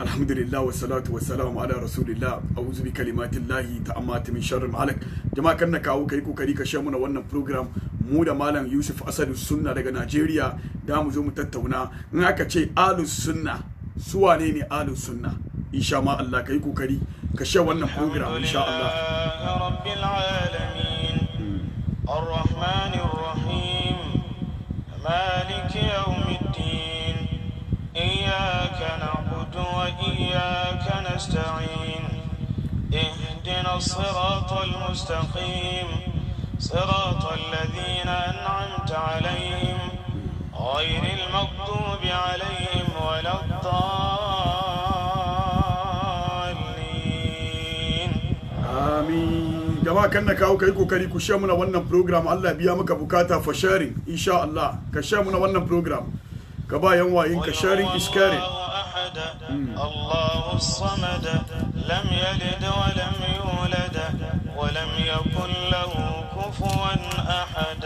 الحمد لله والصلاة والسلام على رسول الله أعوذ بكلمات الله تأمات من شر مالك جماعة كنا كاو كريكو كريكا شامونا وانا بروغرام مودا مالان يوسف أسد السنة لغا ناجيريا دام زوم تتونا ناكا چي آل السنة سوانيني آل السنة إن شاء الله كريكو كري كشا وانا بروغرام إن شاء الله رب العالمين الرحمن الرحيم مالك يوم الدين إياك إياك نستعين اهدنا الصراط المستقيم صراط الذين أنعمت عليهم غير المغضوب عليهم ولا الضالين آمين jama'a kan na kawo kai kokari ku share muna wannan program Allah biya maka bukata for sharing insha Allah ka share muna wannan program ka ba yan wayin ka sharing is caring الله الصمد لم يلد ولم يولد ولم يكن له كفوا أحد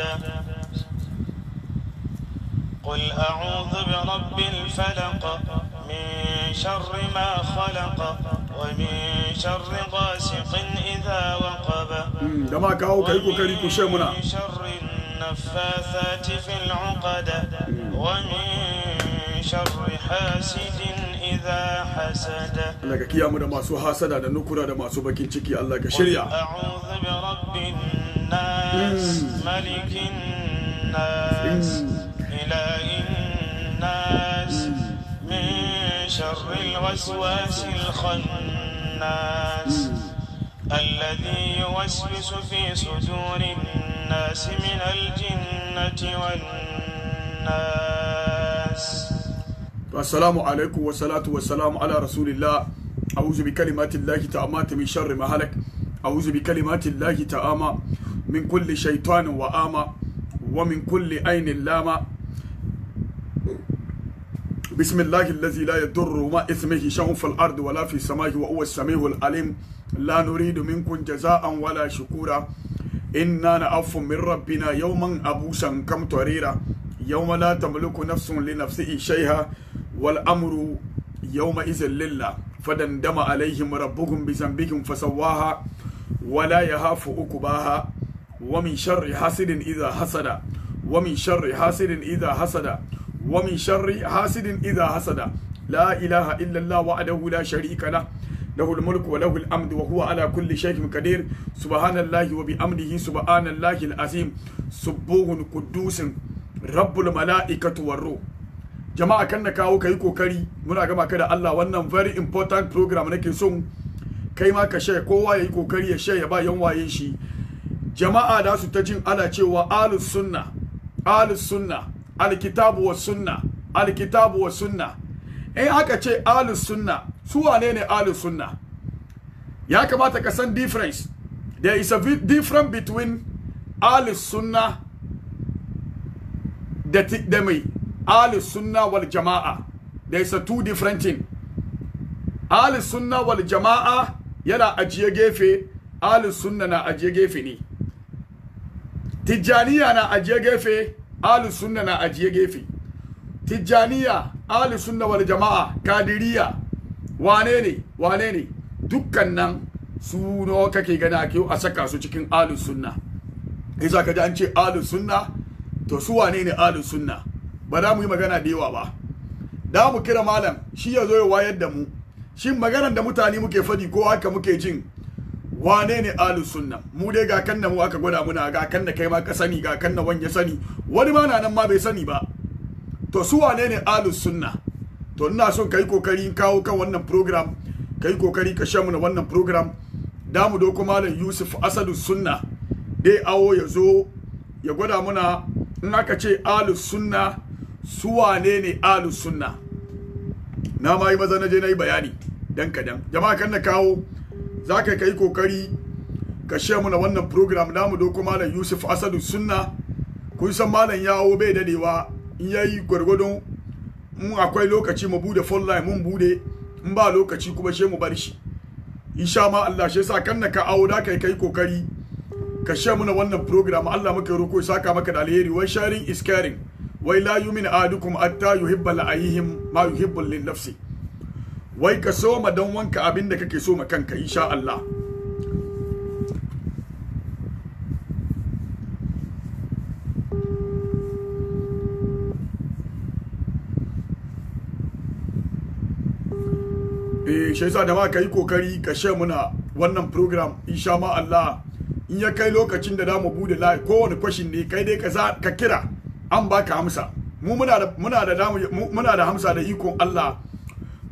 قل أعوذ برب الفلق من شر ما خلق ومن شر غاسق إذا وقب ومن شر النفاثات في العقد ومن شر حاسد إذا حسد الله كيا من ما حسد أنا نكرا ما سو بكين شكي الله كشريا أعوذ برب الناس hmm. ملك الناس hmm. إله الناس hmm. من شر الوسواس الخناس الذي يوسوس في صدور الناس من الجنة والناس السلام عليكم والصلاة والسلام على رسول الله أعوذ بكلمات الله تأمات من شر ما هلك أعوذ بكلمات الله تأمى من كل شيطان وآمى ومن كل أين لامة بسم الله الذي لا يضر ما اسمه شيء في الأرض ولا في السماء وهو السميع العليم لا نريد منكم جزاء ولا شكورا إنا نعف من ربنا يوما أبوسا كم تريرا يوم لا تملك نفس لنفسه شيئا wal amru yawma izin lillah fadandama alaihim rabbuhum bi zambihim fasawaha wala yahafu ukubaha wa min sharri hasidin idha wa min sharri hasidin idha hasada wa hasada la ilaha illa allah wa'adahu sharika lah له الملك وله الأمد وهو على كل شيء قدير سبحان الله وبأمره سبحان الله العظيم سبوه قدوس رب الملائكة والروح jama'a kan na kawo ka yi kokari muna gama ka da Allah wannan very important program nake son kai ma ka share kowa ya yi kokari ya share ya ba yan waye shi jama'a da su ta jin ana cewa ahlus sunna ahlus sunna alkitabu was sunna alkitabu was sunna in aka ce ahlus sunna su wane ne ahlus sunna ya kamata ka san difference there is a difference between ahlus sunna da da mai Al sunna wal Jama'a there is a two different thing Al sunna wal Jama'a yana ajiye gefe Al sunna na ajiye gefe ne Tijjaniya na ajiye gefe Al sunna na ajiye gefe Tijjaniya Al sunna wal Jama'a Kadiriya wane ne wane ne dukkan nan su nawa kake gana ke a saka su cikin Al sunna Isa ka ji an ce Al sunna to su wane ne Al sunna ba za mu yi magana da yawa ba da mu kira malam shi ya zo ya wayar da mu shi maganar da mutane muke fadi ko haka muke jin wane ne alu sunna mu dai ga kan mu aka gwada muna ga kan da kai ma ka sani ga kan da wani ya sani wani ma na nan ma bai sani ba to su wane ne alu sunna to ina son kai kokari kawo kan wannan program kai kokari ka sha na wannan program da mu doko malam Yusuf Asadu sunna dai awo ya zo ya gwada muna in aka ce alu sunna su wane ne alu sunna na ma yi maza na je na yi bayani dan kadan jama'a kan na kawo za ka kai kokari ka shi muna wannan program namu doko malam yusuf asadu sunna kun san malam yawo bai dadewa in yayi gwargwadon mun akwai lokaci mu bude phone line mun bude in ba lokaci kuma she mu bar shi insha ma Allah shi yasa kan na ka awo da kai kai kokari ka share muna wannan program Allah maka roko saka maka da alheri wai sharing is caring wai la yumin adukum atta yuhibba la'ayhim ma yuhibbu lin nafsi wai ka so ma don wanka abin da kake so ma kanka insha Allah E, eh, shai yasa da ma ka yi kokari ka she muna wannan program insha ma Allah in ya kai lokacin da za mu bude live kowane kwashin ne kai dai ka kira an ka hamsa mu muna da muna da damu muna da hamsa da ikon Allah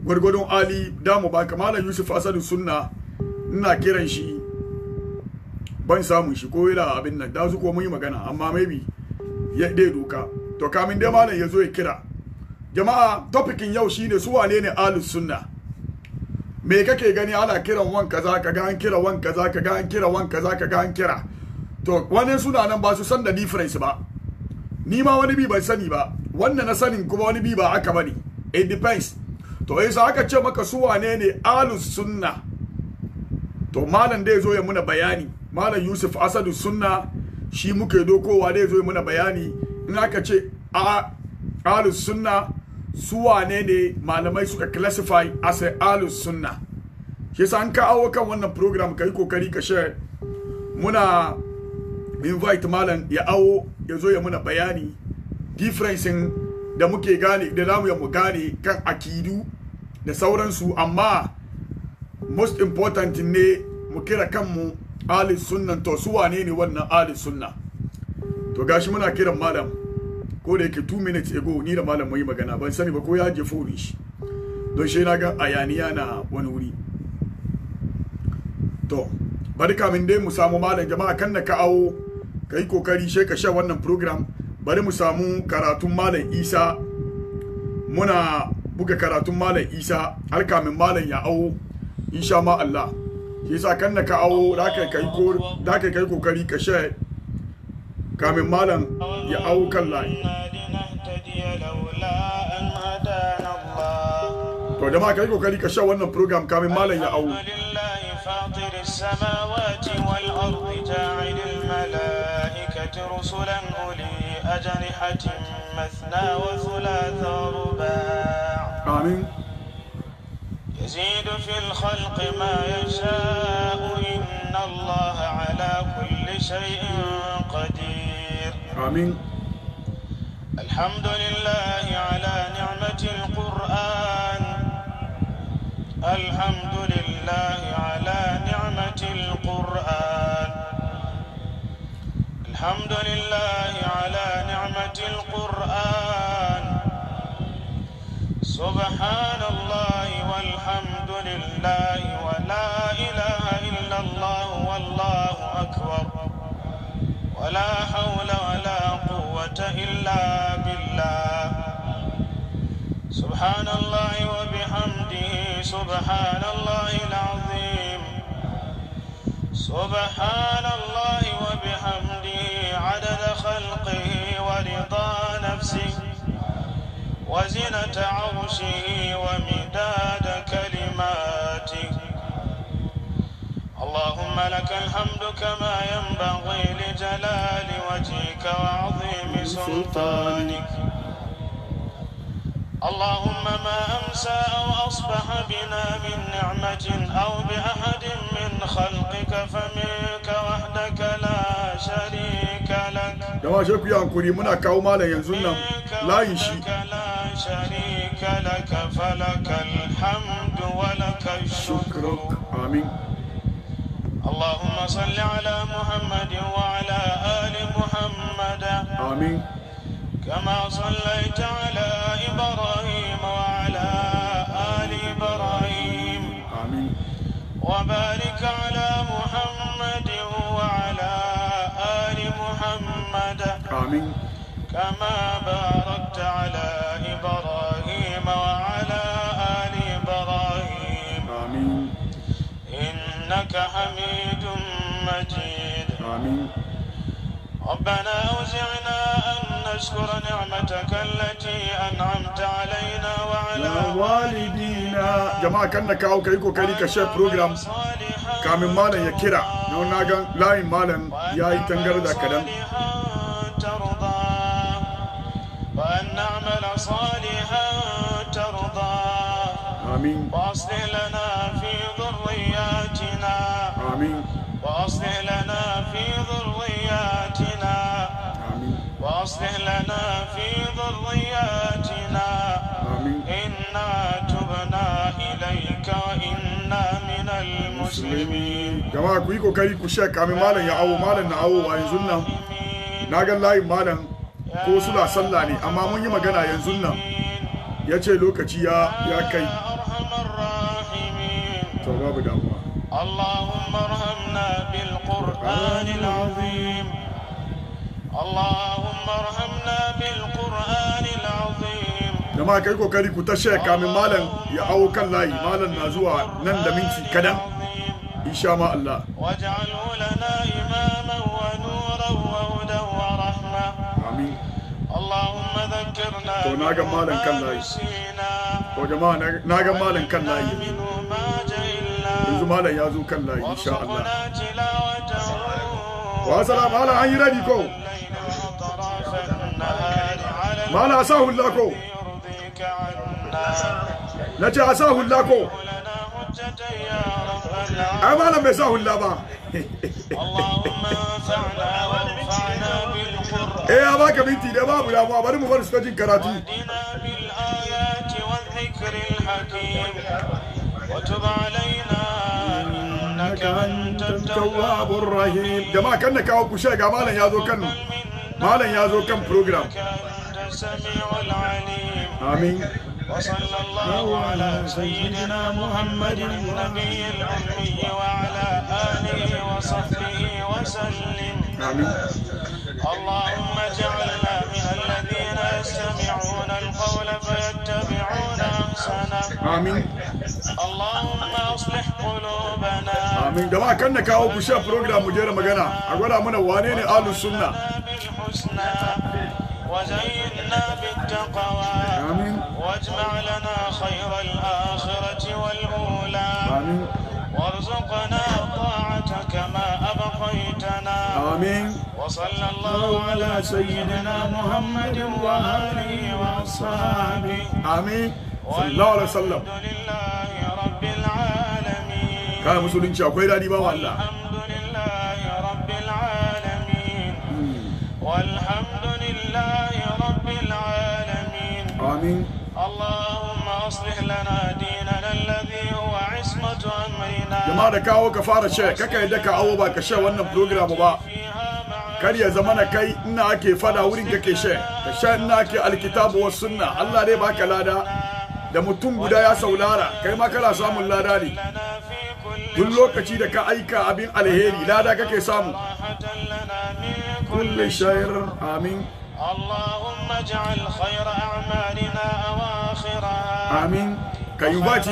gwargwadon ali damu baka malam Yusuf Asadu sunna ina kiran shi ban samun shi ko yana abin nan da su ko mun yi magana amma maybe ya dai doka to kamin dai malam ya zo ya kira jama'a topicin yau shine su wane ne sunna me kake gani ana kiran wan kaza ka ga an kira wan kaza ka ga an kira wan kaza ka ga an kira to wani suna nan ba su san da difference ba ni ma wani bi bai sani ba wannan na sanin kuma wani bi ba aka bane it depends to yasa aka ce maka su wane ne alus sunna to malam dai zo ya muna bayani malam Yusuf Asadu sunna shi muke dokowa dai zo ya muna bayani in aka ce alus sunna su wane ne malamai suka classify as alus sunna shi ka an kawo kan wannan program kai kokari ka share muna invite malam ya awo ya zo ya muna bayani differencing da muke gane da zamu ya mu gane kan akidu da sauransu amma most important ne mu kira kanmu ahli sunnan to su wane ne wannan ahli sunna to gashi muna kiran malam ko da yake 2 minutes ago ni da malam mai magana ban sani ba ko ya je forin shi don shi na ga ayaniya na wani wuri to bari kamin dai mu samu malam jama'a kan na ka awo ka yi kokari sai ka sha wannan program bari mu samu karatun malam isa muna buga karatun malam isa har kamin malam ya awo insha ma Allah shi yasa kan ka awo da ka kai kokari ka sha kamin malam ya awo kan layi to da ma kai kokari ka sha wannan program kamin malam ya awo السماوات والأرض جاعل رسلا أولي أجنحة مثنى وثلاث ورباع آمين يزيد في الخلق ما يشاء إن الله على كل شيء قدير آمين الحمد لله على نعمة القرآن الحمد لله على نعمة القرآن الحمد لله على نعمة القرآن سبحان الله والحمد لله ولا إله إلا الله والله أكبر ولا حول ولا قوة إلا بالله سبحان الله وبحمده سبحان الله العظيم سبحان الله وبحمده خلقه ورضا نفسه وزنة عرشه ومداد كلماته اللهم لك الحمد كما ينبغي لجلال وجهك وعظيم سلطانك اللهم ما أمسى أو أصبح بنا من نعمة أو بأحد من خلقك فمنك وحدك لا jama'a shi ku yi hankuri muna kawo malam yanzu nan layin shi شكرك اللهم صل على محمد وعلى آل محمد آمين كما صليت على إبراهيم وعلى آل إبراهيم آمين وبارك آمين كما باركت على إبراهيم وعلى آل إبراهيم آمين إنك حميد مجيد آمين ربنا أوزعنا أن نشكر نعمتك التي أنعمت علينا وعلى والدينا جماعة كنا كاو كيكو كريكا شاف بروجرام كامل مالا يكيرا كيرا نو ناغان لاين مالا يا تنغردا ذاكرا ترضى وأن نعمل صالحا ترضى آمين وأصلح لنا في ذرياتنا آمين وأصلح لنا في ذرياتنا آمين وأصلح لنا في ذرياتنا آمين إنا تبنا إليك وإنا من المسلمين جماعة كويكو كاري كوشاك عمي مالا يا عو مالا نعو وينزلنا Eh. na ga layin malam ko suna sallah ne amma mun yi magana yanzu nan ya ce lokaci ya kai to babu damuwa اللهم ارحمنا بالقرآن العظيم اللهم ارحمنا بالقرآن العظيم jama'a kai kokari ku ta sheka kamin malam ya hawo kan layi malam na zuwa nan da minti kadan insha ma Allah waj'al lana to na ga malam kan layi to jama'a na ga malam kan layi yanzu malam ya zo kan layi insha Allah wa salam ala an yi ready ko mala asahu Allah ko na ce asahu Allah ko ai malam bai sa Allah ba eh ya baka minti da babu damuwa bari mu bar su jin karatu jama'a kan na kawo kushe ga malam ya zo kan malam ya zo kan program amin وصلى الله على سيدنا محمد النبي الأمي وعلى آله وصحبه وسلم آمين اللهم اجعلنا من الذين يستمعون القول فيتبعون احسنه امين اللهم اصلح قلوبنا امين جماعه كنا كاو بشا بروجرام مجرى مجانا اقول امنا وانين اهل السنه بالحسنى وزينا بالتقوى امين واجمع لنا خير الاخره والاولى امين وارزقنا آمين وصلى الله على سيدنا محمد وآله وأصحابه آمين صلى الله عليه وسلم الحمد لله رب العالمين كان مسلم شاكو إلى دي بابا الله الحمد لله رب العالمين والحمد لله رب العالمين آمين اللهم أصلح لنا دي jama'a da kawo ka fara share kaka yadda ka awo ba ka share wannan program ba kar ya zama na kai ina ake fada wurin kake share ka share ina ake alkitabu sunna Allah dai baka lada da mutum guda ya saulara kai ma kana samun lada ne duk lokaci da ka aika abin alheri lada kake samu kullum shayar amin ka اجعل خير أعمالنا أواخرها آمين كيوباتي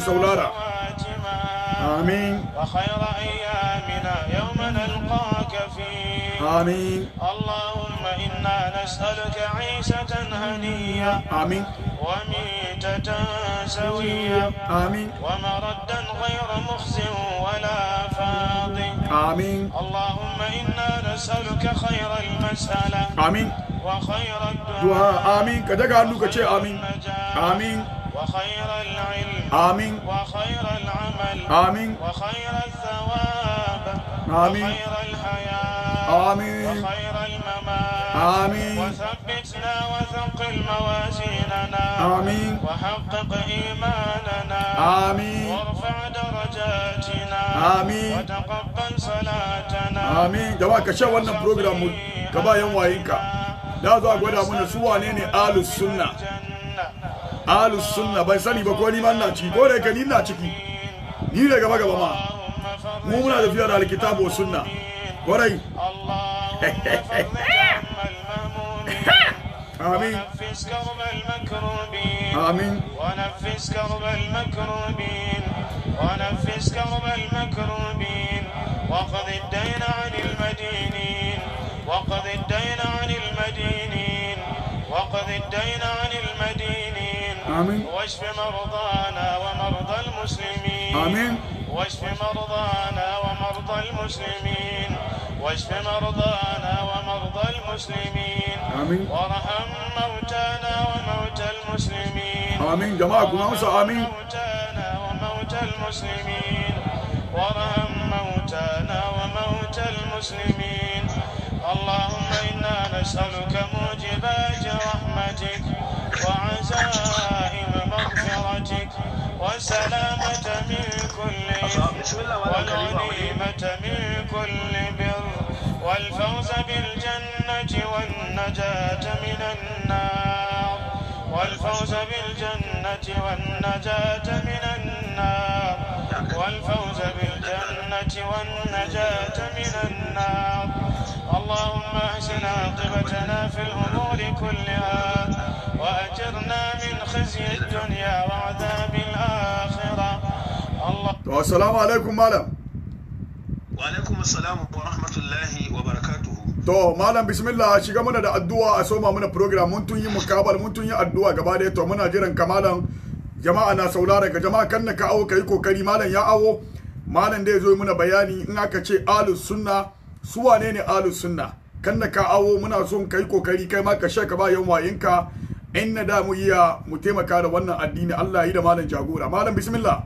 su آمين وخير أيامنا يوم نلقاك فيه آمين اللهم إنا نسألك عيشة هنية آمين وميتة سوية آمين ومردا غير مخزي ولا فاضي آمين اللهم إنا نسألك خير المسألة آمين وخير الدعاء آمين كذا قال لك آمين آمين وخير العلم آمين وخير العمل آمين وخير الثواب آمين وخير الحياة آمين وخير الممات آمين وثبت وثق الموازيننا آمين وحقق إيماننا آمين وارفع درجاتنا آمين وتقبل صلاتنا آمين جماعة كشاء لنا بروغرام كبا يوم وإنكا لا ذا قولا من سوى نيني آل السنة آل السنة بيساني بكوني من ناتي قولا كنين ناتي ni كبا كبا ما ma mu muna tafiya da alkitabu sunna kwarai آمين ونفس كرب المكروبين آمين ونفس كرب المكروبين ونفس كرب المكروبين وقض الدين عن المدينين وقض الدين عن المدينين وقض الدين عن المدينين آمين واشف مرضانا ومرضى المسلمين آمين واشف مرضانا ومرضى المسلمين واشف مرضانا ومرضى المسلمين آمين وارحم موتانا وموتى المسلمين آمين جماعة كنا آمين موتانا وموتى المسلمين وارحم موتانا وموتى المسلمين اللهم إنا نسألك موجبات رحمتك وعزائم مغفرتك والسلامة من كل الله والغنيمة من كل بر والفوز بالجنة والنجاة من النار والفوز بالجنة والنجاة من النار والفوز بالجنة والنجاة من النار اللهم احسن عاقبتنا في الأمور كلها وأجرنا من خزي الدنيا وعذاب الآخرة الله والسلام عليكم مالا وعليكم السلام ورحمة الله to malam bismillah shiga muna da addu'a a soma muna program mun tun yi mukabal mun tun yi addu'a gaba daya to muna jiran ka malam jama'a na saurara ka jama'a kan ka awo kai kokari malam ya awo malam da ya zo muna bayani in aka ce alus sunna su wane ne alus sunna kan na ka awo muna son kai kokari kai ma ka sha ka ba yan wayinka in na da mu iya mu taimaka da wannan addini Allah yi da malam jagora malam bismillah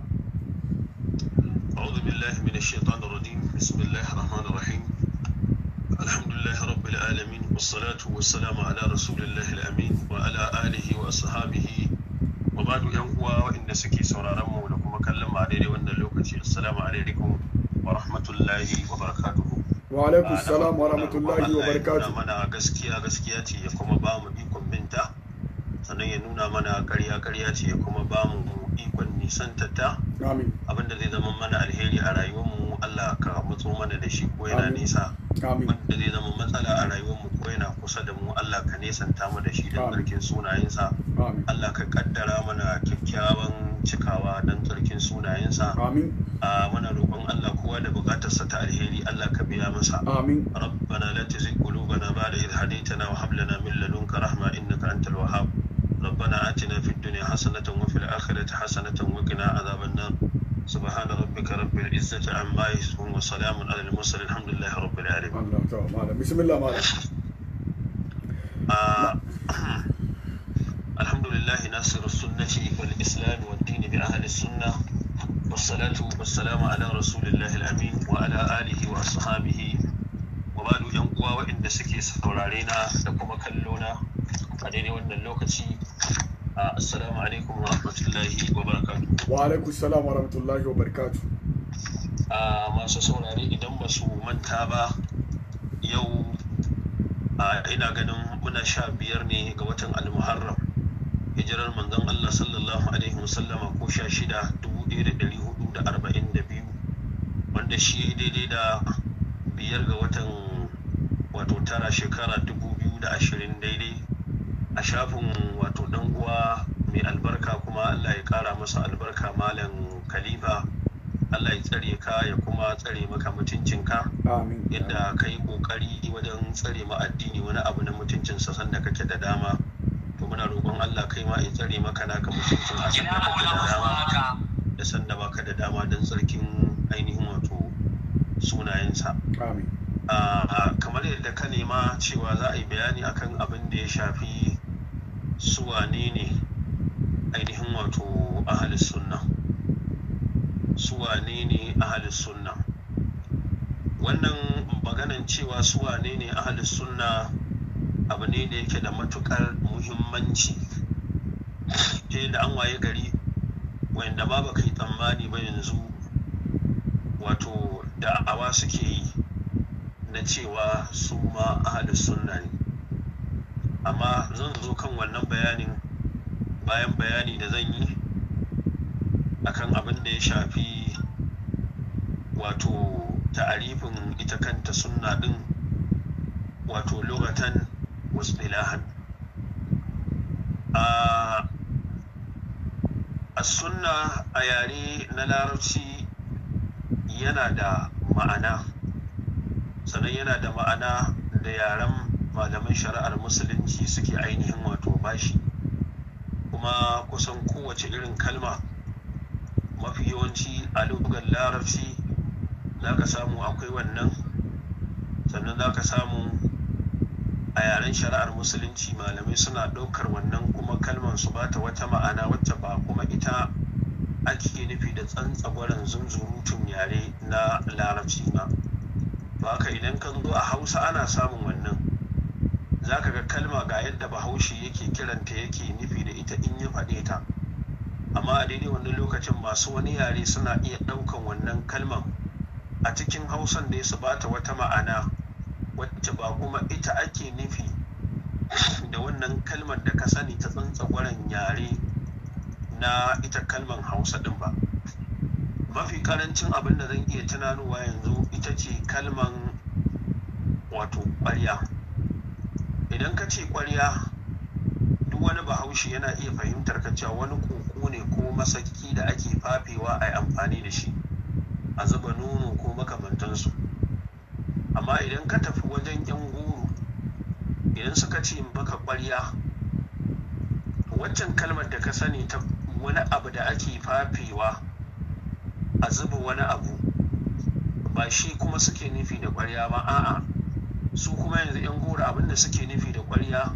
a'udhu billahi minash shaitanir rajim bismillahir rahmanir alhamdulillah rabbil alamin wassalatu wassalamu ala rasulillah alamin wa ala alihi wa wa ba'du yan uwa inda suke sauraron mu da kuma kallon mu a daidai wannan lokaci assalamu alaikum wa rahmatullahi wa barakatuhu wa alaikum salam wa rahmatullahi wa barakatuhu mana gaskiya gaskiya ce ya kuma ba mu ikon binta sannan ya nuna mana ƙarya ƙarya ce ya kuma ba mu ikon nisanta ta abinda zai zama mana alheri a rayuwarmu Allah ka matso mana da shi ko yana nisa da zai zama matsala a rayuwarmu ko yana kusa da mu Allah ka nesanta mu da shi da tsarkin sunayensa Allah ka kaddara mana kyakkyawan cikawa don tsarkin sunayensa a mana roƙon Allah kowa da buƙatarsa ta alheri Allah ka biya masa rabbana la tuzigh qulubana ba'da idh hadaytana wa hab lana min ladunka rahma innaka antal wahhab ربنا آتنا في الدنيا حسنة وفي الآخرة حسنة وقنا عذاب النار سبحان ربك رب العزة عما يصفون وسلام على المرسلين الحمد لله رب العالمين. بسم الله ما مالك. الحمد لله ناصر السنة والإسلام والدين بأهل السنة والصلاة والسلام على رسول الله الأمين وعلى آله وأصحابه ikhwanu yan uwa waɗanda suke saurare na da kuma kallo na a daidai wannan lokaci assalamu alaikum wa rahmatullahi wa barakatu wa alaikum salam wa rahmatullahi wa barakatu a masu saurare idan ba su manta ba yau ina ganin muna sha biyar ne ga watan almuharram hijirar manzon Allah sallallahu alaihi wasallama ko sha shida dubu ɗaya da ɗari hudu da arba'in da biyu wanda shi daidai da biyar ga watan wato tara shekara dubu biyu da ashirin daidai a shafin wato dan uwa mai albarka kuma allah ya kara masa albarka malam khalifa allah ya tsare ka ya kuma tsare maka mutuncinka yadda ka yi kokari wajen tsare ma addini wani abu na mutuncin sasan da kake da dama to muna roƙon allah kai ma ya tsare maka naka mutuncin a sanda kake da dama da sanda baka da dama don tsarkin ainihin wato sunayensa amin kamar yadda ka nema cewa za a yi bayani akan abin da ya shafi su wane ne ainihin wato ahalis sunna su wane ne ahalis sunna wannan maganan cewa su wane ne ahalis sunna abu ne da yake da matukar muhimmanci ta da an waye gari wanda ma baka yi tsammani ba yanzu wato da'awa suke yi na cewa su ma ahalus sunna ne amma zan zo kan wannan bayanin bayan bayani da zan yi akan abin da ya shafi wato ta'arifin ita kanta sunna din wato lugatan wasbilahan a sunna a yare na larabci yana da ma'ana sannan yana da ma'ana da yaren malaman shari'ar musulunci suke ainihin wato bashi kuma kusan kowace irin kalma mafi yawanci a lugar larabci za ka samu akwai wannan sannan za ka samu a yaren shari'ar musulunci malamai suna ɗaukar wannan kuma kalman su bata wata ma'ana wacce ba kuma ita ake nufi da tsantsa gwarin zunzurutun yare na larabci ba to haka idan kan zo a hausa ana samun wannan za ka ga kalma ga yadda bahaushe yake kiranta yake nufi da ita in ya faɗe ta amma a daidai wani lokacin masu wani yare suna iya ɗaukan wannan kalman a cikin hausan da su bata wata ma'ana wacce ba kuma ita ake nufi da wannan kalmar da ka sani ta tsantsa yare na ita kalman hausa ɗin ba mafi karancin abin da zan iya tunanuwa yanzu ita ce kalman wato ƙwarya idan ka ce ƙwarya duk wani bahaushe yana iya fahimtar ka cewa wani koko ne ko masaki da ake fafewa a yi amfani da shi a zuba nono ko makamantansu amma idan ka tafi wajen yan goro idan suka ce maka ƙwarya waccan kalmar da ka sani ta wani abu da ake fafewa a zuba wani abu ba shi kuma suke nufi da ƙwarya ba a'a su kuma yanzu 'yan gora abin da suke nufi da ƙwarya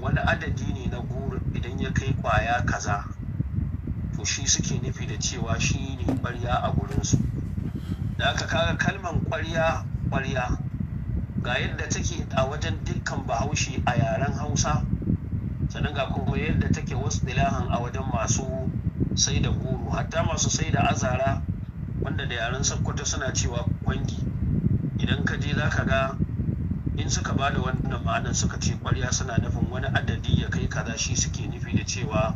wani adadi ne na goro idan ya kai ƙwaya kaza to shi suke nufi da cewa shi ne ƙwarya a gurinsu da aka kaga kalman ƙwarya ƙwarya ga yadda take a wajen dukkan bahaushe a yaren hausa sannan ga kuma yadda take wasu ilahan a wajen masu sai da goro hatta masu sai da azara wanda da yaren sakkwato suna cewa kwangi idan ka je za ka ga in suka ba da wannan ma'anar suka ce kwarya suna nufin wani adadi ya kai kaza shi suke nufi da cewa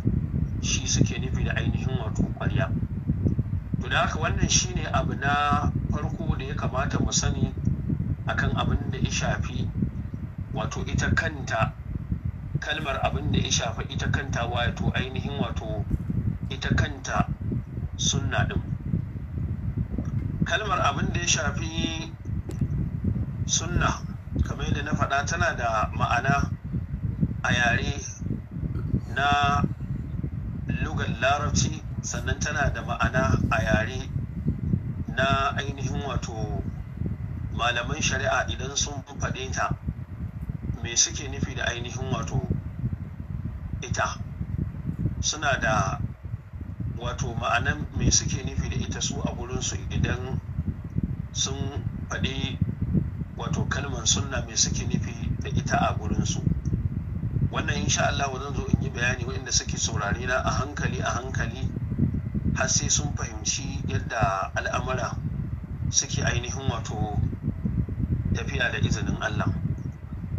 shi suke nufi da ainihin wato kwarya to da haka wannan shine abu na farko da ya kamata mu sani akan abin da ya shafi wato ita kanta kalmar abin da ya shafi ita kanta wato ainihin wato ita kanta sunna ɗin kalmar abin da ya shafi sunna kamar yadda na faɗa tana da ma'ana a yare na lugar larabci sannan tana da ma'ana a yare na ainihin wato malaman shari'a idan sun faɗe ta me suke nufi da ainihin wato ita suna da wato ma'anan me suke nufi da ita su a su idan sun faɗi wato kalmar sunna me suke nufi da ita a gurinsu wannan insha Allah zan zo in yi bayani waɗanda suke saurare na a hankali a hankali har sai sun fahimci yadda al'amura suke ainihin wato tafiya da izinin Allah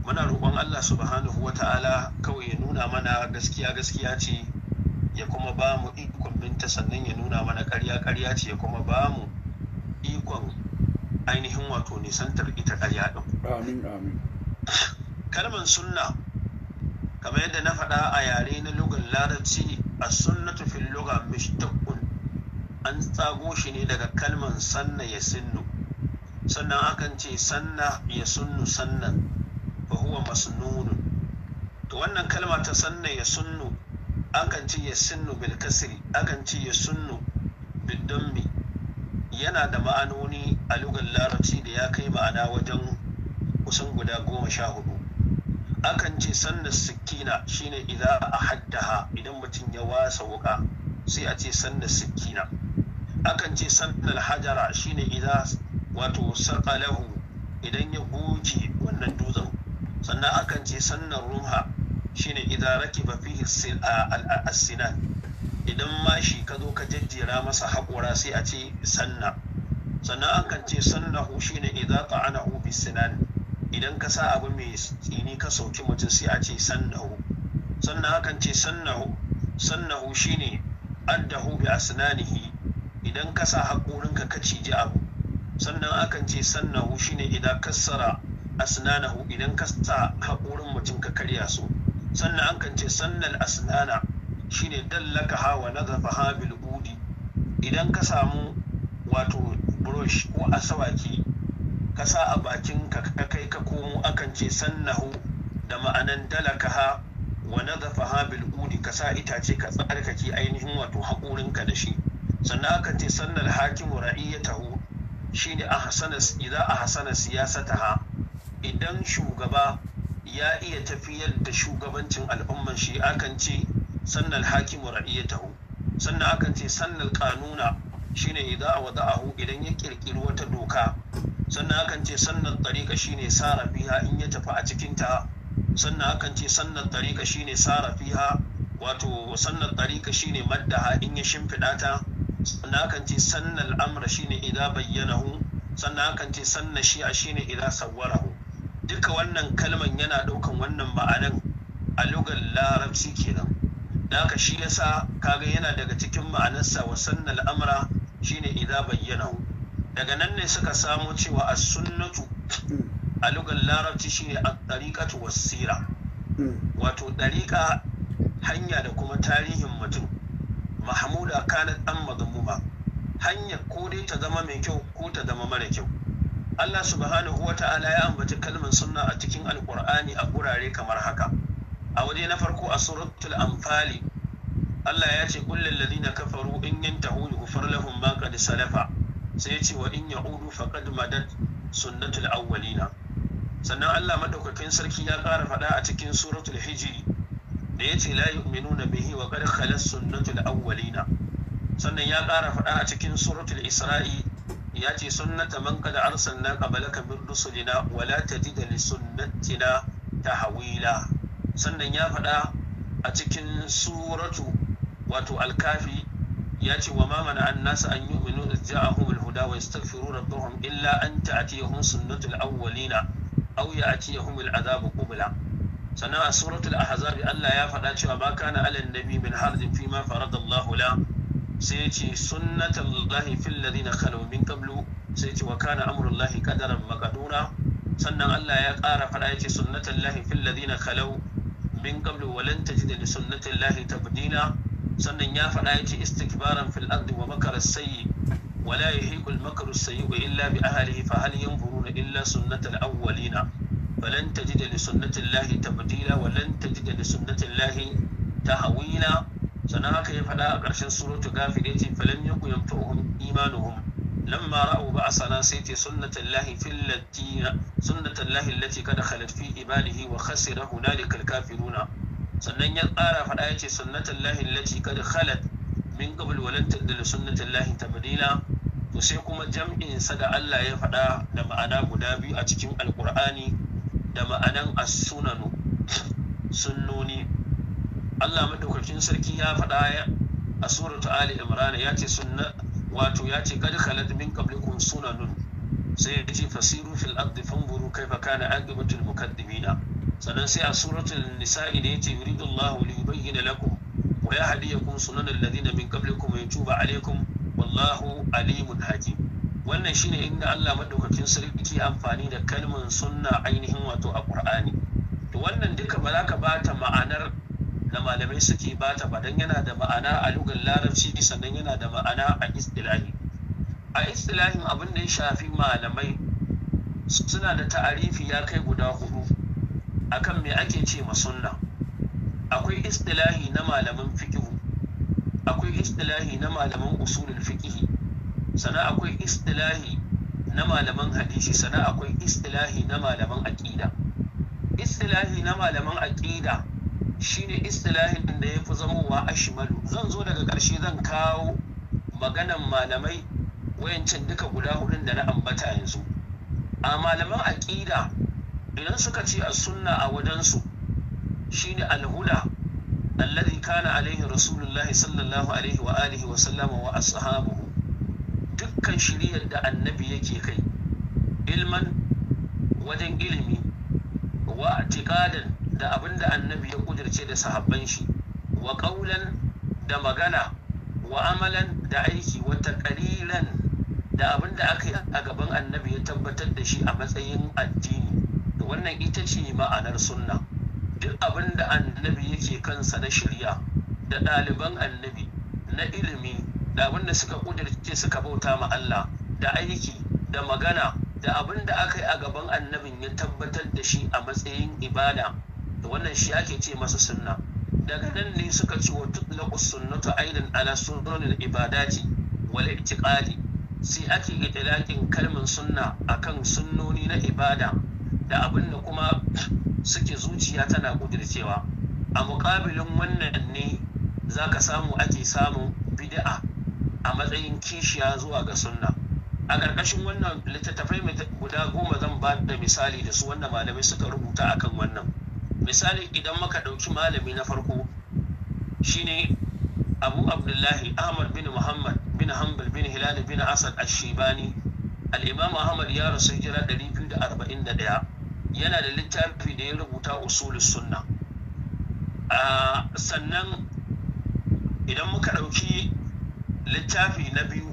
muna roƙon Allah subhanahu wa ta'ala kawai ya nuna mana gaskiya gaskiya ce ya kuma ba mu abinta sannan ya nuna mana karya karya ce kuma ba mu ikon ainihin wato nisantar ita karya ɗin. Kalman sunna kamar yadda na faɗa a yare na lugan larabci a sunnatu fil luga mishtaqun an tsago shi ne daga kalman sanna ya sinnu sannan akan ce sanna ya sunnu sannan fa huwa masnunun to wannan kalma ta sanna ya sunnu akan ce ya sunnu bil kasri akan ce ya sunnu bil dammi yana da ma'anoni a lugar larabci da ya kai ma'ana wajen kusan guda goma sha hudu akan ce sanna sikina shine idan a haddaha idan mutum ya wasa wuka sai a ce sanna sikina akan ce sannan hajara shine idan wato sarƙalahu idan ya goge wannan dutsen sannan akan ce sannan ruha shine idza rakiba fihi as-sinan idan mashi ka zo ka jajjera masa haƙura sai a ce sanna sannan an kan ce sannahu shine idza ta'anahu bis-sinan idan ka sa abu mai tsini ka sauki mutum sai a ce hu. sannan hakan ce hu shi ne adda addahu bi asnanihi idan ka sa haƙurinka ka ciji abu sannan akan ce hu shi ne idan ka kassara asnanahu idan ka sa haƙurin mutum ka karya su sannan an kan ce sannan asnana shine dallaka ha wa nazafa ha bil idan ka samu wato brush ko asawaki ka sa a bakin ka ka kai ka komo akan ce sannahu da ma'anan dalaka ha wa nazafa ha ka sa itace ka tsarkake ainihin wato haƙorinka da shi sannan akan ce sannal hakimu ra'iyatahu shine a hasana idza a hasana siyasataha idan shugaba ya iya tafiyar da shugabancin al'umman shi akan ce sannan sannal hakimu ra'iyatahu sannan akan ce sannal kanuna shine idan a wada'ahu idan ya kirkiri wata doka sannan akan ce sannan tariƙa shine sara fiha in ya tafi a cikin ta sannan akan ce sannan tariƙa shine sara fiha wato sannan tariƙa shine maddaha in ya shimfiɗa ta sannan akan ce sannan al'amra shine idan bayyanahu sannan akan ce sannan shi'a shine idan sawwarahu duka wannan kalman yana ɗaukan wannan ma'anan a lugar larabci kenan da haka shi yasa kaga yana daga cikin ma'anarsa wa sannan al'amura shine idan bayyana daga nan ne suka samo cewa a sunnatu a lugar larabci shine a ɗariƙatu wasira wato ɗariƙa hanya da kuma tarihin mutum mahmuda kanat an ba? hanyar ko dai ta zama mai kyau ko ta zama mara kyau Allah subhanahu wa ta'ala ya ambaci kalmar sunna a cikin alkur'ani a gurare kamar haka a waje na farko a suratul anfali Allah ya ce kullal ladina kafaru in yantahu yughfar lahum ma qad salafa sai ya ce wa in ya'udu faqad madat sunnatul awwalina sannan Allah madaukakin sarki ya ƙara faɗa a cikin suratul hijri da ya ce la yu'minuna bihi wa qad khalas sunnatul awwalina sannan ya ƙara faɗa a cikin suratul isra'i ya ce sunnata man kada arsalna kabala min rusulina wala tajid li sunnatina Hawila. sannan ya faɗa a cikin suratu wato alkafi ya ce wa ma mana an nasa an yi minu da ja'ahum alhuda wa yastaghfiru rabbahum illa an ta'tiyahum sunnatul awwalina aw ya'tiyahum al'adhabu qubla sannan a suratul ahzab Allah ya faɗa cewa ma kana alan nabi min harjin fi ma faradallahu la sai ya ce sunnatullahi fil ladina khalu min qablu sai ce wa kana amrullahi qadaran maqdura sannan Allah ya ƙara fada ya ce sunnatullahi fil ladina khalu min qablu wa lan tajid li sunnatullahi tabdila sannan ya fada ya ce istikbaran fil ardi wa makara sayyi wa la yahiqu al makru sayyi illa bi ahlihi fa hal yanzuruna illa sunnatal awwalina فلن تجد لسنة الله تبديلا ولن تجد لسنة الله تهويلا sannan haka ya faɗa a ƙarshen suratu gafir yace falam yakun yamtuhum imanuhum lamma ra'u ba'sana sai ce sunnatullahi fil latina sunnatullahi allati kada khalat fi ibadihi wa khasira hunalikal kafiruna sannan ya ƙara faɗa yace sunnatullahi allati kada khalat min qabl wa lan tadilla sunnatullahi tabdila to sai kuma jam'in sa da Allah ya faɗa da ma'ana guda biyu a cikin alqur'ani da ma'anan as-sunanu Allah madaukakin sarki ya faɗa a suratu Ali Imran ya ce sunna wato ya ce kad khalat min qablikum sunanun sai ya ce fasiru fil ardi fanzuru kaifa kana aqibatul mukaddimina sannan sai a suratul nisa'i ya yace yuridu Allahu li yubayyana lakum wa yahdiyakum sunanal ladina min qablikum wa yatuba alaykum wallahu alimun hakim wannan shine inda Allah madaukakin sarki amfani da kalman sunna ainihin wato a Qur'ani to wannan duka ba za ka bata ma'anar da malamai suke bata ba don yana da ma'ana a lugar larabci sannan yana da ma'ana a istilahi a istilahin abin da ya shafi malamai suna da ta'arifi ya kai guda hudu akan me ake ce ma sunna akwai istilahi na malaman fikihu akwai istilahi na malaman usulul fikihi sannan akwai istilahi na malaman hadisi sannan akwai istilahi na malaman aqida istilahi na malaman aqida shine istilahin da ya fi zamowa ashmalu zan zo daga ƙarshe zan kawo maganan malamai wayancan duka guda hudun da na ambata yanzu a malaman aƙida idan suka ce a sunna a wajensu shine alhuda alladhi kana alaihi rasulullahi sallallahu alaihi wa alihi wa sallama wa ashabuhu dukkan shiriyar da annabi yake kai ilman wajen ilimi wa atiqadan da abin da annabi ya kudirce da sahabban shi wa da magana wa amalan da aiki wata ƙariran da abin da aka yi a gaban annabi ya tabbatar da shi a matsayin addini da wannan ita ce ma'anar sunna duk abin da annabi yake kansa na shirya da ɗaliban annabi na ilimi da abin da suka kudirce suka bauta ma Allah da aiki da magana da abin da aka yi a gaban annabin ya tabbatar da shi a matsayin ibada wannan shi ake ce masa sunna daga nan ne suka ce wa tutlaqu sunnatu aidan ala sunnanil ibadati wal i'tiqadi sai ake itlaqin kalmin sunna akan sunnoni na ibada da abin da kuma suke zuciya tana kudircewa a muƙabilin wannan ne za ka samu ake samun bid'a a matsayin kishiya zuwa ga sunna a ƙarƙashin wannan littattafai guda goma zan ba da misali da su wanda malamai suka rubuta akan wannan misali idan muka ɗauki malami na farko shine abu abdullahi ahmad bin muhammad bin hanbal bin hilal bin asad ashibani al-imam ahmad ya rasu hijira 241 yana da littafi da ya rubuta usul sunna sannan idan muka ɗauki littafi na biyu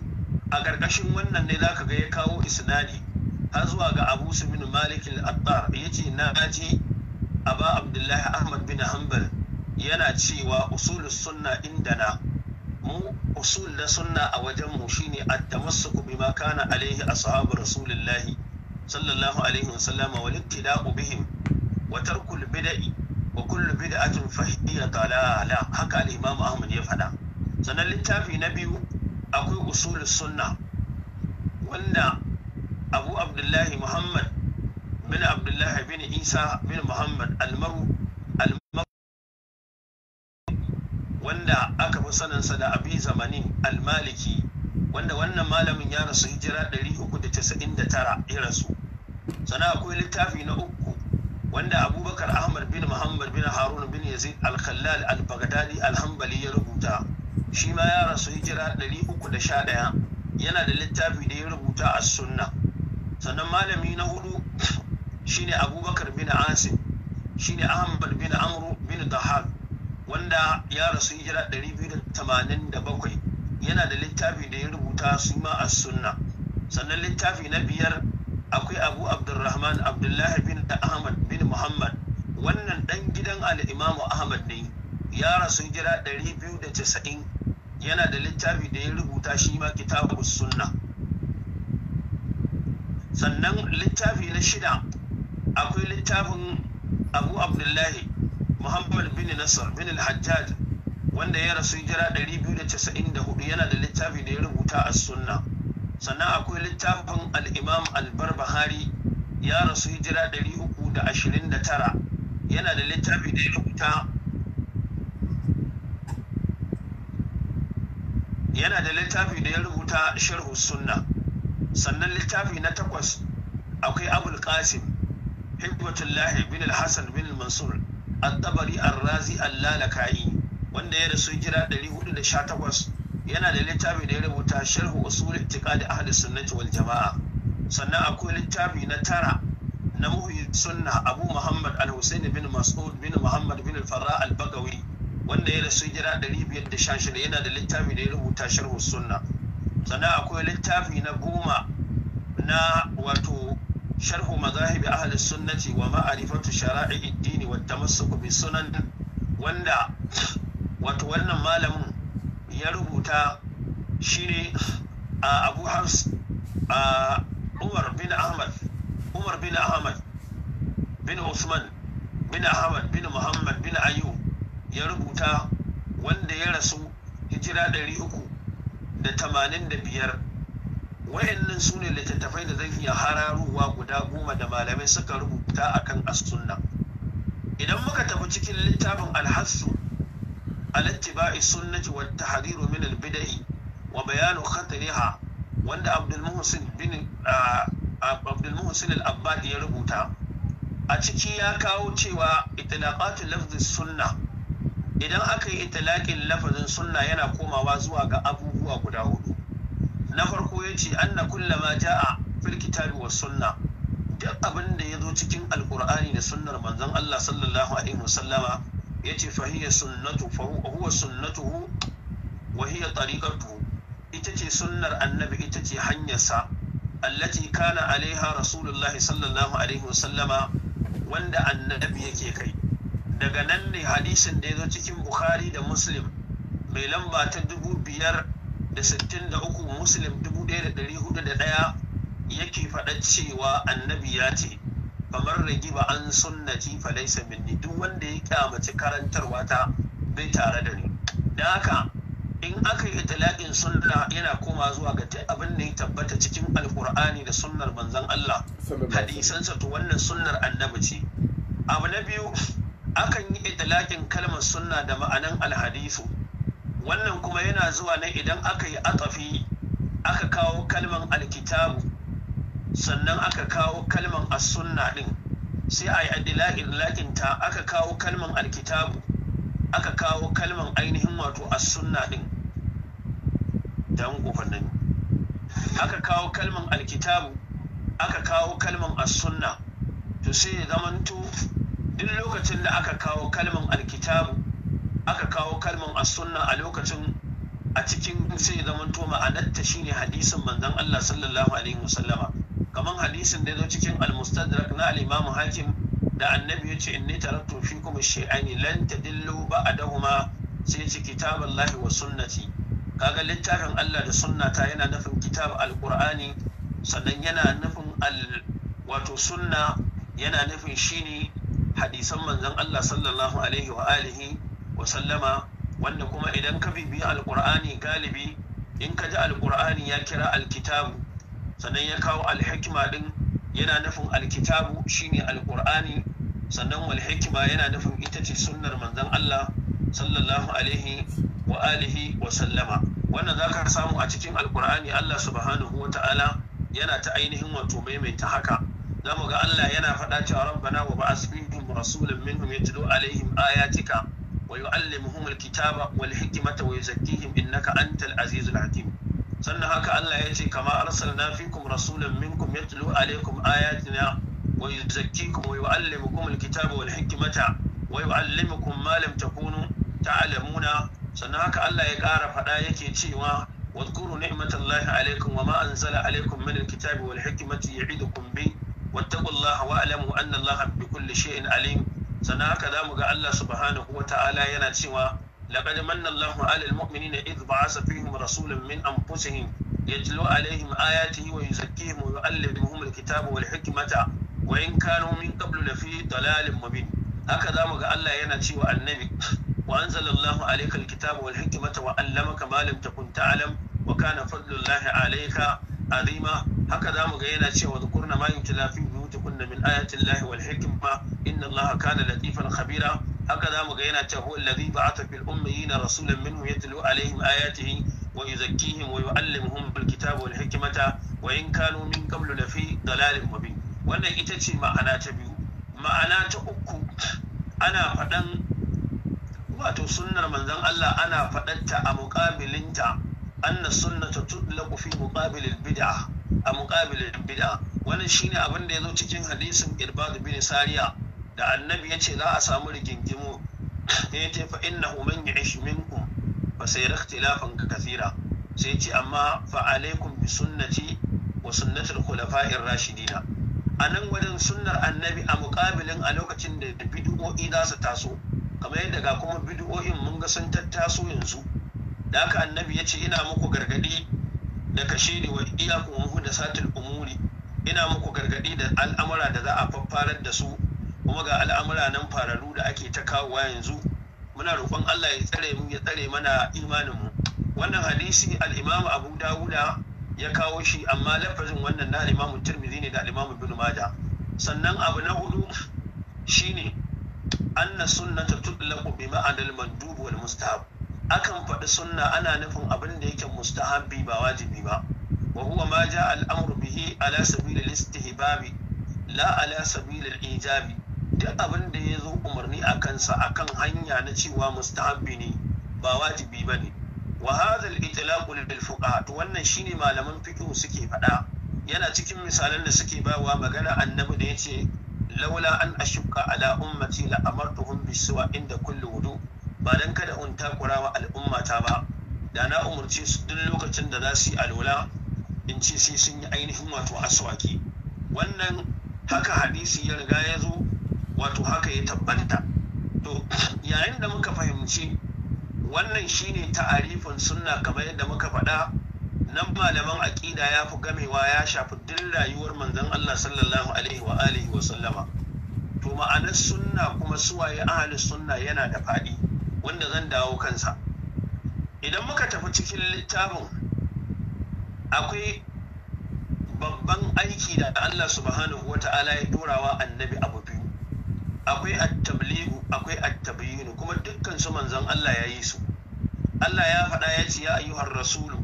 a ƙarƙashin wannan ne zaka ga ya kawo isnadi har zuwa ga abu su bin malik al-attar yace na ji aba abdullahi ahmad bin hanbal yana cewa usul sunna indana mu usul da sunna a wajen mu shine at-tamassuku bima kana alaihi ashabu rasulillahi sallallahu alaihi wasallam wal ittida'u bihim wa tarkul bid'i wa kullu bid'atin fahiya dalala haka al-imam ahmad ya faɗa sannan littafi na biyu akwai usul sunna wanda abu abdullahi muhammad bin abdullahi bin isa bin muhammad almaru wanda aka fi saninsa da abi zamani almaliki wanda wannan malamin ya rasu hijira 399 ya rasu sana akwai littafi na uku wanda abubakar ahmad bin muhammad bin harun bin yazid al-khallal al-baghdadi al-hambali ya rubuta shi ma ya rasu hijira 311 yana da littafi da ya rubuta a sunna sannan malami na hudu shine abubakar bin shi shine ahmad bin amru bin dahab wanda ya rasu hijira 287 yana da littafi da ya rubuta su ma a sunna sannan littafi na biyar akwai abu abdurrahman abdullahi bin ahmad bin muhammad wannan dan gidan al'imamu ahmad ne ya rasu hijira 290 yana da littafi da ya rubuta shi ma kitabu sunna sannan littafi na shida akwai littafin abu abdullahi muhammad bin nasar bin al-hajjaj wanda ya rasu jira 294 yana da littafi da ya rubuta a sunna sannan akwai littafin al-imam al-barbahari ya rasu jira 329 yana da littafi da ya rubuta yana da littafi da ya rubuta sharhu sunna sannan littafi na takwas akwai abul qasim hibbatullah bin al-hasan bin al-mansur at-tabari ar-razi al-lalaka'i wanda ya rasu jira 418 yana da littafi da ya rubuta sharhu usul i'tiqad ahli sunnati wal jama'a sannan akwai littafi na tara na muhi sunna abu muhammad al-husaini bin mas'ud bin muhammad bin al-farra al-bagawi wanda ya rasu jira 516 yana da littafi da ya rubuta sharhu sunna sannan akwai littafi na goma na wato sharhu mazahib ahli sunnati wa ma'arifatu shara'i addini wa tamassuku bi sunan wanda wato wannan malamin ya rubuta shine a Abu Hafs a Umar bin Ahmad bin Usman bin Muhammad bin Ayyub ya rubuta wanda ya rasu hijira ɗari uku da tamanin da biyar wayannan su ne littattafai da zan iya hararowa guda goma da malamai suka rubuta akan as-sunna idan muka tafi cikin littafin al-hassu al-ittiba'i sunnati wata hariru min al-bid'i wa bayanu khatariha wanda Abdul Muhsin bin Abdul ya rubuta a ciki ya kawo cewa itlaqatul lafzi sunna idan aka yi itlaqin lafazin sunna yana komawa zuwa ga abubuwa guda hudu na farko ya ce anna kullama ja'a fil kitabi was sunna duk abin da ya zo cikin alkur'ani da sunnar manzon Allah sallallahu alaihi wasallama ya ce fa hiya sunnatu fa huwa sunnatuhu wa hiya tariqatuhu ita ce sunnar annabi ita ce hanyarsa allati kana alaiha rasulullahi sallallahu alaihi wasallama wanda annabi yake kai daga nan ne hadisin da ya zo cikin bukhari da muslim mai lamba ta dubu biyar da sittin da uku muslim dubu ɗaya da ɗari hudu da ɗaya yake faɗa cewa annabi ya ce kamar ragi ba an sunnati falaisa minni duk wanda ya kyamaci karantarwa ta bai tare da ni da haka in aka yi talaƙin sunna yana koma zuwa ga ta abin da ya tabbata cikin alkur'ani da sunnar manzon Allah hadisansa to wannan sunnar annabi ce abu na biyu akan yi talaƙin kalmar sunna da ma'anan alhadisu wannan kuma yana zuwa ne idan aka yi atafi aka kawo kalman alkitabu sannan aka kawo kalman as-sunna din sai a yi adila'in ta aka kawo kalman alkitabu aka kawo kalman ainihin wato as-sunna din dan kofannin aka kawo kalman alkitabu aka kawo kalman as-sunna to sai ya zamanto duk lokacin da aka kawo kalman alkitabu aka kawo kalman a sunna a lokacin a cikin sai a to shi ne hadisin manzan Allah sallallahu alaihi wasallama kamar hadisin da ya zo cikin al-mustadrak na alimamu hakim da annabi ya ce inni taraktu fikum shi'ani lan a dahuma sai ce kitaballahi wa sunnati kaga littafin Allah da sunnata yana nufin kitab al-qur'ani sannan yana nufin al wato sunna yana nufin shi ne hadisan manzon Allah sallallahu alaihi wa alihi wasallama wanda kuma idan ka bibiyi alkur'ani galibi in ka ji alkur'ani ya kira alkitabu sannan ya kawo alhikima din yana nufin alkitabu shine alkur'ani sannan wal hikima yana nufin ita ce sunnar manzon Allah sallallahu alaihi wa alihi wa sallama wannan zaka samu a cikin alkur'ani Allah subhanahu wa ta'ala yana ta ainihin wato maimaita haka zamu ga Allah yana faɗa cewa rabbana wa ba'as fihim rasulun minhum yatlu alaihim ayatika wa yu'allimuhum alkitaba wal hikmata wa yuzakkihim innaka antal azizul hakim sannan haka Allah ya ce kama arsalna fikum rasulan minkum yatlu alaikum ayatina wa yuzakkikum wa yu'allimukum alkitaba wal hikmata wa yu'allimukum ma lam sannan haka Allah ya ƙara faɗa yake cewa واذكروا نعمة الله عليكم وما أنزل عليكم من الكتاب والحكمة يعدكم به واتقوا الله واعلموا أن الله بكل شيء عليم sannan haka za mu ga Allah subhanahu wa ta'ala yana cewa laqad manna Allahu 'alal mu'minina id ba'atha fihim rasulan min anfusihim yatlu 'alayhim ayatihi wa yuzakkihim wa yu'allimuhum al-kitaba wal hikmata wa in kanu min qablu lafi dalalin mubin haka za mu ga Allah yana cewa annabi wa anzala Allahu 'alayka wal hikmata wa 'allamaka ma lam takun ta'lam wa kana azima haka za mu ga yana cewa dhukurna ma yutla fihim ينتقن من آيات الله والحكمة إن الله كان لطيفا خبيرا هكذا مغينا هو الذي بعث في الأميين رسولا منهم يتلو عليهم آياته ويزكيهم ويعلمهم الكتاب والحكمة وإن كانوا من قبل لفي ضلال مبين وأنا إتتشي معنا تبيو معنا تأكو أنا فدن wato sunnar manzon Allah ana faɗanta a muƙabilinta anna sunnata tutlaqu fi muqabilil bid'a a muqabilil bid'a wannan shine abin da ya zo cikin hadisin irbad bin sariya da annabi ya ce za a samu rigingimu ya ce fa innahu man ya'ish minkum fa sayara ikhtilafan kathira sai ce amma fa alaikum bi sunnati wa sunnatul khulafa'ir rashidina a nan wajen sunnar annabi a muƙabilin a lokacin da bid'o'i za su taso kamar yadda ga kuma bid'o'in mun ga sun tattaso yanzu da haka annabi ya ce ina muku gargadi da kashe ne wa iyakun da satul umuri ina muku gargaɗi da al'amura da za a faffarar da su kuma ga al'amura nan fararu da ake ta kawowa yanzu muna roƙon Allah ya tsare mu ya tsare mana imanin mu wannan hadisi al-Imam Abu Dawuda ya kawo shi amma lafazin wannan na Imam Tirmidhi ne da Imam Ibn Majah sannan abu na hudu shine anna sunnata tutlaqu bi ma'anal mandub wal mustahab akan faɗi sunna ana nufin abin da yake mustahabbi ba wajibi ba wa huwa ma ja al'amru bihi ala sabilil istihbabi la ala sabilil ijabi duk abin da ya zo umarni a kansa akan hanya na cewa mustahabbi ne ba wajibi ba ne wa hadha al-itlaq lil to wannan shine malaman fiqh suke faɗa yana cikin misalan da suke bawa magana annabi da yace laula an ashqa ala ummati la amartuhum inda kulli wudu ba dan kada in takura wa al'ummata ba da na umarce su duk lokacin da za su yi alwala in ce sai sun yi ainihin wato aswaki wannan haka hadisi ya riga ya zo wato haka ya tabbata to yayin da muka fahimci wannan shine ta'arifin sunna kamar yadda muka faɗa nan malaman aƙida ya fi gamewa ya shafi duk rayuwar manzon Allah sallallahu alaihi wa alihi wa sallama to ma'anar sunna kuma suwaye ahli sunna yana da faɗi wanda zan dawo kansa idan muka tafi cikin littafin akwai babban aiki da Allah subhanahu wa ta'ala ya dorawa annabi abu biyu akwai at-tabligu akwai at kuma dukkan su manzon Allah ya yi su Allah ya faɗa ya ce ya ayyuhar rasulu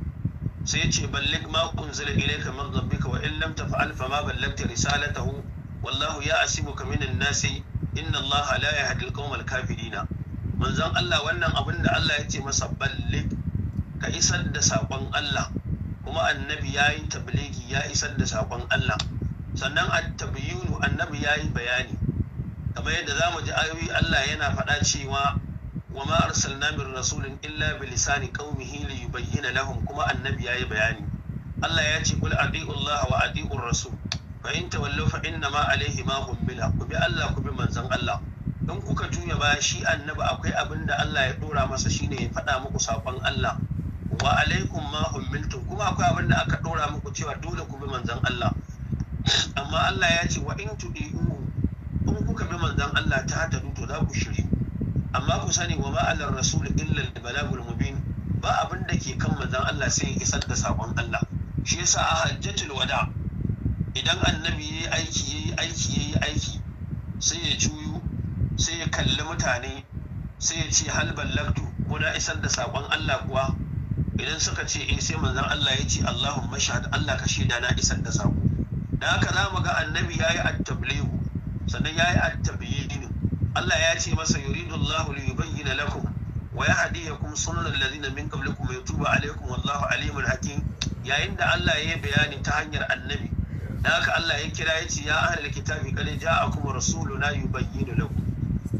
sai ya ce ballig ma unzila ilayka min rabbika wa in lam taf'al fa ma ballagta risalatahu wallahu ya asibuka minan nasi inna Allah la yahdi al-qawmal kafirina manzon Allah wannan abin da Allah ya ce masa ballig ka isar da sakon Allah kuma annabi ya yi tabligi ya isar da saƙon Allah sannan a tabyinu annabi ya yi bayani kamar yadda za mu ji ayoyi Allah yana faɗa cewa wa ma arsalna min rasulin illa bi lisani qaumihi li yubayyana lahum kuma annabi ya yi bayani Allah ya ce kul adi'u Allah wa adi'u rasul fa in tawallu fa inna ma alayhi ma hummila ku bi Allah ku bi manzon Allah in kuka juya ba shi annabi akwai abin da Allah ya dora masa shine ya faɗa muku saƙon Allah wa alaikum ma hummiltum kuma akwai abin da aka dora muku cewa dole ku bi manzon Allah amma Allah ya ce wa in tudiu in kuka bi manzon Allah ta hada to za ku shiri amma ku sani wa ma alar rasul illa al balagul mubin ba abin da ke kan manzon Allah sai ya isar da sakon Allah shi yasa a hajjatul wada idan annabi yayi aiki yayi aiki yayi aiki sai ya juyu sai ya kalli mutane sai ya ce hal ballagtu ko na isar da sakon Allah kuwa idan suka ce eh sai manzon Allah ya ce Allahumma shahad Allah ka shaida na isar da sako da haka za ga annabi yayi at-tablighu sannan yayi at-tabyin Allah ya ce masa yuridu Allahu li yubayyana lakum wa yahdiyakum sunan alladhina min qablikum wa yatubu alaykum wallahu alimul hakim yayin da Allah ya yi bayani ta hanyar annabi da haka Allah ya kira ya ce ya ahlul kitabi qad ja'akum rasuluna yubayyinu lakum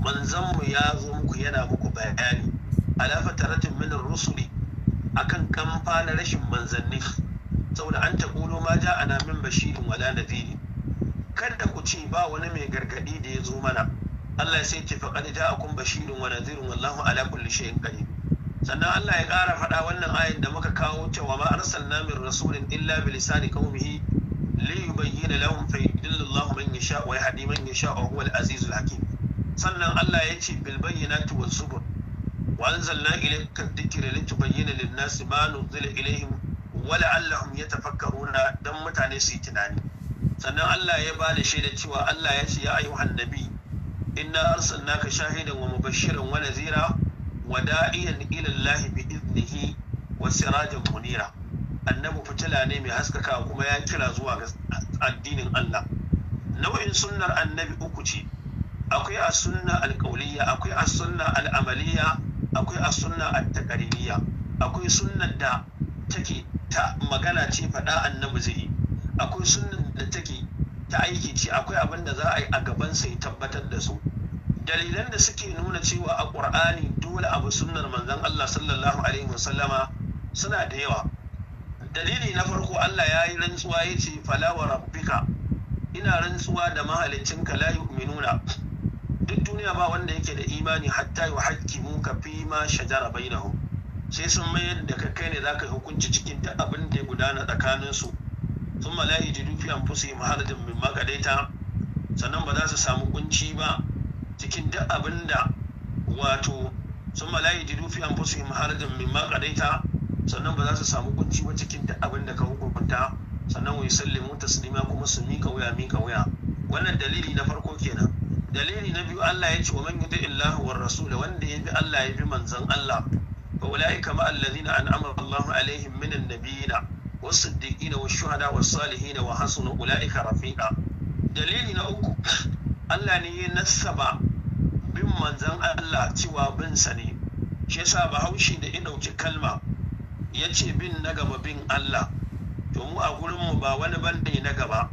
manzon mu ya zo muku yana muku bayani ala fataratin min ar-rusuli akan kamfana rashin manzanni saboda an taƙulo ma ja ana min bashirin wala nadiri kada ku ce ba wani mai gargaɗi da ya zo mana Allah sai ce faqad ja'akum bashirin wa nadhirun wallahu ala kulli shay'in qadir sannan Allah ya ƙara faɗa wannan ayin da muka kawo cewa ma arsalna min rasulin illa bi lisani qaumihi li yubayyana lahum fa yudillallahu man yasha wa yahdi man yasha wa huwa al-azizul hakim sannan Allah ya ce bil bayyinati was subur wa anzalna ilayka dhikra litubayyana lin-nasi ma nuzila ilayhim wa la'allahum yatafakkaruna dan mutane su yi tunani sannan Allah ya bada shaida cewa Allah ya ce ya ayyuhan nabi inna arsalnaka shahidan ka shahida wa nazira wa da'iyan ilallahi Allah bi idnihi wa sirajan munira annabi fitila ne mai haskaka kuma ya kira zuwa ga addinin Allah nau'in sunnar annabi uku ce akwai a sunna akwai a sunna al'amaliya akwai a sunna a akwai sunnan da take ta magana ce faɗa annabi zai akwai sunnan da take ta aiki ce akwai abin da za a yi a gaban sai tabbatar da su dalilan da suke nuna cewa a ƙur'ani dole abu sunnar manzon Allah sallallahu alaihi wasallama suna da yawa dalili na farko Allah ya yi rantsuwa ya ce fala wa rabbika ina rantsuwa da mahaliccinka la yu'minuna duk duniya ba wanda yake da imani hatta yi haƙƙi ka fi ma shajara bainahu sai sun mayar da kai ne ka hukunci cikin duk abin da ya gudana tsakanin su sun mala'i ji dufi an fusi maharajin min makadaita sannan ba za su samu kunci ba cikin duk abin da wato sun mala'i ji dufi an fusi maharajin min makadaita sannan ba za su samu kunci ba cikin duk abin da ka hukunta sannan wai sallimu taslima kuma su mika wuya mika wuya wannan dalili na farko kenan dalili na biyu Allah ya ce wa man yuti illahu war rasul wanda ya bi Allah ya bi manzon Allah fa ulai kama alladhina an'ama Allahu alaihim minan nabiyina wa wa hasuna ulai ka rafiqa dalili na uku Allah ne ya nasaba bin manzan Allah cewa bin sa ne shi yasa bahaushe da ya ɗauki kalma ya ce bin na gaba bin Allah to mu a gurin mu ba wani bane na gaba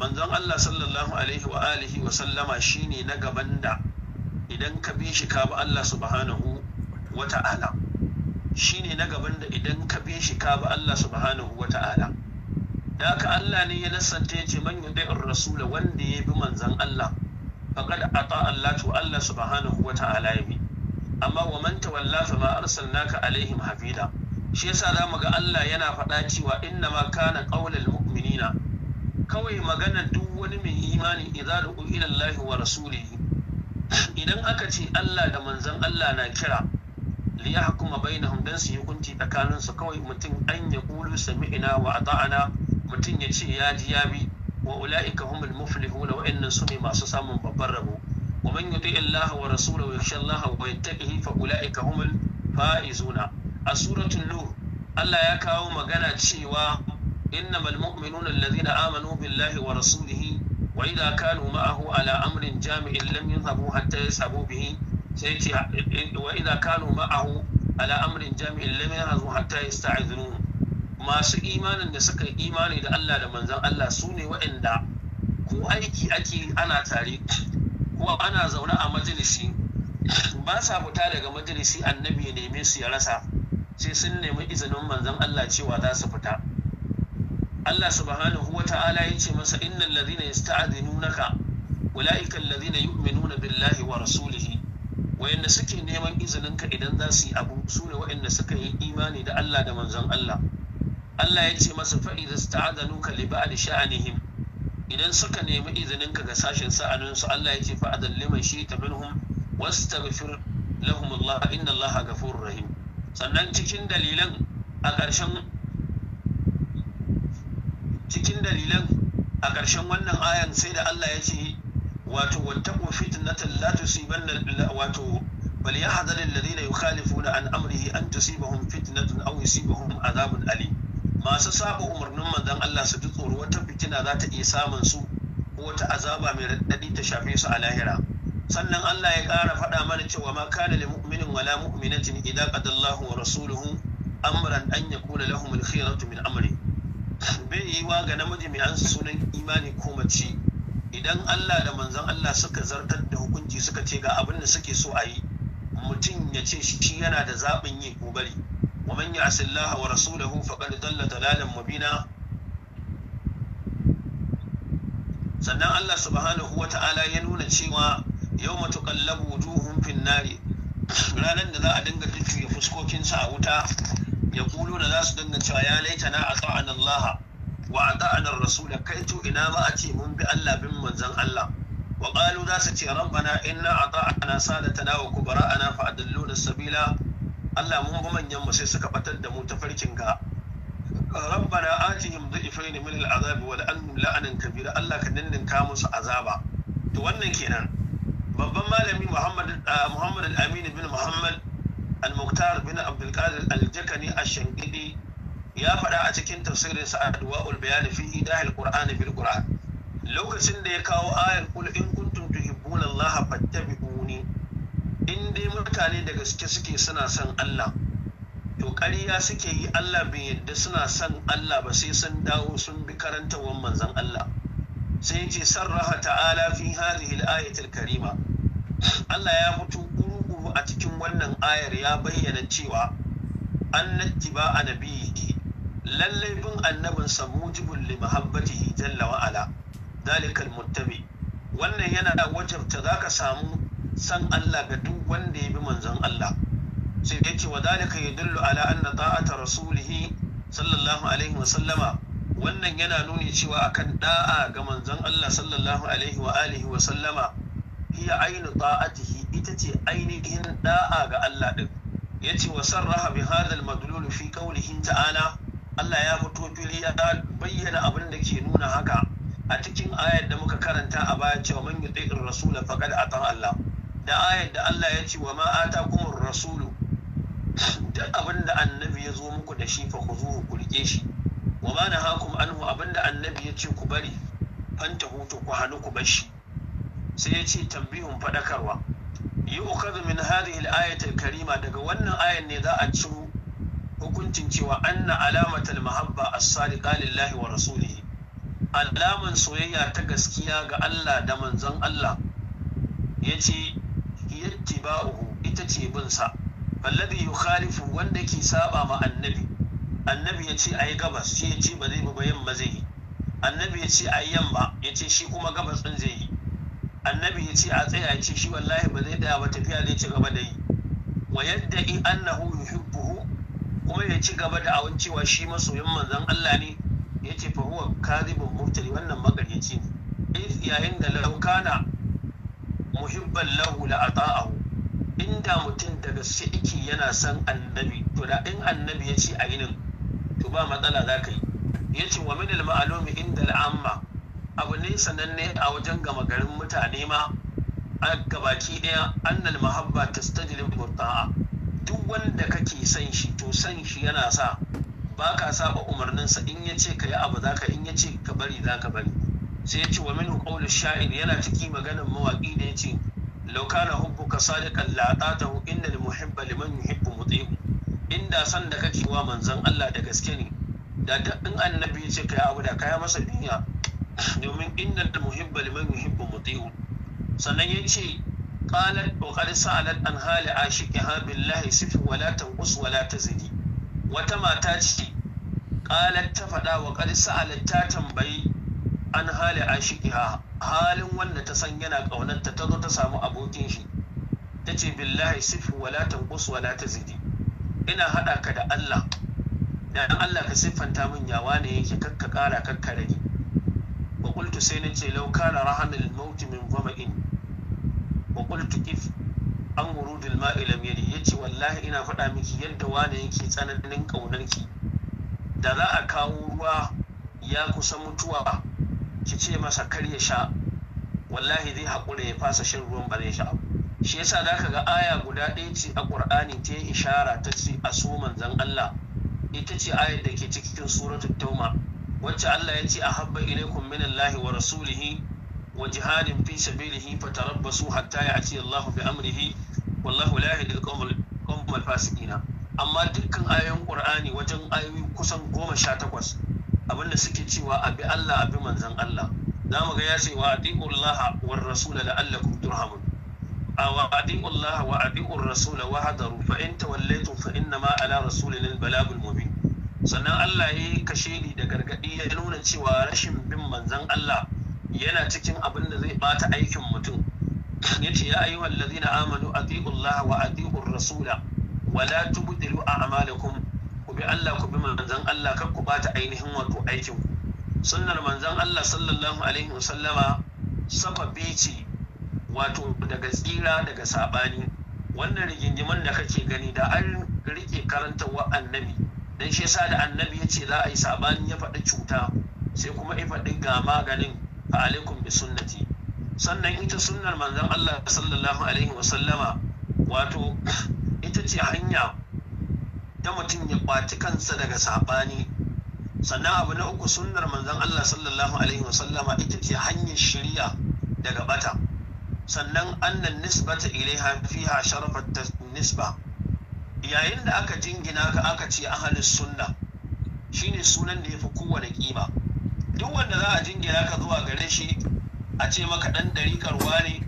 manzon Allah sallallahu alaihi wa alihi wa sallama shine na gaban da idan ka bi shi ka bi Allah subhanahu wa ta'ala shine na gaban da idan ka bi shi ka bi Allah subhanahu wa ta'ala da haka Allah ne ya nasanta ya ce man yudai'ur rasula wanda ya bi manzon Allah faqad ata Allah to Allah subhanahu wa ta'ala ya bi amma wa man tawalla fa ma arsalnaka alaihim hafida shi yasa zamu ga Allah yana faɗa cewa inna ma kana qaulul mu'minina kawai maganar duk wani mai imani idza da ila Allah wa rasulihi idan aka ce Allah da manzon Allah na kira li yahkuma bainahum dan su hukunci tsakanin su kawai mutum an ya qulu sami'na wa ata'ana mutum ya ce ya ji ya bi wa ulaika humul muflihuna wa innan sumi masu samun babban rabo wa man yuti Allah wa rasulahu yakhsha Allah wa yattaqihi fa ulaika humul faizuna a suratul nuh Allah ya kawo magana cewa إنما المؤمنون الذين آمنوا بالله ورسوله وإذا كانوا معه على أمر جامع لم يذهبوا حتى يذهبوا به وإذا كانوا معه على أمر جامع لم يذهبوا حتى يستعذنوه masu imanin da suka yi imani da Allah da manzan Allah su waɗanda ko aiki ake ana ana zaune a majalisi ba sa fita daga majalisi annabi ya neme su ya rasa sai sun nemi izinin manzon Allah cewa za su fita Allah subhanahu wa ta'ala ya ce masa innal ladhina yasta'dinunaka ulaika alladhina yu'minuna billahi wa rasulihi wayanda suke neman izininka idan za su yi abu su ne wayanda suka yi imani da Allah da manzon Allah Allah ya ce masa fa idza a li ba'd sha'anihim idan suka nemi izininka ga sashen sa'anin su Allah ya ce fa adal liman shi'ta minhum wastaghfir lahum Allah inna Allah ghafurur rahim sannan cikin dalilan a ƙarshen cikin dalilan a ƙarshen wannan ayan sai da Allah ya ce wato wattaqu na la tusibanna wato bal yi alladhina yukhalifuna an amrihi an tusibahum fitnatun aw yusibahum azabun Ali. masu saba umarnin manzan Allah su ji tsoro wata fitina za ta iya samun su ko wata azaba mai raɗaɗi ta shafe su a lahira sannan Allah ya ƙara faɗa mana cewa ma kana lil mu'minin wala mu'minatin idan qadallahu wa rasuluhu amran an yakuna lahum al-khiyaratu min amri bai yi wa ga namiji mai ansa sunan imani ko mace idan Allah da manzon Allah suka zartar da hukunci suka ce ga abin da suke so a yi mutum ya ce shi yana da zaɓin yi ko bari wa man ya'sillaha wa rasulahu faqad dalla dalalan mubina sannan Allah subhanahu wa ta'ala ya nuna cewa yau matuƙallabu wujuhun finnari ranar da za a dinga jujjuya fuskokinsa a wuta yaquluna za su dinga cewa ya laitana ata'ana Allah wa ata'ana ar-rasul kaitu ina ma a ce mun bi Allah bin manzon Allah Wakalu qalu za su ce rabbana inna ata'ana sadatana wa kubara'ana fa adalluna sabila Allah mun bi manyan mu sai suka batar da mu ta farkin ga rabbana atihim dhifain min al-azab wa la'anhum la'anan kabira Allah ka ninninka musu azaba to wannan kenan babban malami Muhammad ah, Muhammad al bin Muhammad al-muktar bin abdulkadir al-jakani a shangidi ya faɗa a cikin tafsirin sa adwa'ul bayan fi idahil qur'ani bil qur'an lokacin da ya kawo ayar kul in kuntum tuhibbuna Allah fattabi'uni in dai mutane da gaske suke suna son Allah to ƙarya suke yi Allah bai yadda suna son Allah ba sai sun dawo sun bi karantawan manzon Allah sai yace sarraha ta'ala fi hadhihi al-ayati al-karima Allah ya fito a cikin wannan ayar ya bayyana cewa annati ba a nabiyyi lallai bin annabinsa mujibun li mahabbatihi jalla wa ala dalikal muttabi wannan yana da wajabta zaka samu san Allah ga duk wanda ya bi manzon Allah sai yake wa dalika yadullu ala anna ta'ata rasulihi sallallahu alaihi wa sallama wannan yana nuni cewa akan da'a ga manzon Allah sallallahu alaihi wa alihi wa sallama hiya ainu ta'atihi ita ce ainihin da'a ga Allah din yace wa sarraha bi hadha al-madlul fi qawlihi ta'ala Allah ya fito fili ya bayyana abin da ke nuna haka a cikin ayar da muka karanta a baya cewa man yuti'ir rasul faqad ata Allah da ayar da Allah ya ce wa ma atakumur rasul duk abin da annabi ya zo muku da shi fa khuzuhu ku rike shi wa ma nahakum anhu abin da annabi ya ce ku bari fanta hutu ku hannu ku bar shi sai ya ce tambihun faɗakarwa yi ukazu min hadhihi al karima daga wannan ayan ne za a ciro hukuncin cewa anna alamatar mahabba a sadiqa lillahi wa rasulihi alaman soyayya ta gaskiya ga Allah da manzon Allah yace yattiba'uhu ita ce bin sa alladhi yukhalifu wanda ke saba ma annabi annabi yace ayi gabas shi yace ba zai ba yamma zai yi annabi yace ayi yamma yace shi kuma gabas din zai yi annabi ya ce a tsaya ya ce shi wallahi ba zai daya ba tafiya zai ci gaba da yi wa yadda in annahu yuhibbuhu kuma ya ci gaba da awon cewa shi masoyin manzon Allah ne ya ce fa huwa kadhibun mubtali wannan magaryaci ne ya yayin da kana muhibban lahu la ata'ahu inda mutum da gaske yake yana son annabi to da in annabi ya ce a yinin to ba matsala za ka yi ya ce wa min al-ma'lumi inda al-amma abu ne sananne a wajen gama garin mutane ma a gabaki ɗaya annal mahabba ta stadilin murta'a duk wanda kake son shi to son shi yana sa ba ka saba umarninsa in ya ce ka yi abu za ka in ya ce ka bari za ka bari sai ya ce wa min sha'ir yana ciki maganar mawaƙi da ya ce law kana hubbuka sadiqan la atatahu innal muhibba liman yuhibbu muti'u inda san da kake wa manzon Allah da gaske ne da duk in annabi ya ce yi abu da kaya masa duniya domin innal muhibba liman yuhibbu muti'u sannan ya ce qalat wa qad sa'alat an hali ashiqiha billahi sifi wala tanqus wala tazidi wata mata ce qalat ta faɗa wa qad sa'alat ta tambayi an hali ashiqiha halin wanda ta san yana ƙaunarta ta zo ta samu abokin shi ta ce billahi sifi wala tanqus wala tazidi ina haɗa ka da Allah da Allah ka siffanta min yawa ne yake kakka ƙara kakka rage وقلت qultu sai nace law kana rahanal mauti min zama'in wa an wurudul ma'i lam yace wallahi ina faɗa miki yadda wani yake tsananin ƙaunarki da za a kawo ruwa ya kusa mutuwa ki ce masa kar ya sha wallahi zai haƙura ya fasa shan ruwan ba zai sha shi yasa da ka ga aya guda ɗaya ce a ƙur'ani ta yi ishara ta ce a so manzon Allah ita ce ayar da ke cikin suratul tauma wacce Allah ya ce a ahabba ilaykum min Allah wa rasulihi wa jihadin fi sabilihi fatarabbasu hatta ya'ti Allah bi amrihi wallahu la yahdi al-qawm al-fasiqina amma dukkan ayoyin Qur'ani wajen ayoyi kusan goma sha takwas abinda suke cewa abi Allah abi manzon Allah za mu ga ya ce wa adi'u Allah wa rasula la'allakum turhamun وأطيعوا الله وأطيعوا الرسول وهذروا فإن توليتم فإنما على رسولنا البلاغ المبين sannan Allah ya kashedi da gargadi ya nuna cewa rashin bin manzan Allah yana cikin abin da zai bata aikin mutum yace ya ayyuhal ladzina amanu atiullaha wa atiur rasula wa la tubdilu a'malakum ku bi Allah ku bi manzan Allah kar ku bata ainihin wato aikin sunnar manzan Allah sallallahu alaihi sallama safa bici wato daga tsira daga sabani wannan rigingiman da kake gani da an rike karanta wa annabi dan shi yasa da annabi ya ce za a yi sabani ya faɗi cuta sai kuma ya faɗi ga maganin fa alaikum bi sunnati sannan ita sunnar manzon Allah sallallahu alaihi wa sallama wato ita ce hanya ta mutum ya kwaci kansa daga sabani sannan abu na uku sunnar manzon Allah sallallahu alaihi wa sallama ita ce hanyar shirya daga bata sannan annan nisbata ilaiha fiha sharafat nisba yayin da aka jingina ka aka ce ahalus sunna shine sunan da ya fi kowane kima duk wanda za a jingina ka zuwa gare shi a ce maka dan ɗarikar wane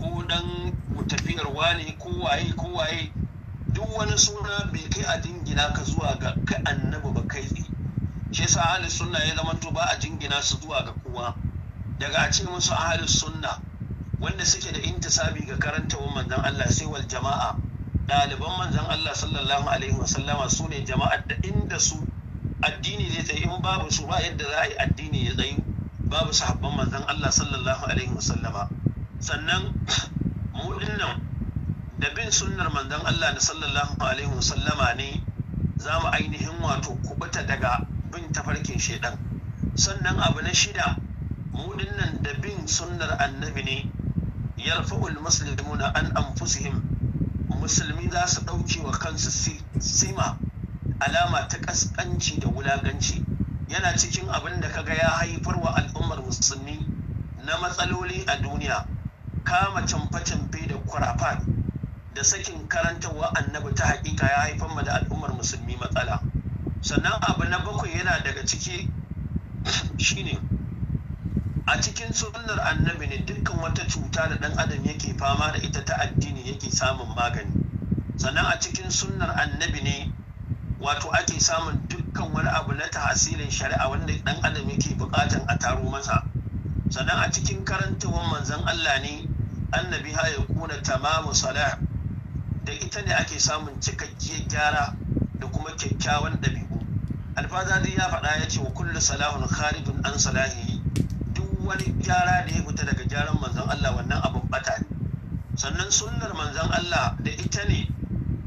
ko dan tafiyar wane ko waye ko waye duk wani suna bai kai a jingina ka zuwa ga ka annabi ba kai tsaye shi yasa ahalus sunna ya zama to ba a jingina su zuwa ga kowa daga a ce musu ahalus sunna wanda suke da intisabi ga karanta manzon Allah sai wal jama'a ɗaliban manzan Allah sallallahu alaihi wasallama su ne jama'ar da inda su addini zai tsayi in babu su ba yadda za a yi addini ya tsayi babu sahabban manzan Allah sallallahu alaihi wasallama sannan mu nan da bin sunnar manzan Allah da sallallahu alaihi wasallama ne za mu ainihin wato kubuta daga bin tafarkin shaidan sannan abu na shida mu nan da bin sunnar annabi ne yarfa'ul muslimuna an anfusihim musulmi za su ɗauke wa kansu sima alama ta ƙasƙanci da wulaganci yana cikin abin da kaga ya haifar wa al'ummar musulmi na matsaloli a duniya kama camfe-camfe da kurafat da sakin karantarwa annabi ta haƙiƙa ya haifar da al'ummar musulmi matsala sannan abu na bakwai yana daga ciki shine a cikin sunnar annabi ne dukkan wata cuta da ɗan adam yake fama da ita ta addini yake samun magani sannan a cikin sunnar annabi ne wato ake samun dukkan wani abu na tahasirin shari'a wanda ɗan adam yake buƙatan a taro masa sannan a cikin karantawan manzon Allah ne annabi ha ya kuna tamamu salah da ita ne ake samun cikakkiyar gyara da kuma kyakkyawan ɗabi'u alfazari ya faɗa ya ce wa kullu salahun kharijun an salahi wani gyara da ya fita daga gyaran manzon Allah wannan abin bata ne sannan sunnar manzon Allah da ita ne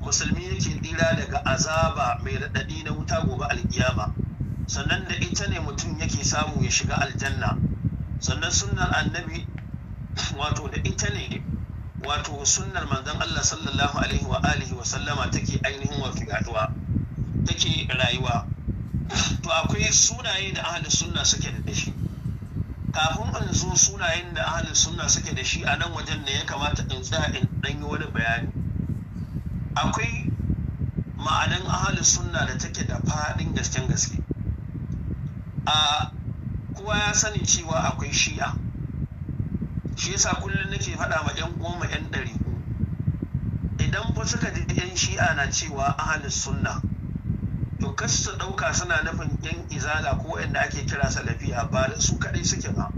musulmi yake tsira daga azaba mai raɗaɗi na wuta gobe alkiyama sannan da ita ne mutum yake samu ya shiga aljanna sannan sunnar annabi wato da ita ne wato sunnar manzon Allah sallallahu alaihi wa alihi wa sallama take ainihin wato yaduwa take rayuwa to akwai sunaye da ahlus sunna suke da dashi kafin in zo sunayen da ahalin sunna suke da shi a nan wajen ne ya kamata in tsaya in dan yi wani bayani akwai ma'anan ahalin sunna da take da faɗin gasken gaske a kowa ya sani cewa akwai shi'a shi yasa kullum nake faɗa ma 'yan goma 'yan ɗari idan ba suka ji 'yan shi'a na cewa ahalin sunna to kasu su ɗauka suna nufin yan izala ko inda ake kira salafiya ba da su kaɗai suke ba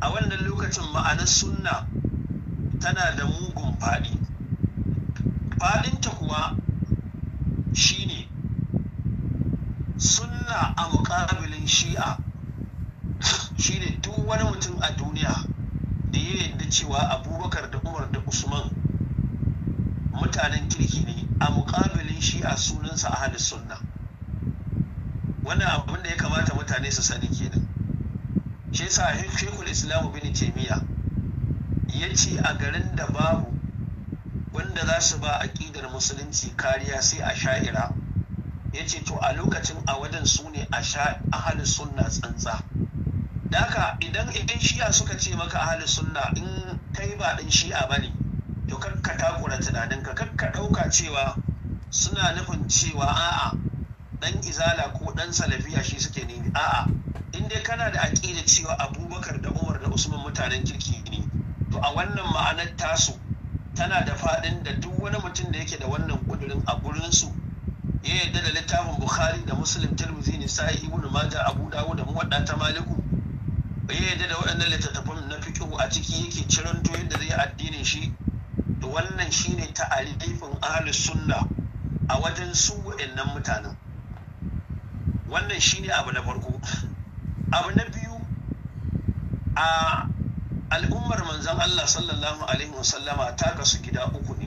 a wannan lokacin ma'anar sunna tana da mugun faɗi faɗinta kuwa shine sunna a mukabilin shi'a shine duk wani mutum a duniya da ya yarda cewa abubakar da umar da usman mutanen kirki ne a muƙabilin a sunansa ahli sunna wannan abin da ya kamata mutane su sani kenan shi yasa shekul islamu bin miya. ya ce a garin da babu wanda za su ba aƙidar musulunci kariya sai a sha'ira ya ce to a lokacin a wajen su ne a ahalin sunna tsantsa daka idan idan shi'a suka ce maka ahalin sunna in kai ba ɗin shi'a ba ne to kar takura tunaninka kar ka ɗauka cewa suna nufin cewa a'a dan izala ko ɗan salafiya shi suke ne a'a in dai kana da aƙida cewa abubakar da umar da usman mutanen kirki ne to a wannan ma'anar tasu tana da faɗin da duk wani mutum da yake da wannan ƙudurin a gurinsu ya yarda da littafin bukhari da muslim tirmidhi ne sai ibnu majah abu dawud da muwadda ta maliku ya yarda da waɗannan littattafan na fiqhu a ciki yake ciranto yadda zai addinin shi wannan shine ta'arifin ahlus sunna a wajen su wa'annan mutanen wannan shine abu na farko abu na biyu a al'ummar manzan Allah sallallahu alaihi wasallama ta kasu gida uku ne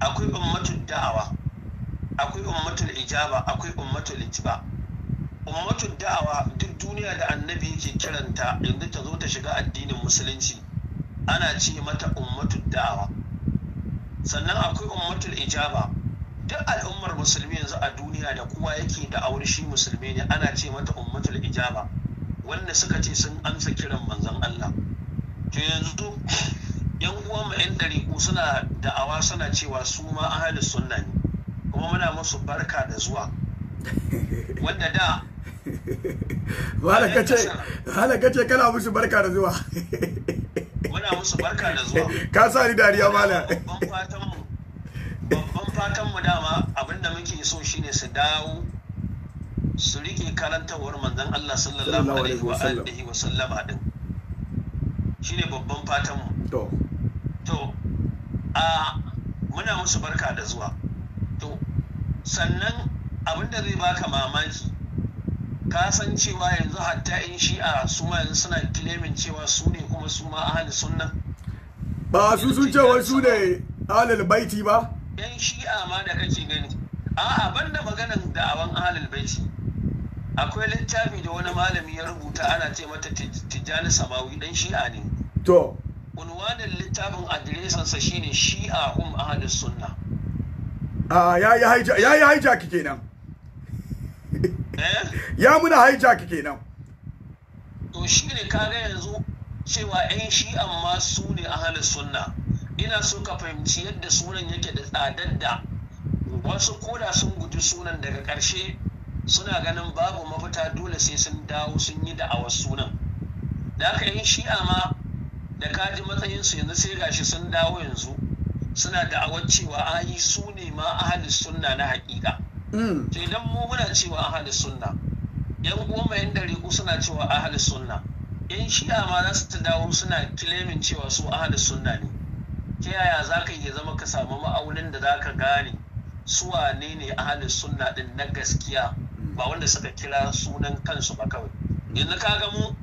akwai ummatul da'awa akwai ummatul ijaba akwai ummatul ijba ummatul da'awa duk duniya da annabi yake kiranta yanzu ta zo ta shiga addinin musulunci ana ce mata ummatul da'awa sannan akwai ummatul ijaba duk al'ummar musulmi yanzu a duniya da kowa yake da aure shi musulmi ne ana ce mata ummatul ijaba wanda suka ce sun amsa kiran manzon Allah to yanzu yan uwan mu yan dariku suna da'awa suna cewa su ma ahlus sunna ne kuma muna musu barka da zuwa wanda da wala kace kana musu barka da zuwa muna musu barka da zuwa ka sa ni dariya mala babban so shine su dawo muna musu barka da zuwa to sannan abinda zai baka mamaki ka san cewa yanzu hatta in shi'a su ma yanzu suna kilemin cewa su ne ba su ma ahli sunna ba su sun ce wasu ne ahlul baiti ba yan shi'a ma da kake gani a'a banda maganan da'awan ahlul baiti akwai littafi da wani malami ya rubuta ana ce mata tijjani samawi dan shi'a ne to unwanin littafin adiresansa shine shi'a hum ahlus sunna a ya yi haija ya yi haija ki kenan eh? ya muna haija ki kenan to ne kare yanzu cewa 'yan Shi'a ma su ne ahalin sunna ina so ka fahimci yadda sunan yake da tsadar da wasu koda sun guji sunan daga ƙarshe suna ganin babu mafita dole sai sun dawo sun yi da'awar sunan da aka yi shi'a ma da kaji matsayinsu yanzu sai gashi sun dawo yanzu suna da'awar cewa ayi su ne ma ahalin sunna na haƙiƙa mm. to idan mu muna cewa ahalin sunna yan goma yan dariku suna cewa ahalin sunna in shi'a ma za su dawo suna kilemin cewa su ahalus sunna ne ta yaya za ka iya zama ka samu ma'aunin da za ka gane su wane ne ahalus sunna din na gaskiya ba wanda suka kira sunan kansu ba kawai yanzu ka ga mu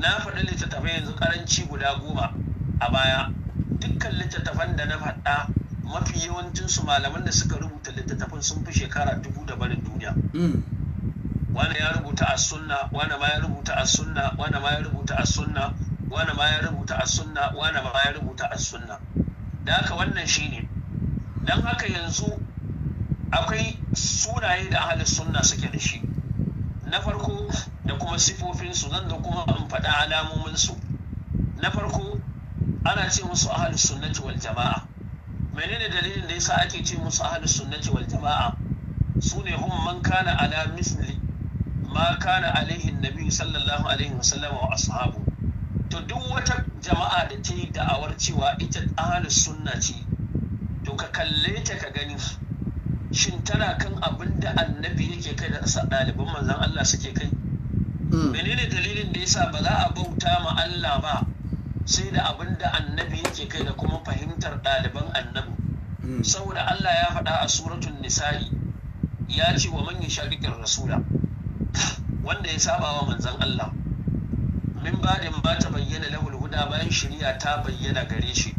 na faɗi littattafai yanzu karanci guda goma a baya dukkan littattafan da na faɗa mafi yawancin malaman da suka rubuta littattafan sun fi shekara dubu da barin duniya mm. wani ya rubuta a sunna wani ma ya rubuta a sunna wani ma ya rubuta a sunna wani ma ya rubuta a sunna wani ma ya rubuta a sunna da haka wannan shine dan haka yanzu akwai sunaye da ahalin sunna suke da shi na farko da kuma sifofinsu zan da kuma in faɗa alamominsu na farko ana ce musu ahalin sunnati wal jama'a menene dalilin da yasa ake ce musu ahalin sunnati wal jama'a su ne hum man kana ala misli ma kana alaihi nabi sallallahu alaihi wasallam wa ashabu to duk wata jama'a da ta yi da'awar cewa ita ahli sunna ce to ka kalle ta ka gani shin tana kan abin da annabi yake kai da ɗaliban manzon Allah suke kai hmm. menene dalilin da yasa ba za a bauta ma Allah ba sai da abin da annabi yake kai da kuma fahimtar ɗaliban annabi hmm. saboda Allah ya faɗa a suratul nisa'i ya ce wa man yashaqiqir rasula wanda ya saba wa manzon Allah min badin ba ta bayyana lahul huda bayan shari'a ta bayyana gare shi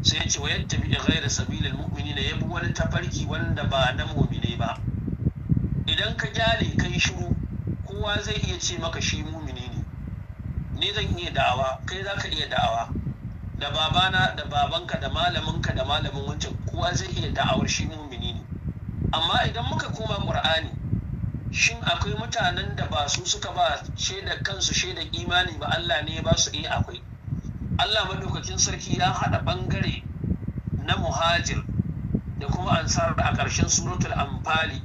sai ya ce wa yadda bi ghaira sabilil mu'minina yabi wani tafarki wanda ba na mu'mini ba idan ka gyale kai shiru kowa zai iya ce maka shi mumini ne ni zan iya da'awa kai za ka iya da'awa da babana da babanka da malaminka da malamin wancan kowa zai iya da'awar shi mumini ne amma idan muka koma ƙur'ani shin akwai mutanen da ba su suka ba shaidar kansu shaidar imani ba Allah ne ba su iya eh, akwai Allah madaukakin sarki ya haɗa ɓangare na muhajir da kuma ansar a ƙarshen suratul amfali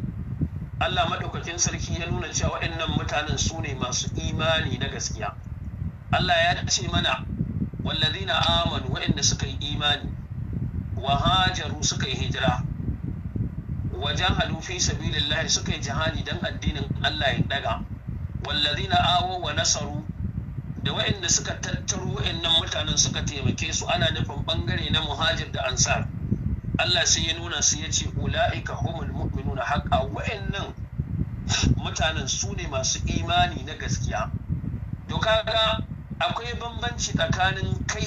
Allah madaukakin sarki ya nuna cewa waɗannan mutanen su ne masu imani na gaskiya Allah ya ce mana wallazina amanu waɗanda suka yi imani wa hajaru suka yi hijira wajen halufi sabilillahi suka yi jihadi don addinin Allah ya daga wallazina awo wa nasaru da waɗanda suka tattaro waɗannan mutanen suka taimake su ana nufin bangare na muhajir da ansar Allah sai ya nuna su ya ce ula'ika humul mu'minuna haƙa waɗannan mutanen su ne masu imani na gaskiya to kaga akwai bambanci tsakanin kai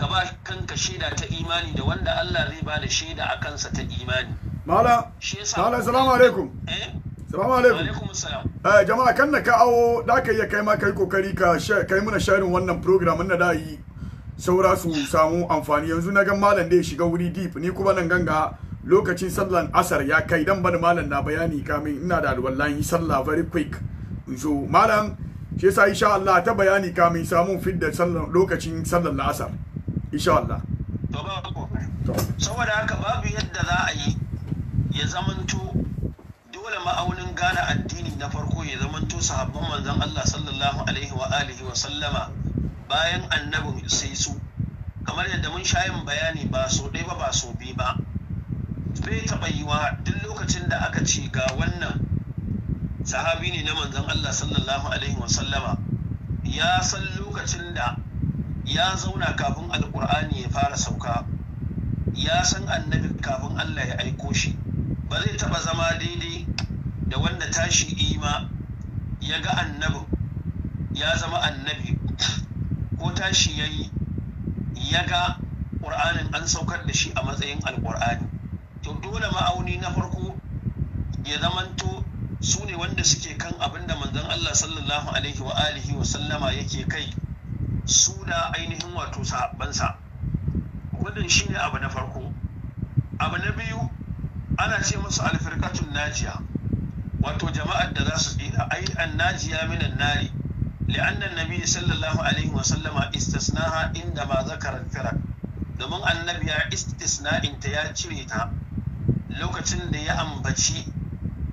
ka ba kanka shaida ta imani da wanda Allah zai ba da shaida a kansa ta imani mala mala eh? salamu alaikum salamu alaikum eh jama'a kanna ka awo da ka iya kai ma kai kokari ka kai muna wannan program na da yi saura su samu amfani yanzu na gan malam da ya shiga wuri deep ni kuma nan ganga lokacin sallan asar ya kai dan bani malam na bayani kamin ina da wallahi sallah very quick so malam shi yasa insha Allah ta bayani kamin samu fidda sallan lokacin sallan asar insha Allah to saboda haka babu yadda za a yi ya zamanto dole ma'aunin gane addini na farko ya zamanto sahabban manzon Allah sallallahu alaihi wa alihi wa sallama bayan annabin sai su kamar yadda mun shayin bayani ba so ɗaya ba ba so biyu ba bai taɓa yi wa duk lokacin da aka ce ga wannan sahabi ne na manzon Allah sallallahu alaihi wa sallama ya san lokacin da ya zauna kafin alkur'ani ya fara sauka ya san annabi kafin Allah ya aiko shi ba zai taɓa zama daidai da wanda tashi ima ya ga annabin ya zama annabi ko tashi ya yi ya ga ƙur'anin an saukar da shi a matsayin alƙur'ani to dole ma'auni na farko ya zamanto su ne wanda suke kan abin da manzon Allah sallallahu alaihi wa alihi wa sallama yake kai su da ainihin wato sahabbansa wannan shine abu na farko abu na biyu ana ce musu alfirkatun najiya wato jama'ar da za su tsira ai an najiya minan nari li'annan nabi sallallahu alaihi wa sallama istisnaha inda ma zakara fira domin annabi ya istisna'in ta ya cire ta lokacin da ya ambaci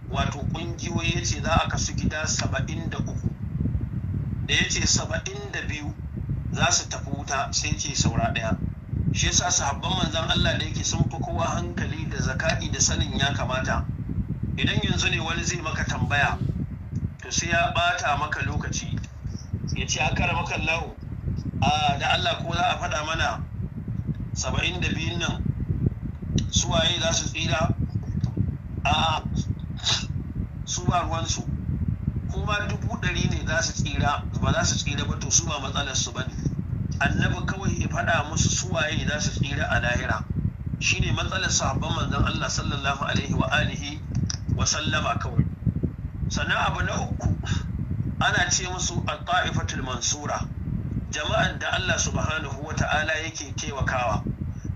wato kungiyoyi ya ce za a kasu gida saba'in da uku da ya ce saba'in da biyu za su tafi wuta sai ce saura ɗaya shi yasa sahabban manzan Allah da yake sun fi kowa hankali da zaka'i da sanin ya kamata idan yanzu ne wani zai maka tambaya to sai ya bata maka lokaci ya ce akara maka lahu a da Allah ko za a faɗa mana saba'in da biyun nan suwaye za su tsira a su ba ruwansu kuma dubu ɗari ne za su tsira ba za su tsira ba to su ba matsalarsu ba ne annabi kawai ya faɗa musu suwaye za su tsira a lahira shine matsalar sahabban manzon Allah sallallahu alaihi wa alihi wa sallama kawai sannan abu na uku ana ce musu al qaifatul mansura jama'an da Allah subhanahu wa ta'ala yake taimakawa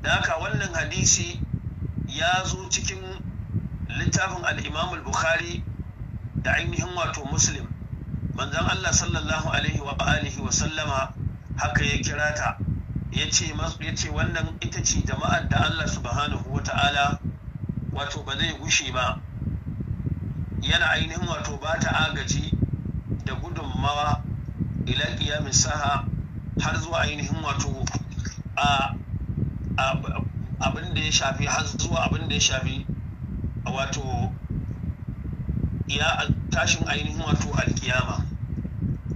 da haka wannan hadisi ya zo cikin littafin al-Imam al-Bukhari da ainihin wato Muslim manzon Allah sallallahu alaihi wa alihi wa sallama haka ya kira ta ya ce wannan ita ce jama'ar da Allah subhanahu wa ta'ala wato ba zai gushe ba yana ainihin wato ba ta agaji da gudunmawa ila ƙiyamin saha har zuwa ainihin wato a abin da ya shafi har zuwa abin da ya shafi wato ya tashin ainihin wato alkiyama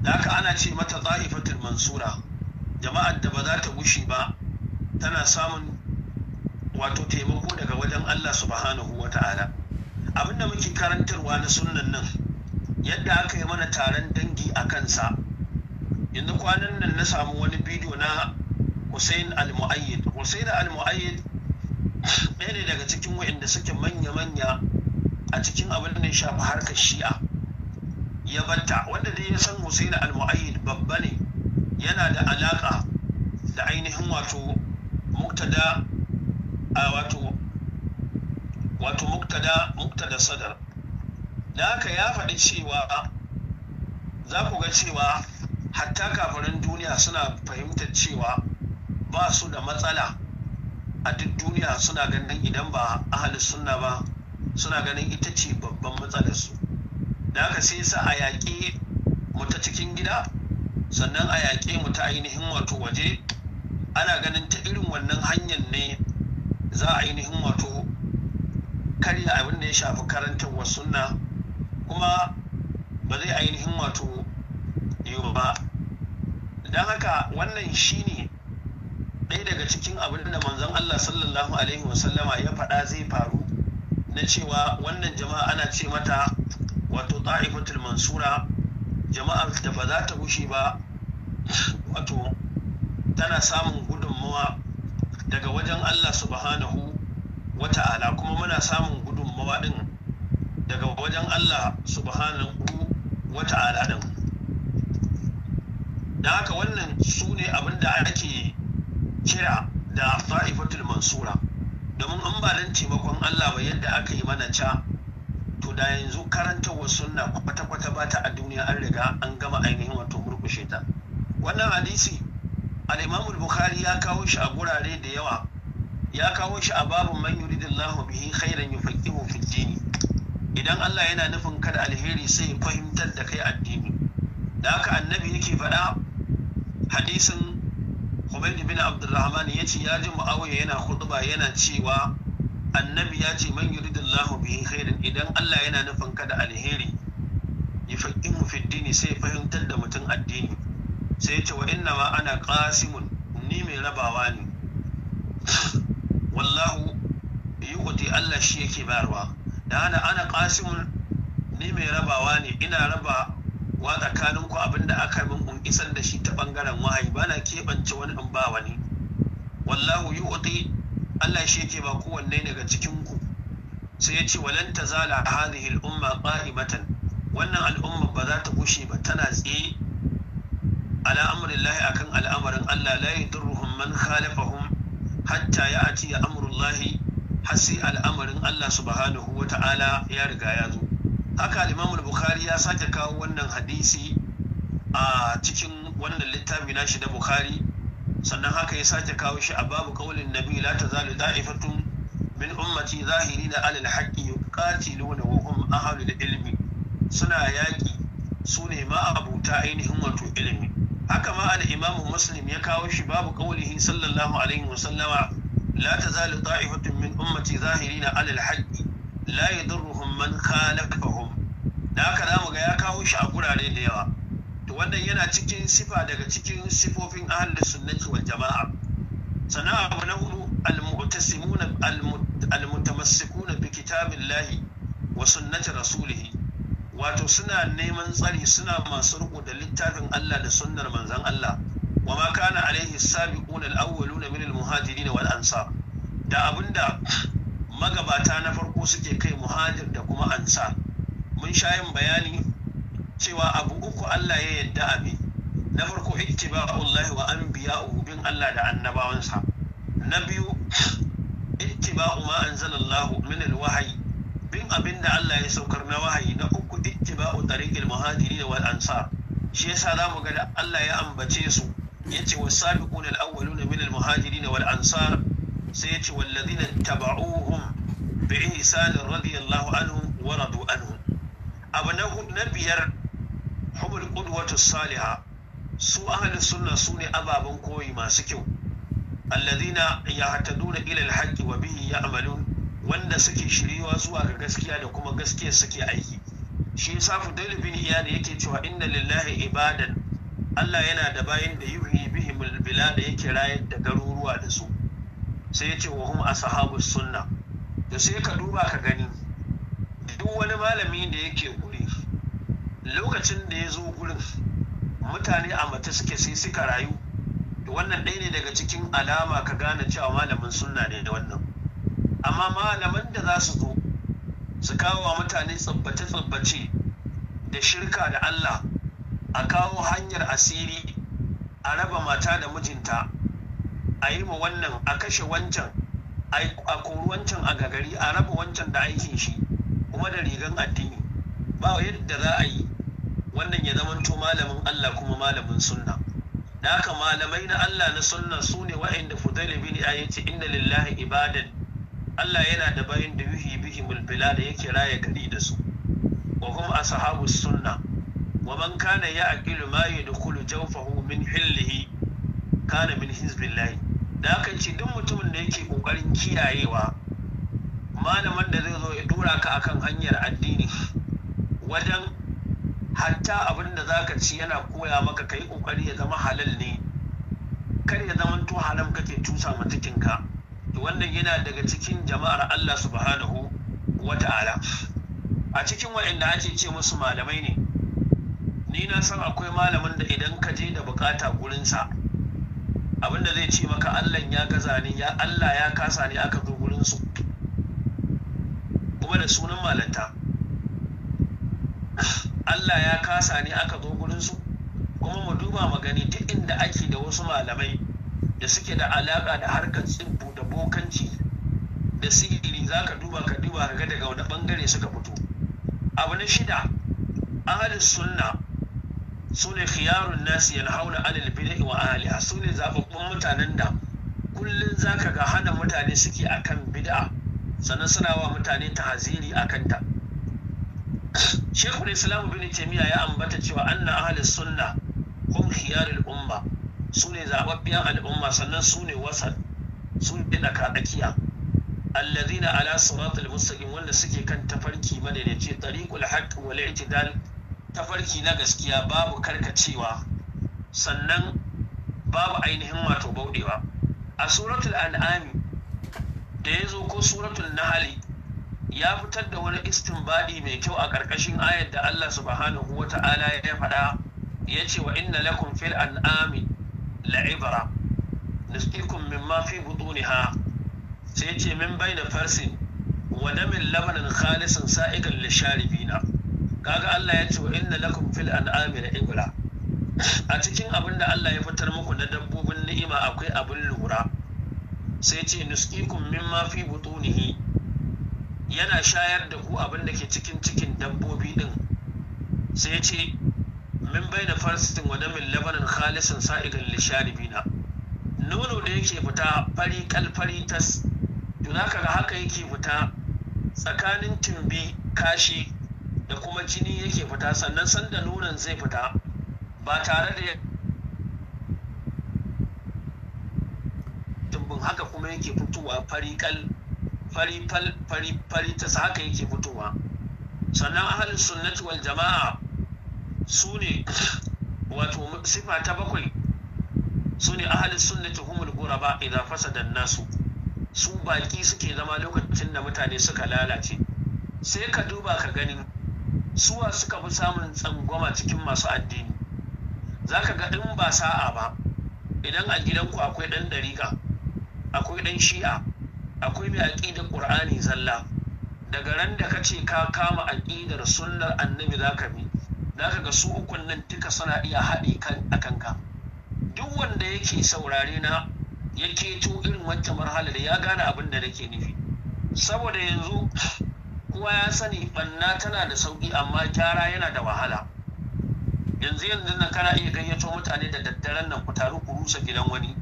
da haka ana ce mata za'ifatul mansura jama'ar da ba za ta gushe ba tana samun wato taimako daga wajen Allah subhanahu wa ta'ala abinda muke karantarwa na sunnan nan yadda aka yi mana taron dangi a kansa yanzu kwanan nan na samu wani bidiyo na Hussein al-Mu'ayyid Hussein al-Mu'ayyid ɗaya ne daga cikin wa'inda suke manya-manya a cikin abin da ya shafi harkar shi'a ya batta wanda dai ya san Hussein al-Mu'ayyid babba ne yana da alaƙa da ainihin wato muktada a wato wato muktada muktada sadar da haka ya faɗi cewa za ku ga cewa hatta kafirin duniya suna fahimtar cewa ba su da matsala a duk duniya suna ganin idan ba ahli sunna ba suna ganin ita ce babban matsalarsu da haka sai sa a yaƙi mu ta cikin gida sannan a yaƙe mu ta ainihin wato waje ana ganin ta irin wannan hanyar ne za a ainihin wato karya abin da ya shafi karantarwar sunna kuma ba zai ainihin wato yiwu ba don haka wannan shine ɗaya daga cikin abin da manzon Allah sallallahu alaihi wasallama ya faɗa zai faru na cewa wannan jama'a ana ce mata wato ta'ifatul mansura jama'ar da ba za ta gushe ba wato tana samun gudunmawa daga wajen Allah subhanahu wa ta'ala kuma muna samun gudunmawa din daga wajen Allah subhanahu wa ta'ala din da haka wannan su ne abin da ake kira da ta'ifatul mansura domin an ba don taimakon Allah ba yadda aka yi mana ca guda da yanzu karantarwar sunna kwata-kwata ba ta a duniya an riga an gama ainihin wato murkushe ta wannan hadisi al bukhari ya kawo shi a gurare da yawa ya kawo shi a babu man yuridillahu bihi khairan yufaqihu fi dini idan Allah yana nufin kada alheri sai ya fahimtar da kai addini da haka annabi yake faɗa hadisin Humayd bin Abdulrahman yace ya ji Muawiya yana khutba yana cewa annabi ya ce man yuridillahu bihi khairin idan Allah yana nufin ka da alheri yufaqihu fi dini sai fahimtar da mutum addini sai ya ce wa inna ma ana qasimun ni mai rabawa ne wallahu yuqti Allah shi yake bayarwa da ana ana qasimun ni mai rabawa ne ina raba wa tsakanin ku abinda aka min un isar da shi ta bangaren wahayi bana keɓance wani in ba wani wallahu yuqti Allah shi yake ba kowanne daga cikin ku sai ya ce walan tazala hadhihi al-umma qa'imatan wannan al'umma ba za ta gushe ba tana tsaye ala amrillahi akan al'amarin Allah la yadurruhum man khalafahum hatta ya'ti amrullahi har al'amarin Allah subhanahu wa ta'ala ya riga ya zo haka al-Imam al-Bukhari ya sake kawo wannan hadisi a cikin wannan littafi nashi na Bukhari sannan haka ya sake kawo shi a babu kaulin nabi la tazalu da'ifatun min ummati zahirina alal haqqi yuqatiluna wa hum ahlul ilmi suna yaƙi su ne ma'abuta ainihin wato ilimi haka ma al-imam muslim ya kawo shi babu kaulihi sallallahu alaihi wa sallama la tazalu da'ifatun min ummati zahirina alal haqqi la yadurruhum man khalafahum da haka zamu ga ya kawo shi a gurare da yawa wannan yana cikin sifa daga cikin sifofin ahalin sunnati wal jama'a sana abu na hudu almu'tasimuna almutamassikuna bi kitabillahi wa sunnati rasulihi wato suna neman tsari suna masu riko da littafin Allah da sunnar manzon Allah wa ma kana alaihi sabiquna alawwaluna min almuhajirin wal ansar da abinda magabata na farko suke kai muhajir da kuma ansa mun sha yin bayani cewa abu uku Allah ya yadda abi na farko ittiba'ullah wa anbiya'uhu bin Allah da annabawansa na biyu ittiba'u ma anzalallahu min alwahyi bin abinda Allah ya saukar na wahayi na uku ittiba'u tariqil muhajirin wal ansar shi yasa zamu ga da Allah ya ambace su yace was-sabiquna al-awwaluna min al wal ansar sai yace walladhina tabauhum bi ihsan radiyallahu anhum wa radu anhum abu na biyar humul qudwatu Saliha, su ahli sunna sune ababen koyi masu kyau ya yahtaduna ila alhaqqi wa bihi ya'malun wanda suke shiriwa zuwa ga gaskiya da kuma gaskiya suke aiki shi yasa Fudail bin Iyad yake cewa inna lillahi ibadan Allah yana da bayin da yuhi da bilada yake rayar da garuruwa da su sai ya ce wa hum ashabus sunna to sai ka duba ka gani duk wani malami da yake lokacin da ya zo gurin mutane a mata suke sai suka rayu da wannan ɗaya ne daga cikin alama ka gane cewa malamin sunna ne da wannan amma malaman da za su zo su kawo wa mutane tsabbace-tsabbace da shirka da Allah a kawo hanyar asiri a raba mata da mijinta a yi ma wannan a kashe wancan a kori wancan a gagari a raba wancan da aikin shi kuma da rigan addini ba yadda za a yi wannan ya zamanto malamin Allah kuma malamin sunna da haka malamai na Allah na sunna su ne wa'inda fudaili bin ya ce inna lillahi ibadan Allah yana da bayin da yuhi bihi bila da yake raya gari da su wa kuma ashabu sunna wa man kana aqilu ma yadkhulu jawfahu min hillihi kana min hizbillahi da haka ce duk mutumin da yake kokarin kiyayewa malaman da zai zo ya dora ka akan hanyar addini wajen hatta abin da za ka ci yana koya maka ka yi ƙoƙari ya zama halal ne kar ya zama to haram kake tusa ma cikinka wannan yana daga cikin jama'ar Allah subhanahu wa ta'ala a cikin wa'anda ake ce musu malamai ne ni na san akwai malamin da idan ka je da bukata gurinsa Abin da zai ce maka Allah ya gaza ni ya Allah ya kasa ni aka zo gurinsu kuma da sunan malanta Allah ya kasa ne aka zo gurinsu kuma mu duba magani duk inda ake da wasu malamai da suke da alaƙa da harkar tsibbu da bokanci da sigiri za ka duba ka duba ga daga wani ɓangare suka fito abu na shida ahalin sunna su ne khiyarun nasi hauna alal bid'i wa ahliha su ne zaɓaɓɓun mutanen da kullun zaka ga hana mutane suke akan bid'a sannan suna wa mutane ta haziri akan ta shekul islam bin taimiyya ya ambata cewa anna ahalin sunna hum khiyarul umma su ne zababbiyan al'umma sannan su ne wasan su ne tsakatsakiya allazina ala siratul mustaqim wanda suke kan tafarki madaidaici tariqul haqq wal i'tidal tafarki na gaskiya babu karkacewa sannan babu ainihin wato bauɗewa a suratul an'ami da ya zo ko suratul nahali ya fitar da wani istinbadi mai kyau a ƙarƙashin ayar da Allah subhanahu wa ta'ala ya faɗa ya ce wa inna lakum fil an'ami la'ibara nusqikum mimma fi butuniha sai ya ce min bayna farsin wa damin labanin khalisin sa'igan lisharibina kaga Allah ya ce wa inna lakum fil an'ami la'ibara a cikin abin da Allah ya fitar muku na dabbobin ni'ima akwai abin lura sai ce min mimma fi butunihi yana shayar da ku abin da ke cikin cikin dabbobi din sai ce min bai da farsitin wa min labanin khalisin sa'igan lisharibina nono da yake fita fari kalfari tas tuna kaga haka yake fita tsakanin tumbi kashi da kuma jini yake fita sannan sanda nonon zai fita ba tare da tumbin haka kuma yake fitowa fari kal fari fari haka yake fitowa sannan ahalin sunnati wal jama'a su ne wato sifa ta bakwai su ne ahalin sunnati humul guraba idan fasadan nasu su baki suke zama lokacin da mutane suka lalace sai ka duba ka gani suwa suka fi samun tsangwama cikin masu addini za ka ga in ba sa'a ba idan a gidanku akwai ɗan ɗariƙa akwai ɗan shi'a akwai mai aƙidar ƙur'ani zalla daga ran da ka ce ka kama aƙidar sunnar annabi za ka bi za ka ga su ukun nan duka suna iya haɗe kan a kanka duk wanda yake saurare na ya keto irin wancan marhalar ya gane abin da nake nufi saboda yanzu kowa ya sani ɓanna tana da sauƙi amma gyara yana da wahala yanzu yanzu nan kana iya gayyato mutane da daddaren nan ku taru ku rusa gidan wani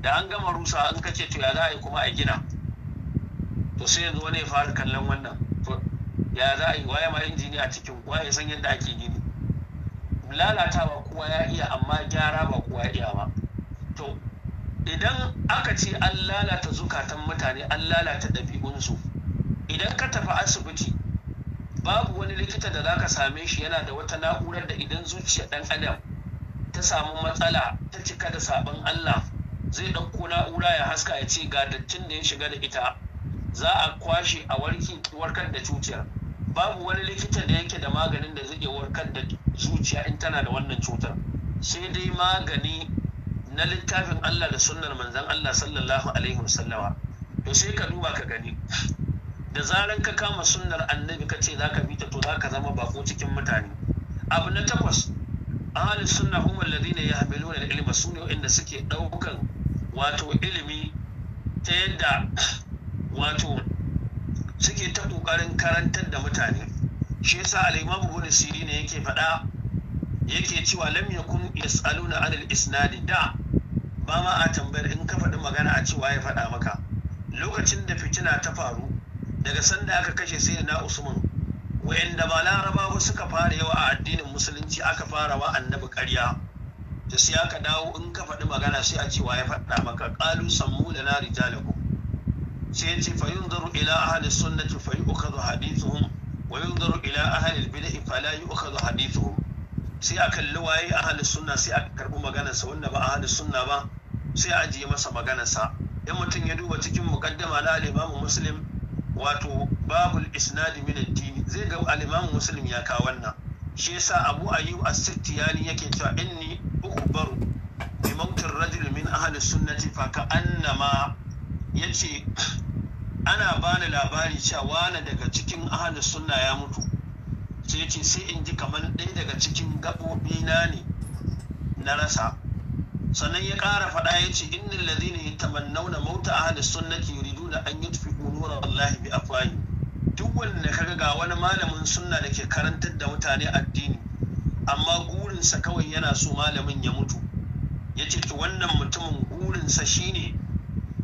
da an gama rusa an kace to ya za a yi kuma a gina to sai yanzu wani ya fara kallon wannan to ya za a yi waye ma a cikin waye san yadda ake gini lalatawa kowa ya iya amma gyara ba kowa ya iya ba to idan aka ce an lalata zukatan mutane an lalata ɗabi'unsu idan ka tafi asibiti babu wani likita da za ka same shi yana da wata na'urar da idan zuciya ɗan adam ta samu matsala ta cika da sabon Allah zai ɗauko na'ura ya haska ya ce ga dattin da ya shiga da ita za a kwashe a warkar da cutar babu wani likita da yake da maganin da zai warkar da zuciya in tana da wannan cutar sai dai magani na littafin Allah da sunnar manzon Allah sallallahu alaihi wasallama to sai ka duba ka gani da zaran ka kama sunnar annabi ka ce zaka bi ta to zaka zama bako cikin mutane abu na takwas ahli sunna hum alladhina yahmiluna al-ilma sunna inda suke daukan wato ilimi ta yadda wato suke ta ƙoƙarin karantar da mutane shi yasa al-imam siri ne yake faɗa yake cewa lam yakun yasaluna anil isnadi da ba ma a tambayar in ka faɗi magana a cewa ya faɗa maka lokacin da fitina ta faru daga sanda aka kashe sai na usman wa'anda ba Laraba ba suka fara yawa a addinin musulunci aka fara wa annabi karya. da sai aka dawo in ka faɗi magana sai a cewa ya faɗa maka ƙalu sammu da na rijalakum sai ya ce fa yunzaru ila ahli sunnati fa yu'khadhu hadithuhum wa yunzaru ila ahli bid'ah fa la yu'khadhu hadithuhum sai a kalli waye ahli sunna sai a karɓi maganarsa wanda ba ahli sunna ba sai a ajiye masa maganarsa in mutum ya duba cikin muqaddama na al Muslim wato babul isnad min ad zai ga al Muslim ya kawo wannan shi yasa Abu Ayyub as-Sittiyani yake cewa inni ukbaru bi mautir rajul min ahli sunnati fa annama. ya ce ana bani labari cewa wani daga cikin ahalin sunna ya mutu sai ce sai in ji kamar ɗaya daga cikin gaɓoɓi na ne na rasa sannan ya ƙara faɗa ya ce ne ya ladhina yatamannawna mauta ke yi yuriduna an tufi nura Allah bi afwahi duk wanda kaga ga wani malamin sunna da ke karantar da mutane addini amma gurinsa kawai yana so malamin ya mutu ya ce wannan mutumin gurinsa shine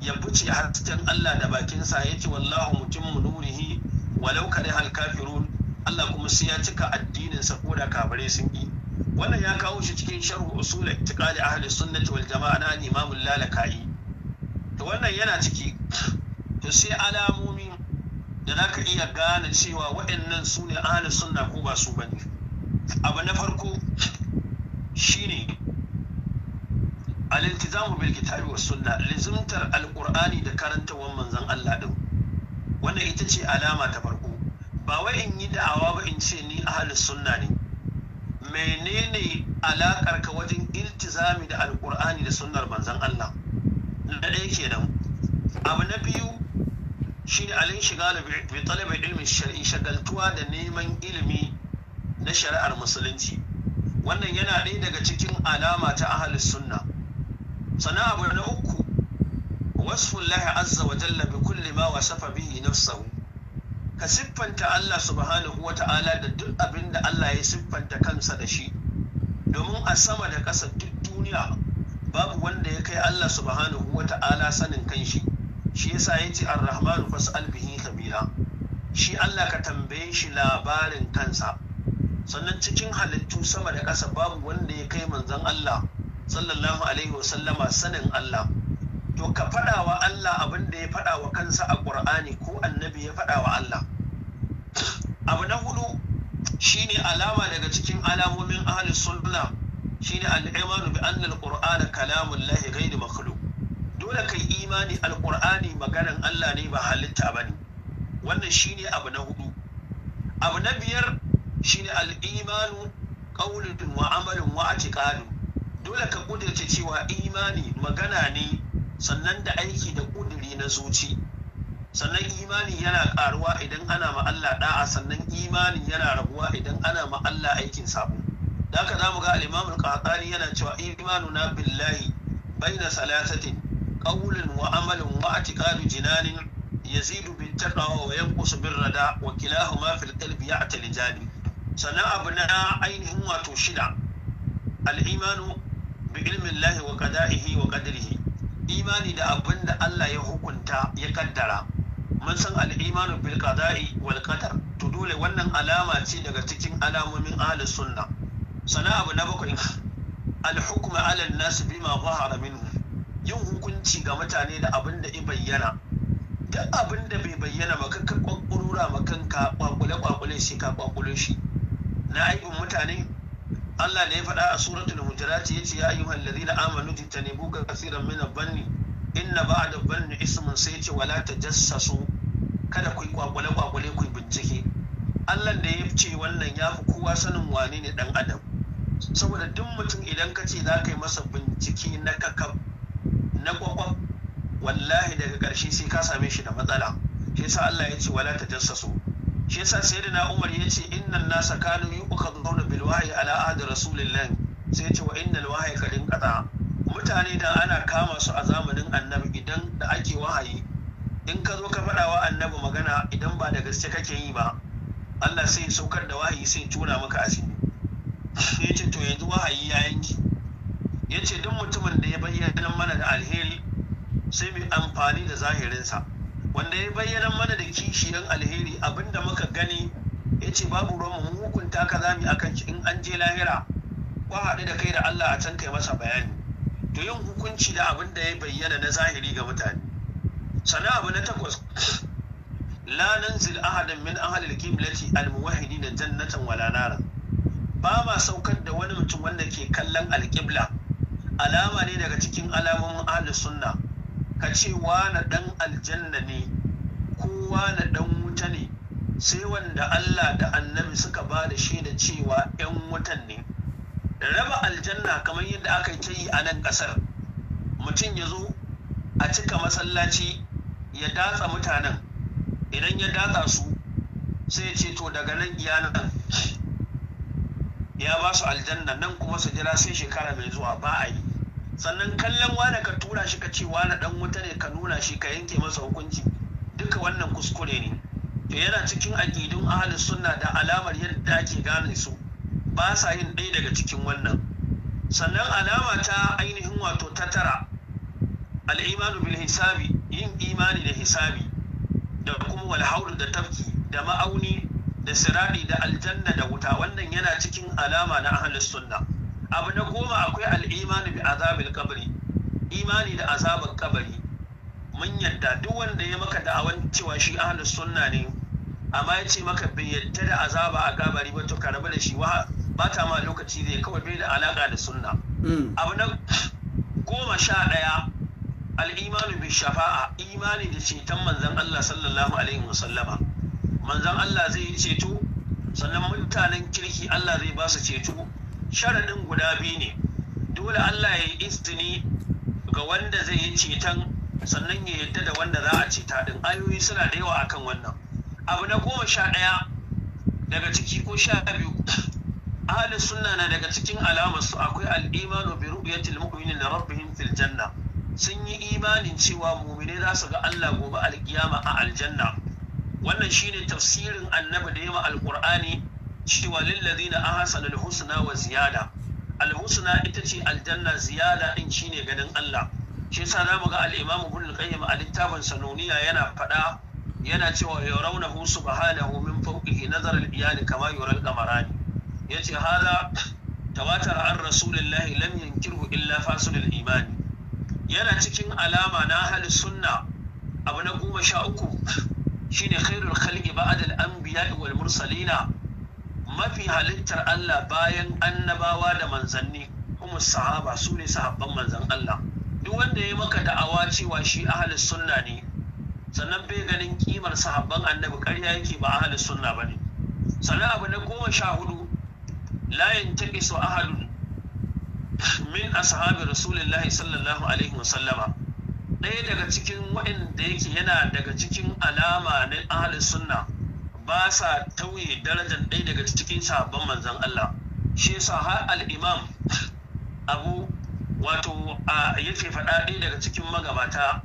ya buce hasken Allah da bakinsa ya ce wallahu mutum nurihi walau kare hal kafirun Allah kuma sai ya cika addinin sa ko da kafare sun yi wannan ya kawo shi cikin sharhu usul i'tiqadi ahli sunnati wal jama'a na Imam Lalaka'i to wannan yana ciki to sai alamomi da zaka iya gane cewa waɗannan su ne ahli sunna ko ba su bane abu na farko shine al'intizamu bil kitabi wa sunna lizimtar alqur'ani da karantawan manzon Allah din wannan ita ce alama ta farko ba wai in yi da'awa ba in ce ni ahlus sunna ne menene alakar ka wajen iltizami da alqur'ani da sunnar manzon Allah na ɗaya kenan abu na biyu shine alin da bi talabi ilmin shar'i shagaltuwa da neman ilimi na shari'ar musulunci wannan yana ɗaya daga cikin alama ta ahlus sunna sannan abu na uku wasfullahi azza wa jalla bi kulli ma wasafa bihi nafsahu ka siffanta Allah subhanahu wa ta'ala da duk abin da Allah ya siffanta kansa da shi domin a sama da ƙasa duk duniya babu wanda ya kai Allah subhanahu wa ta'ala sanin kanshi shi yasa ya ce an rahmanu fasu bihi kabila shi Allah ka tambaye shi labarin kansa sannan cikin halittu sama da ƙasa babu wanda ya kai manzon Allah sallallahu alaihi wasallama sanin Allah to ka faɗa wa Allah abin da ya faɗa wa kansa a Qur'ani ko annabi ya faɗa wa Allah abu na hudu shine alama daga cikin alamomin ahli sunna shine al-imanu bi anna al-qur'ana kalamullahi ghayru makhluq dole kai imani al-qur'ani maganan Allah ne ba halitta bane wannan shine abu na hudu abu na biyar shine al-imanu qawlun wa amalun wa i'tiqadun dole ka kudirce cewa imani magana ne sannan da aiki da kudiri na zuci sannan imani yana karuwa idan ana ma Allah da'a sannan imani yana rabuwa idan ana ma Allah aikin sabo da haka zamu ga al-Imam al-Qahtani yana cewa imanu na billahi baina salasatin qawlin wa amalin wa i'tiqadu jinanin yazidu bit taqwa wa yanqusu bir rada wa kilahuma fil qalbi ya'talijani sannan abu na ainihin wato shida al bi ilmin lahi wa qada'ihi wa qadrihi imani da abin da Allah ya hukunta ya kaddara mun san al'imanu bil qada'i wal qadar to dole wannan alama ce daga cikin alamomin ahlus sunna sana abu na bakwai al hukma ala an-nas bima zahara min yin hukunci ga mutane da abin da bayyana duk abin da bai bayyana maka ka kwakkurura kanka kwakule kwakule sai ka kwakule shi na aikin mutane Allah da ya faɗa a suratul hujurat yace ya ayyuhal ladina amanu tajtanibu kaseeran min adh-dhanni inna ba'da adh ismun sai yace wala tajassasu kada ku kwakwale kwakwale ku bincike Allah da ya ce wannan ya fi kowa sanin wane ne dan adam saboda duk mutum idan ka ce za ka yi masa bincike na kakab na kwakwab wallahi daga ƙarshe sai ka same shi da matsala shi yasa Allah ya ce wala tajassasu shi yasa na Umar ya ce, innan nasa kanu yuqaduna bil wahyi ala ahdi rasulillah sai ce wa innal wahyi kadin qata mutane da ana kama su a zamanin annabi idan da ake wahayi in ka zo ka faɗa wa annabi magana idan ba da gaske kake yi ba Allah sai saukar da wahayi sai tura maka asiri ya ce to yanzu wahayi ya yanki ya ce duk mutumin da ya bayyana mana da alheri sai mai amfani da zahirinsa wanda ya bayyana mana da kishiyar alheri abinda muka gani ya ce babu ruwan mu hukunta ka zami akan ki in an je lahira kwa haɗu da kai da Allah a can kai masa bayani to yin hukunci da abin da ya bayyana na zahiri ga mutane sannan abu na takwas la nanzil ahadan min ahlil qiblati da jannatan wala nara ba ma saukar da wani mutum wanda ke kallon alƙibla alama ne daga cikin alamomin ahlus sunna ka ce na ɗan aljanna ne kowa na ɗan wuta ne sai wanda Allah da annabi suka ba da shi da cewa 'yan wutan ne raba aljanna kamar yadda aka yi ta yi a nan ƙasar mutum ya zo a cika masallaci ya datsa mutanen idan ya datsa su sai ce to daga nan iya nan ya ba su aljanna nan kuma su jira sai shekara mai zuwa ba a yi sannan kallon wane ka tura shi ka ce wane dan wuta ne ka nuna shi ka yanke masa hukunci duka wannan kuskure ne to yana cikin aqidun ahlus sunna da alamar yadda ake gane su ba sa yin ɗaya daga cikin wannan sannan alama ta ainihin wato ta tara al'imanu bil hisabi yin imani da hisabi da kuma walhauru da tafki da ma'auni da sirari da aljanna da wuta wannan yana cikin alama na ahlus sunna abu na goma akwai al'imani bi azabil kabari imani da azabar kabari mun yadda duk wanda ya maka da'awan cewa shi ahli sunna ne amma ya ce maka bai yadda da azaba a kabari ba to ka rabu da shi wa ba ta ma lokaci zai kawai bai da alaka da sunna mm. abu na goma sha ɗaya al'imani bi shafa'a imani da ceton manzan Allah sallallahu alaihi wasallama manzan Allah zai yi ceto sannan mutanen kirki Allah zai ba su ceto sharaɗin guda biyu ne dole Allah ya yi izini ga wanda zai yi ceton sannan ya yadda da wanda za a ceta ɗin ayoyi suna da yawa akan wannan abu na goma sha ɗaya daga ciki ko sha biyu ahalin sunna na daga cikin alamar su akwai al'imanu bi ru'yatil mu'minin na rabbihim fil janna sun yi imanin cewa mumine za su ga Allah gobe alkiyama a aljanna wannan shine tafsirin annabi da yawa alqur'ani cewa lillazina ahsanul husna wa ziyada alhusna ita ce aljanna ziyada din shine ganin Allah shi yasa zamu ga al-Imam Ibn al-Qayyim a littafin Sanuniya yana faɗa yana cewa yarawnahu subhanahu min fawqihi nazar al-iyali kama yura al-qamarani yace hada tawatar an rasulillahi lam yankirhu illa fasulul imani yana cikin alama na hali sunna abu na goma sha uku shine khairul khalqi ba'da al-anbiya'i wal mursalina mafi halittar Allah bayan annabawa da manzanni kuma sahaba su ne sahabban manzan Allah duk wanda ya yi maka da'awa cewa shi ahalus sunna ne sannan bai ganin kimar sahabban annabi karya yake ba ahalus sunna ba ne sannan abu na goma sha hudu layin take so ahalun min ashabi rasulillahi sallallahu alaihi wasallama ɗaya daga cikin waɗanda yake yana daga cikin alama na ahalus sunna ba sa tauye darajar ɗaya daga cikin sahabban manzon Allah shi yasa har al-imam abu wato yake faɗa ɗaya daga cikin magabata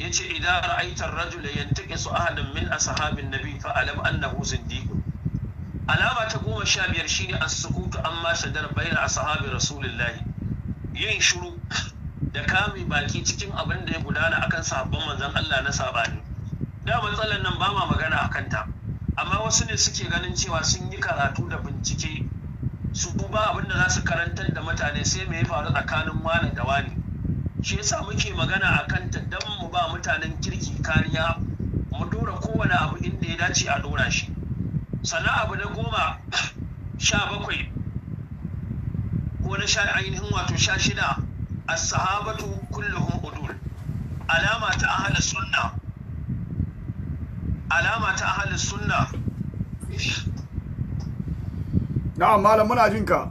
yace idan ar rajul yantaqisu ahadan min ashabin nabi fa alam annahu siddiq alama ta goma sha biyar shine as-sukutu amma shadar baina ashabi rasulillahi yin shiru da kame baki cikin abin da ya gudana akan sahabban manzon Allah na sabani da matsalar nan ba ma magana akan ta amma wasu ne suke ganin cewa sun yi karatu da bincike su ba abin da za su karantar da mutane sai mai faru tsakanin wani da wani shi yasa muke magana a kan don mu ba mutanen kirki kariya mu dora kowane abu inda ya dace a dora shi sannan abu na goma sha bakwai ko na sha ainihin wato sha shida as-sahabatu kulluhum udul alama ta ahlus sunna alama ta ahalin sunna na'am malam muna jin ka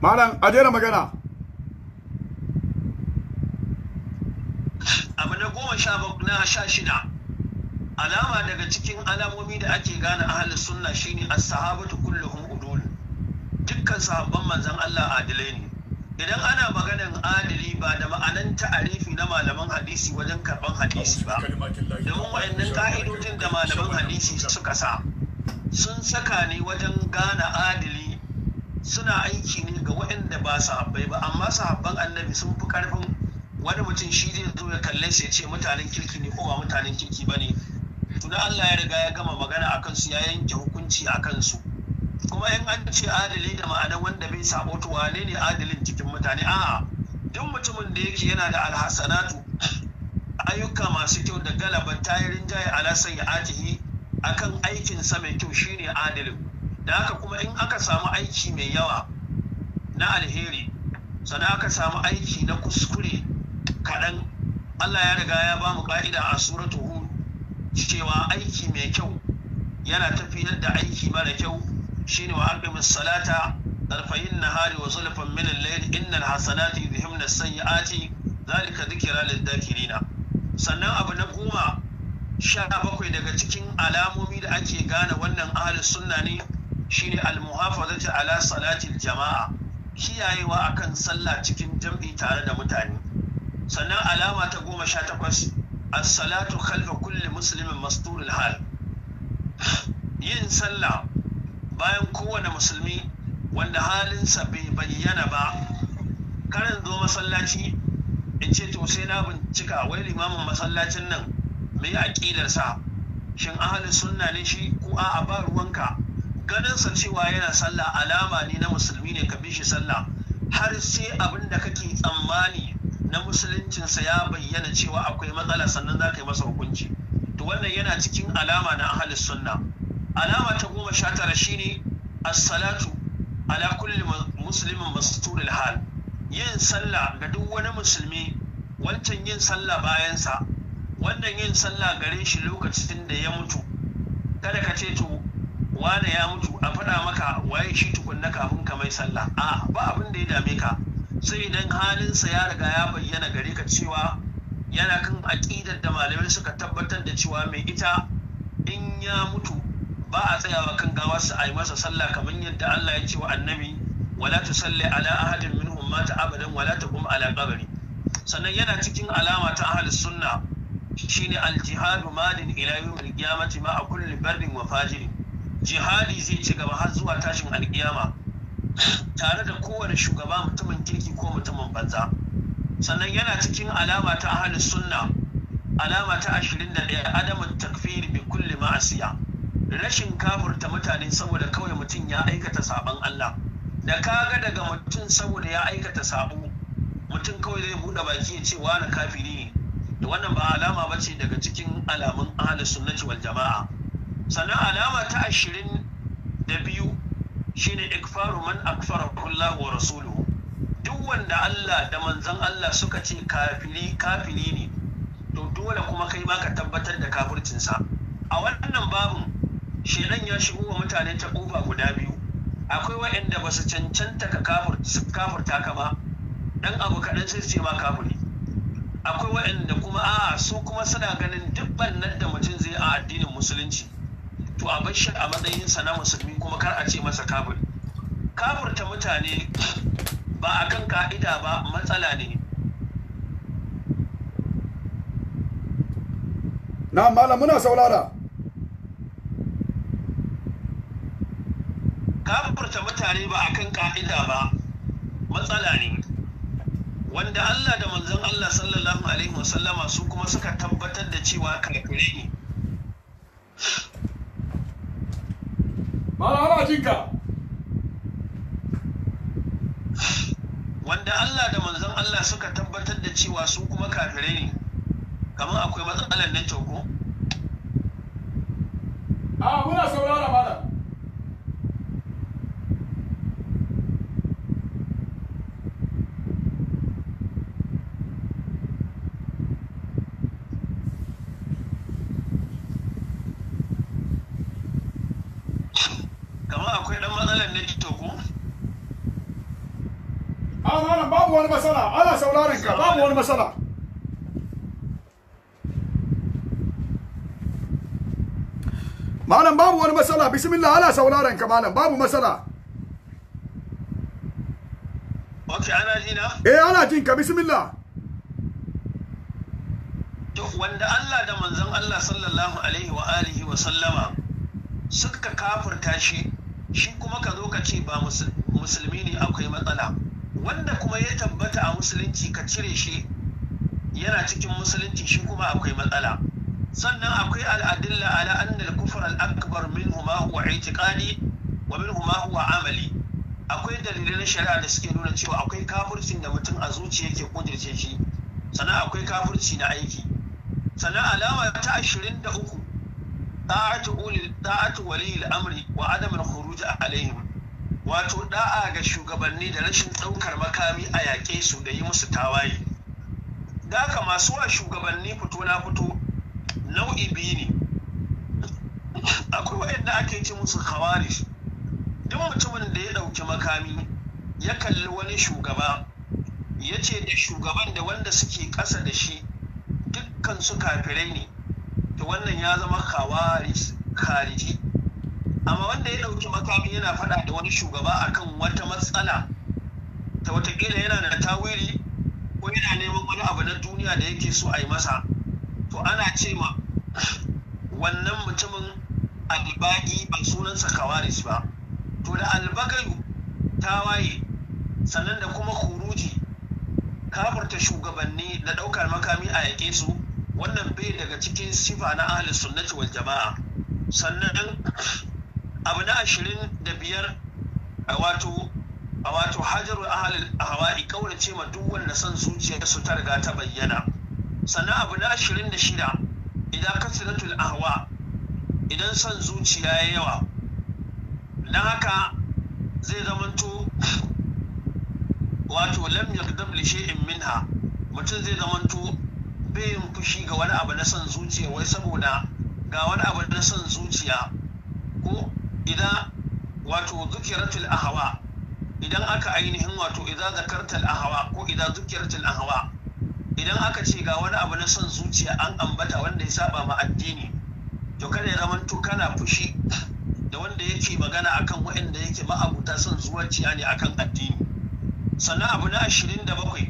malam a jera magana abu na goma sha na sha shida alama daga cikin alamomi da ake gane ahalin sunna shine as-sahabatu kulluhum udul dukkan sahabban manzon Allah adilai ne idan ana maganan adili ba da ma'anan ta'arifi na malaman hadisi wajen karban hadisi ba domin wa'annan ka'idojin da malaman hadisi suka sa sun saka ne wajen gane adili suna aiki ne ga wa'anda ba sahabbai ba amma sahabban annabi sun fi karfin wani mutum shi zai zo ya kalle ya ce mutanen kirki ne ko ba mutanen kirki ba ne tuna Allah ya riga ya gama magana a kansu ya yanke hukunci a kansu kuma in an ce adali da ma'anar wanda bai sabo to wane ne adalin cikin mutane a'a duk mutumin da yake yana da alhasanatu ayyuka masu kyau da galaba tayirin jaye ala sanya atihi akan aikin sa mai kyau shine adalin da haka kuma in aka samu aiki mai yawa na alheri sannan aka samu aiki na kuskure kaɗan Allah ya riga ya bamu mu ka'ida a suratu hud cewa aiki mai kyau yana tafiyar da aiki mara kyau shine wa aqimis salata طرفي النهار وزلفا من الليل إن الحسنات يذهبن السيئات ذلك ذكرى للذاكرين sannan abu na goma sha bakwai daga cikin alamomi da ake gane wannan ahalin sunna ne shine almuhafazatu ala salatil jama'a kiyayewa akan sallah cikin jam'i tare da mutane sannan alama ta goma sha takwas as-salatu khalfa kulli muslimin masturil hal yin sallah bayan kowane musulmi wanda halinsa bai bayyana ba karin zo masallaci in ce to sai na bincika wai limamin masallacin nan me ya aƙidarsa shin ahalin sunna ne shi ko a ba ruwanka ganinsa cewa yana sallah alama ne na musulmi ne ka bi shi sallah har sai abin da kake tsammani na musuluncinsa ya bayyana cewa akwai matsala sannan za ka yi masa hukunci to wannan yana cikin alama na ahalin sunna alama ta goma sha tara shine as-salatu ala kulli muslimin masturil hal yin sallah ga duk wani musulmi wancan yin sallah bayansa wannan yin sallah gare shi lokacin da ya mutu kada ka ce to wane ya mutu a faɗa maka waye shi tukunna kafin ka mai sallah a ba abin da ya dame ka sai idan halinsa ya riga ya bayyana gare ka cewa yana kan aƙidar da malamai suka tabbatar da cewa mai ita in ya mutu ba a tsayawa kan su a yi masa sallah kamar yadda Allah ya ce wa annabi wala salli ala ahadin minhum mata abadan wala taqum ala qabri sannan yana cikin alama ta ahlus sunna shine al jihadu madin ila yawmil qiyamati ma a kulli bardin wa fajirin jihadi zai ci gaba har zuwa tashin alkiyama tare da kowane shugaba mutumin kirki ko mutumin banza sannan yana cikin alama ta ahlus sunna alama ta 21 adamu takfir bi kulli ma'asiya rashin kafurta mutane saboda kawai mutum ya aikata sabon Allah da kaga daga mutum saboda ya aikata sabo mutum kawai zai buɗe baki ya ce wani kafiri ne da wannan ba alama ba ce daga cikin alamun ahalar sunnati wal jama'a sannan alama ta ashirin da biyu shine ikfaru man akfara Allah wa rasuluhu duk wanda Allah da manzon Allah suka ce kafiri kafiri ne to dole kuma kai ma ka tabbatar da kafircinsa a wannan babin shedan ya shigo wa mutane ta ƙofa guda biyu akwai waɗanda ba su cancanta ka kafurta ka ba dan abu kaɗan sai su ce ma kafuri akwai waɗanda kuma a su kuma suna ganin duk bannan da mutum zai a addinin musulunci to a bar shi a matsayinsa na musulmi kuma kar a ce masa kafuri kafurta mutane ba a kan ka'ida ba matsala ne na malam muna saurara kafurta mutane ba akan ka'ida ba matsala ne wanda Allah da manzon Allah sallallahu alaihi wasallama su kuma suka tabbatar da cewa kafirai ne Malama jinka wanda Allah da manzon Allah suka tabbatar da cewa su kuma kafirai ne kamar akwai matsalar nan ko a ah, muna saurara malam malam babu wani matsala ana sauraron ka babu wani matsala malam babu wani matsala bismillah ana sauraron ka malam babu matsala Ok, ana jina? Eh, ana jin ka, bismillah. To, wanda Allah da manzon Allah sallallahu Alaihi wa alihi wa sallama suka kafirta shi, shi kuma ka zo ka ce ba musulmi ne akwai matsala. wanda kuma ya tabbata a musulunci ka cire shi yana cikin musulunci shi kuma akwai matsala sannan akwai al'adilla ala annal kufr al akbar min ma huwa i'tiqadi wa minhu ma huwa amali akwai dalilai na shari'a da suke nuna cewa akwai kafircin da mutum a zuciya yake kudirce shi sannan akwai kafirci na aiki sannan alama ta ashirin da uku ta'atu waliyil amri wa adamin khuruj alaihim wato da'a ga shugabanni da rashin ɗaukar makami a yaƙe su da yi musu tawaye da haka masu wa shugabanni fito na fito nau'i biyu ne akwai waɗanda ake ce musu kawarish duk mutumin da ya ɗauki makami ya kalli wani shugaba ya ce da shugaban da wanda suke ƙasa da shi dukkan su kafirai ne to wannan ya zama kawaris kariji amma wanda ya ɗauki makami yana faɗa da wani shugaba akan wata matsala ta watakila yana da tawiri ko yana neman wani abu na duniya da yake so a yi masa to ana ce ma wannan mutumin albagi ba sunansa kawaris ba to da albagayu waye sannan da kuma kuruji kafurta shugabanni da ɗaukar makami a yaƙe su wannan bai daga cikin sifa na ahli sunnati wal jama'a sannan abu na ashirin da biyar a wato a wato hajarul ahalil ahwa'i kaurace ma duk wanda son zuciya su ta riga ta bayyana sannan abu na ashirin da shida idan a ahwa idan son zuciya ya yawa na haka zai zamanto wato lam yaghdab li shay'in minha mutum zai zamanto yin fushi ga wani abu na son zuciya wai saboda ga wani abu na son zuciya ko idan wato zukiratul ahawa idan aka ainihin wato idan zakartal ahawa ko idan zukiratul ahawa idan aka ce ga wani abu na son zuciya an ambata wanda ya saba ma addini to kada ya zamanto kana fushi da wanda yake magana akan waɗanda yake ma'abuta son zuciya ne akan addini sannan abu na ashirin da bakwai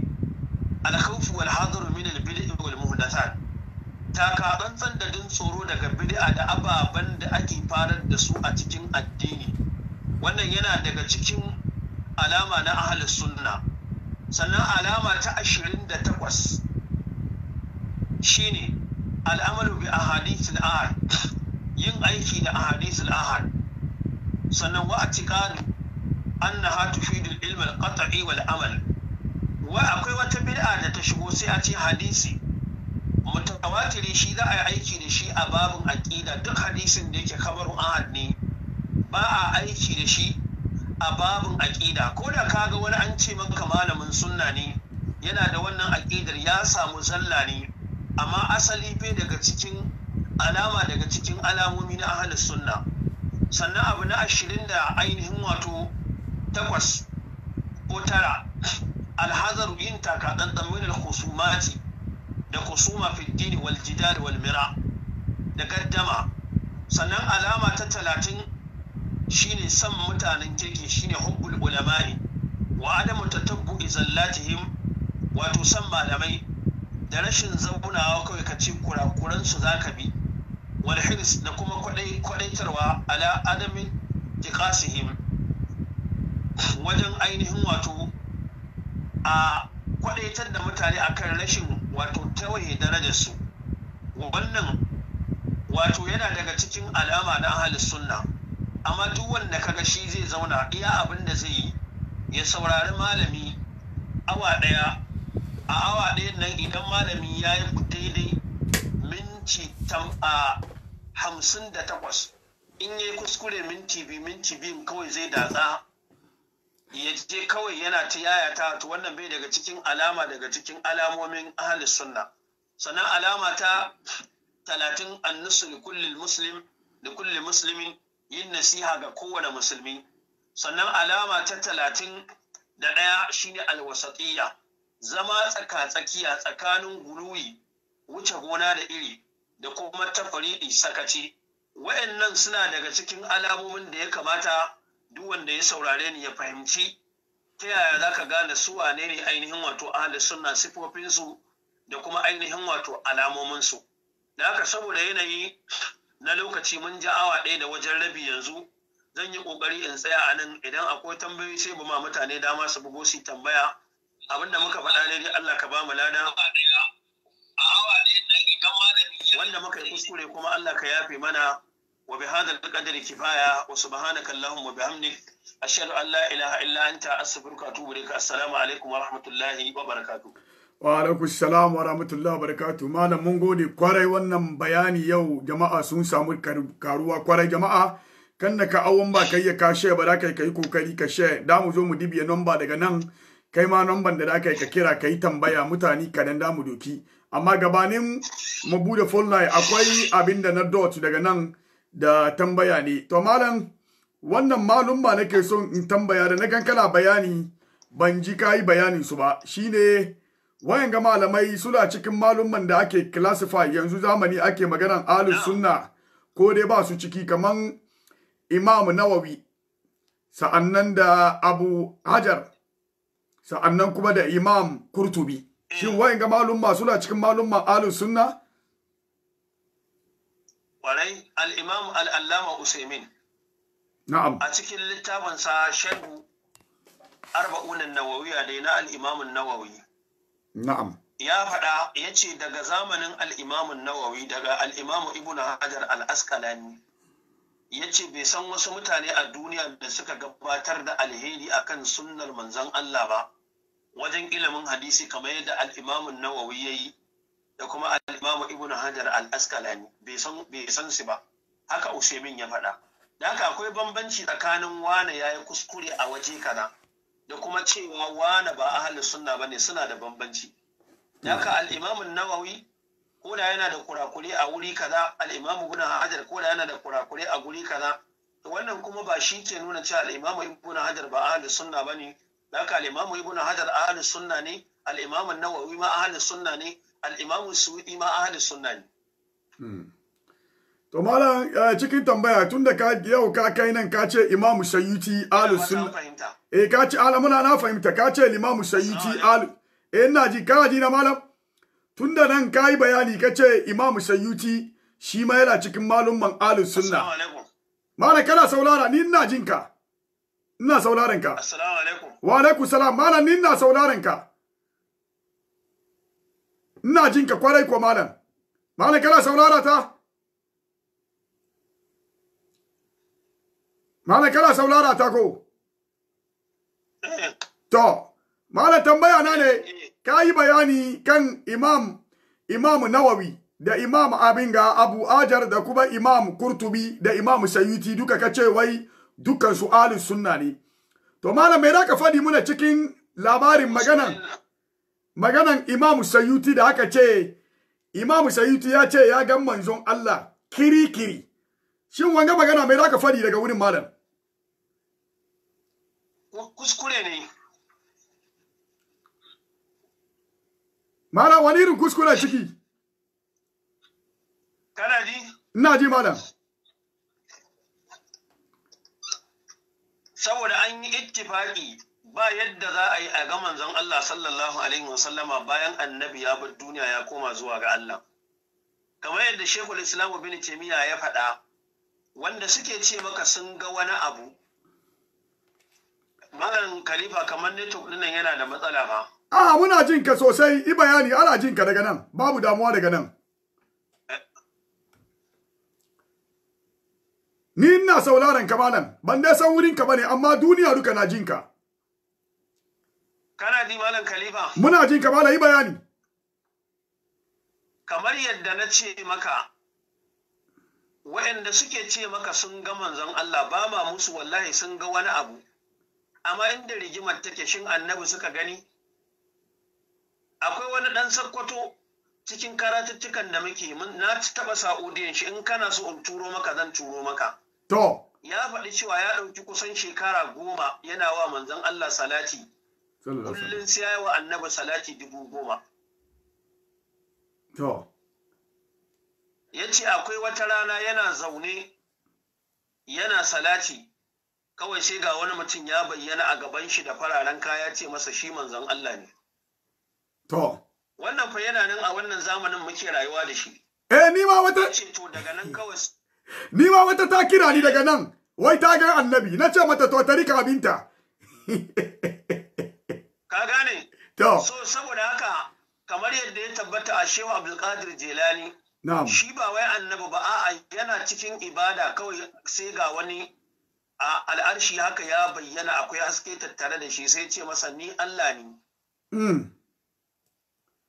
alkhawfu wal hadaru min al bid'i wal muhdathat taka tsantsan da tsoro daga bid'a da ababen da ake farar da su a cikin addini wannan yana daga cikin alama na ahli sunna sannan alama ta ashirin da takwas shine al'amalu bi ahadithil ahad yin aiki da ahadithil ahad sannan wa atiqadu annaha tufidul ilm al-qat'i wal amal wa akwai wata bid'a da ta shigo sai a ce hadisi mutawatiri shi za a yi aiki da shi a babin aƙida duk hadisin da yake kamar ahad ne ba a aiki da shi a babin aƙida ko da ga wani an ce maka malamin sunna ne yana da wannan aƙidar ya samu zalla ne amma asali bai daga cikin alama daga cikin alamomi na ahal sunna sannan abu na ashirin da ainihin wato takwas ko tara alhazar yin takaɗan ɗanmin alkhusumati da kusuma fi dini wal jidal wal mira da gaddama sannan alama ta talatin shine san mutanen kirki shine hubbul ulama'i wa adamu tatabbu'i zallatihim wato san malamai da rashin zaunawa kawai ka ce kurakuran su zaka bi wal hirs da kuma kwadai kwadaitarwa ala adamin tiqasihim wajen ainihin wato a kwadaitar da mutane akan rashin wato tawaye darajar su wannan wato yana daga cikin alama na ahli sunna amma duk wanda kaga shi zai zauna iya abin da zai yi ya saurari malami awa daya a awa ɗayan nan idan malami ya yi daidai minti tam a hamsin da takwas in yi kuskure minti biyu minti kawai zai datsa ya je kawai yana ta yaya ta to wannan bai daga cikin alama daga cikin alamomin ahli sunna sannan alama ta talatin annusu kullum muslim da kulli muslimin yin nasiha ga kowane musulmi sannan alama ta talatin da ɗaya shine alwasatiyya zama tsaka-tsakiya tsakanin guluwi wuce gona da iri da kuma tafari sakaci wa'annan suna daga cikin alamomin da ya kamata duk wanda ya saurare ni ya fahimci ta yaya za ka gane su wane ne ainihin wato ahli sunna sifofinsu da kuma ainihin wato alamominsu da haka saboda yanayi na lokaci mun ji awa ɗaya da wajen rabi yanzu zan yi ƙoƙari in tsaya a nan idan akwai tambayoyi sai ba ma mutane dama su bugo su tambaya abinda muka faɗa ne dai Allah ka ba mu lada wanda muka yi kuskure kuma Allah ka yafe mana وبهذا القدر كفاية وسبحانك اللهم وبحمدك أشهد أن لا إله إلا أنت أستغفرك وأتوب إليك السلام عليكم ورحمة الله وبركاته Wa'alaikun salam wa rahmatullahi wa barakatu. Malam mun gode kwarai wannan bayani yau jama'a sun samu karuwa kwarai jama'a. Kan da ka awon ba kai ya kashe ba da kai kai kokari ka she. Da mu zo mu dibiya nomba daga nan kai ma nomban da da kai ka kira ka yi tambaya mutane ka da mu doki. Amma gabanin mu bude phone line akwai abin da na dot daga nan da tambaya ne to malam wannan malumma nake son in tambaya da na gan kana bayani ban ji kayi bayanin su ba shine wayan ga malamai suna cikin malumman da ake classify yanzu zamani ake maganan ahlus sunna ko dai ba su ciki kaman imam nawawi sa'annan da abu hajar sa'annan kuma da imam kurtubi shin eh. wayan ga malumma suna cikin malumman ahlus sunna Ƙwarai al'imam al'allama Usaimin. A cikin littafin sa sharhu arba'unan nawawiya dai na al'imamun nawawi. Ya faɗa ya ce daga zamanin al'imamun nawawi daga al'imamu ibn Hajar al'askalani. Ya ce bai san wasu mutane a duniya da suka gabatar da alheri akan sunnar manzon Allah ba wajen ilimin hadisi kamar yadda al'imamun nawawi ya yi. da kuma al'imamu ibn hajar al-asqalani bai san bai san su ba haka usaimin ya faɗa da haka akwai bambanci tsakanin wane yayi kuskure a waje kaza da kuma cewa wane ba ahlus sunna bane suna da bambanci da haka al-imamu nawawi ko da yana da kurakure a wuri kaza al-imamu ibnu hajar ko da yana da kurakure a guri kaza wannan kuma ba shi ke nuna cewa al-imamu ibnu hajar ba ahlus sunna bane da haka al-imamu ibnu hajar ahlus sunna ne al-imamu nawawi ma ahlus sunna ne al'imamu suɗi ma ahli suna ne hmm. to malam cikin tambaya tun da yau ka kai nan ka ce imamu shayuti ahli sunna eh ka ce alamuna na fahimta ka ce limamu shayuti ahli eh ina ji ka ji na malam tun da nan ka yi bayani ka ce imamu shayuti shi ma yana cikin malumman ahli sunna malam kana saurara ni ina jinka ina sauraron ka assalamu alaikum wa alaikum salam malam ni ina sauraron ka ina jin ka kwarai ko malam malam kana saurara ta malam kana saurara ta ko to malam tambaya na ne ka yi bayani kan imam imam nawawi da imam abinga abu ajar da kuma imam kurtubi da imam sayuti duka ka ce wai dukkan su sunna ne to malam me da ka faɗi muna cikin labarin maganan maganan Imam Sayuti da haka ce Imam Sayuti ya ce ya ga manzon Allah kirikiri shin wanga magana mai zaka fadi daga wurin malam kuskure ne Malam wani irin kuskure ciki Kana ji Ina ji malam Saboda an yi ittifaqi ba yadda za a yi a ga manzon Allah sallallahu alaihi wasallama bayan annabi ya bar duniya ya koma zuwa ga Allah kamar yadda Shekul Islam bin Taymiyyah ya faɗa wanda suke ce maka sun ga wani abu Malam Khalifa kamar network dinnan yana da matsala fa A'a muna jin ka sosai yi bayani ana jin ka daga nan babu damuwa daga nan Ni ina sauraron ka malam ban dai san wurin ka bane amma duniya duka na jin ka kana ji malam khalifa muna jin ka malam yi bayani kamar yadda na ce maka wa'anda suke ce maka sun ga manzon Allah ba ma musu wallahi sun ga wani abu amma inda rigimar take shin annabi suka gani akwai wani ɗan sakkwato cikin karatuttukan da muke na taɓa sa'udiyan shi in kana so in turo maka zan turo maka to ya faɗi cewa ya ɗauki kusan shekara goma yana wa manzon Allah salati kullum sai yi wa annaba salati dubu goma to ya ce akwai wata rana yana zaune yana salati kawai sai ga wani mutum ya bayyana a gaban shi da fararen kaya ce masa shi manzon Allah ne to wannan fa yana nan a wannan zamanin muke rayuwa da shi eh ni ma wata ce to daga nan kawai ni ma wata ta kira ni daga nan wai ta ga annabi na ce mata to ta rika abinta ka gane so saboda haka kamar yadda ya tabbata a shehu abdulkadir jelani shi ba wai annabi ba a'a yana cikin ibada kawai sai ga wani a al'arshi haka ya bayyana akwai haske tattare da shi sai ce masa ni Allah ne mm.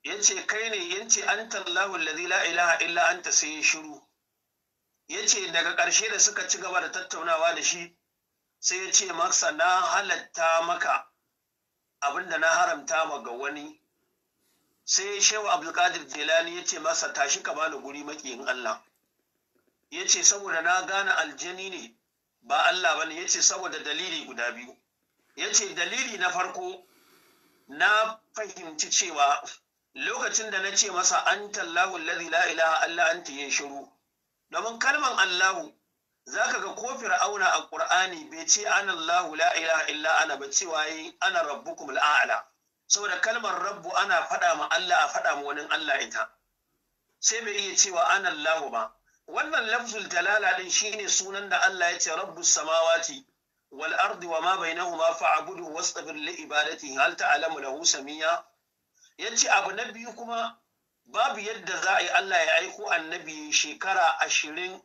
ya ce kai ne ya ce an tallahu la ilaha illa anta sai ya shiru ya ce daga karshe da suka ci gaba da tattaunawa da shi sai ya ce masa na halatta maka abin da na haramta ma ga wani sai shehu abdulkadir jelani ya ce masa tashi ka bani guri makiyin allah ya ce saboda na gane aljani ne ba allah ba ne ya ce saboda dalili guda biyu ya ce dalili na farko na fahimci cewa lokacin da na ce masa an tallahu ladi la ilaha an anta yin shiru domin kalman allahu zaka ga ko fir'auna a qur'ani bai ce anallahu la ilaha illa ana ba cewa yi ana rabbukum al'ala saboda kalmar rabbu ana faɗa ma Allah a faɗa ma wani Allah ita sai bai iya cewa anallahu ba wannan lafzul dalala din shine sunan da Allah ya ce rabbu samawati wal ardi wa ma bainahuma fa'budu wastabir li ibadati hal ta'lamu lahu samiya yace abu na biyu kuma babu yadda za a yi Allah ya aiko annabi shekara ashirin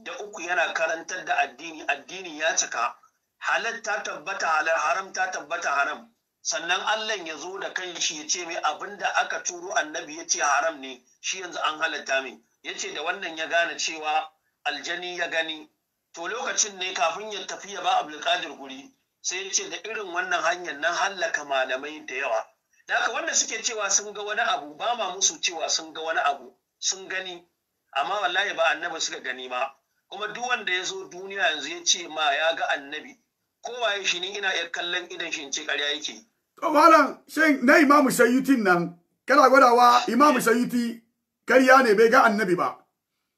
da uku yana karantar da addini addini ya cika halal ta tabbata halal haram ta tabbata haram sannan Allah ya zo da kanshi ya ce mai abin da aka turo annabi ya ce haram ne shi yanzu an halatta min. ya ce da wannan ya gane cewa aljani ya gani to lokacin ne kafin ya tafi ya ba abdulkadir guri sai ya ce da irin wannan hanyar nan hallaka malamai da yawa da haka wanda suke cewa sun ga wani abu ba ma musu cewa sun ga wani abu sun gani amma wallahi ba annabi suka gani ba kuma duk wanda ya zo duniya yanzu ya ce ma ya ga annabi Ko waye shi ni ina iya kallon idan shi ce ƙarya yake to malam shin na imamu shayyutin nan kana gwadawa imamu shayyuti ƙarya ne bai ga annabi ba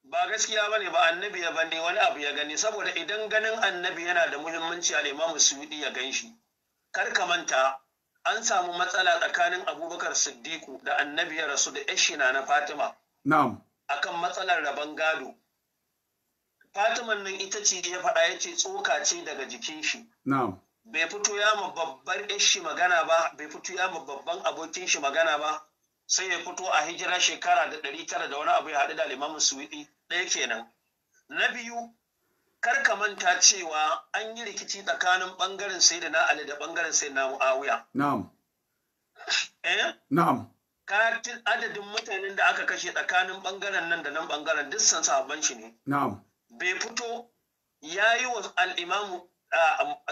ba gaskiya bane ba annabi ya bane wani abu ya gani saboda idan ganin annabi yana da muhimmanci a imamu suyudi ya gan shi kar ka manta an samu matsala tsakanin abubakar siddiku da annabi ya rasu da yashina na fatima na'am akan matsalar rabon gado fatiman nan ita ce ya faɗa ya ce tsoka ce daga jikin shi Na'am. bai fito ya ma babbar shi magana ba bai fito ya ma babban abokin shi magana ba sai ya fito a hijira shekara da ɗari tara da wani abu ya haɗu da limamin suwiɗi ɗaya kenan na biyu kar ka manta cewa an yi rikici tsakanin ɓangaren sai da na ali da ɓangaren sai na mu'awiya na'am eh na'am katin adadin mutanen da aka kashe tsakanin ɓangaren nan da nan ɓangaren duk san sahabban shi ne na'am bai fito ya yi wa al'imamu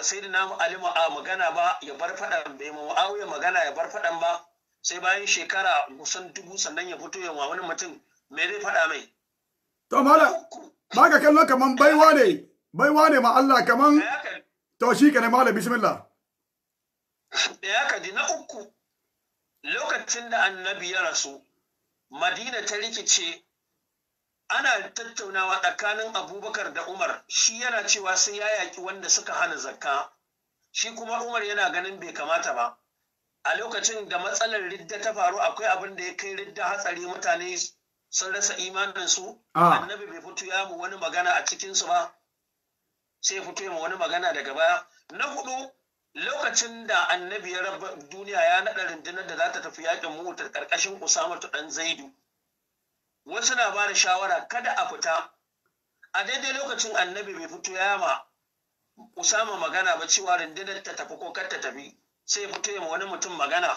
sayyidina alima a magana ba ya bar faɗan bai ma magana ya bar faɗan ba sai bayan shekara kusan dubu sannan ya fito ya wani mutum mai zai faɗa mai to mala ka kallon kaman baiwa ne baiwa ne ma Allah kaman to shi ne mala bismillah da ya kaji na uku lokacin da annabi ya rasu madina ta rikice ana tattaunawa tsakanin abubakar da umar shi yana cewa sai ya yaƙi wanda suka hana zakka shi kuma umar yana ganin bai kamata ba a lokacin da matsalar ridda ta faru akwai abin da ya kai ridda hatsari mutane sun rasa imaninsu ah. annabi bai fito ya mu wani magana a cikinsu ba sai fito ya mu wani magana daga baya na hudu lokacin da annabi ya rabu duniya ya naɗa rundunar da za ta tafi yakin mota ƙarƙashin usama ta ɗan zaidu wasu na ba da shawara kada a fita a daidai lokacin annabi bai fito ya ma usama magana ba cewa rundunar ta tafi ko kar ta tafi sai fito ya ma wani mutum magana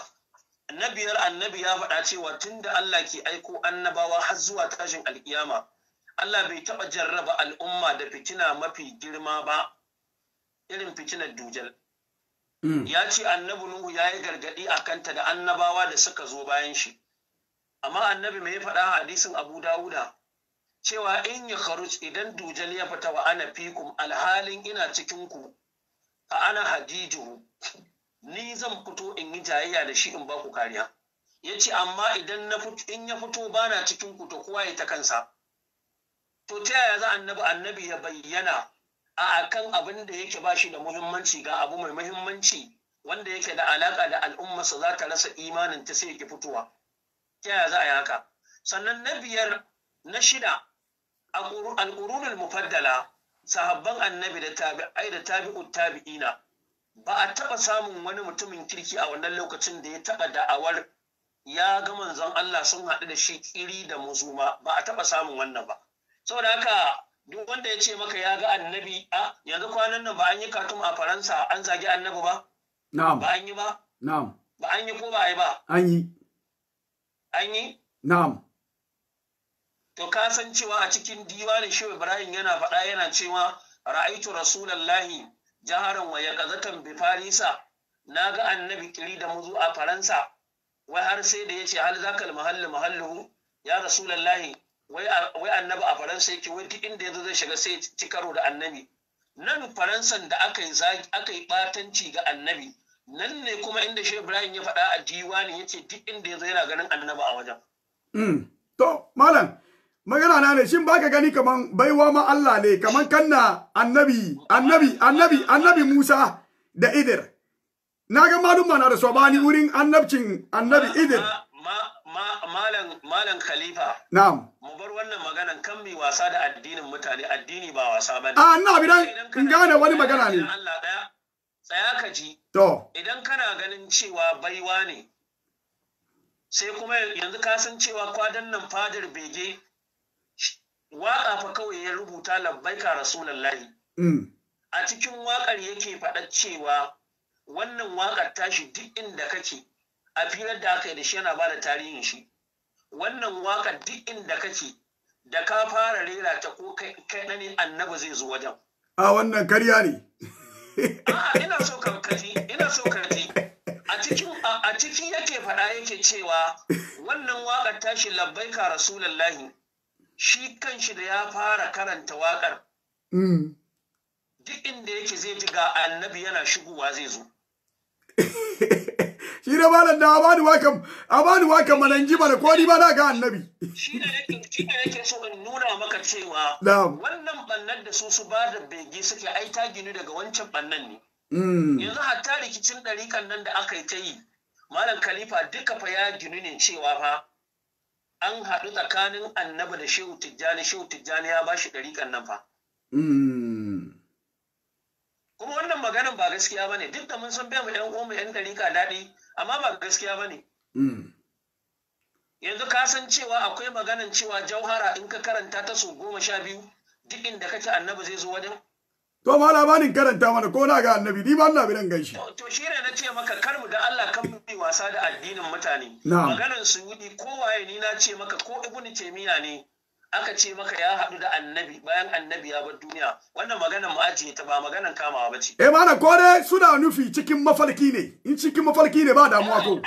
annabiyar annabi ya faɗa cewa tunda Allah ke aiko annabawa har zuwa tashin alkiyama Allah bai taɓa jarraba al'umma da fitina mafi girma ba irin fitinar dujal mm. ya ce annabi Nuhu ya yi gargaɗi a kanta da annabawa da suka zo bayan shi amma annabi mai faɗa hadisin abu dawuda cewa in yi kharuj idan dujal ya fita wa ana fikum alhalin ina cikin ku a ana hadiju ni zan fito in yi jayayya da shi in baku kariya ya ce amma idan na in ya fito bana cikin ku to kowa ya ta kansa to ta yaya za annabi annabi ya bayyana a akan abin da yake ba shi da muhimmanci ga abu mai muhimmanci wanda yake da alaka da al'ummarsa za ta rasa imanin ta sai ki fitowa ta yaya za a yi haka sannan na biyar na shida al'urunul mufaddala sahabban annabi da tabi'ai da tabi'ut tabi'ina ba a taɓa samun wani mutumin kirki a wannan lokacin da ya taba da'awar ya ga manzon Allah sun haɗu da shi kiri da muzuma ba a taɓa samun wannan ba saboda haka duk wanda ya ce maka ya ga annabi a yanzu kwanan nan ba an yi katum a faransa an zagi annabi ba ba an yi ba ba an yi ko ba a yi ba an yi an yi na'am to kasan cewa a cikin diwanin shehu ibrahim yana faɗa yana cewa ra'aitu rasulallahi jaharan wa yaqazatan bi farisa naga annabi kiri da muzu a faransa wai har sai da yace hal zakal mahallu mahalluhu ya rasulallahi wai annabi a faransa yake wai duk inda yazo zai shiga sai ci karo da annabi nan faransan da aka yi aka yi batanci ga annabi nan ne kuma inda shi Ibrahim ya faɗa a diwani ya ce duk inda ya zo yana ganin annaba a wajen. Mm. To, malam, magana na ne, shin baka gani kaman baiwa ma Allah ne, kaman kanna annabi, annabi, annabi, annabi Musa da Idir. Na ga malum mana da sobani wurin annabcin annabi Idir. malam malam khalifa na'am mu bar wannan maganan kan mai wasa da addinin mutane addini ba wasa bane a ah, na bidan in gane wani magana ne Allah daya tsaya ka ji idan kana ganin cewa baiwa ne sai kuma yanzu ka san cewa kwadan nan fadar bege waƙa fa kawai ya rubuta labbaika rasulullahi mm. a cikin waƙar yake faɗa cewa wannan waƙar tashi duk inda kake a filar da aka yi da shi yana ba da tarihin shi wannan waƙar duk inda kake da ka fara rera ta ko kai ɗani annabi zai zo wajen a wannan karya ne Ah, ina so karkaji ina so karkaji a cikin a cikin yake faɗa yake cewa wannan waƙar tashi labbaika rasulullahi shi kanshi da ya fara karanta waƙar mm. duk inda yake zai ji ga annabi yana shigowa zai zo dai malam da amadu wakan ji mana ko ni na ga annabi shi yake so in nuna maka cewa wannan bannan da su su bada bege suke ai ta ginu daga wancan bannan ne hmm. yanzu hatta rikicin ɗarikan nan da aka yi ta yi malam khalifa duka fa ya ginu ne cewa fa an haɗu tsakanin annabi da shehu tijjani shehu tijjani ya ba shi ɗarikan nan fa hmm. kuma wannan maganan ba gaskiya bane duk da mun san bai mu yan uwa mu yan dariƙa daɗi amma ba gaskiya bane hmm. yanzu ka san cewa akwai maganan cewa jauhara in ka karanta ta so goma sha biyu duk inda kake annabi zai zo wajen to ma labarin karanta mana ko na ga annabi ni ba Allah bidan gaishe to shi ne na ce maka kar mu da Allah kan mu wasa da addinin mutane maganan su wudi ko waye ni na ce maka ko ibnu taymiya ne aka ce maka ya haɗu da annabi bayan annabi ya bar duniya wannan mu ma'aji ta ba maganan kamawa ba ce. Eh ko dai suna nufi cikin mafarki ne in cikin mafarki ne ba damuwa ko.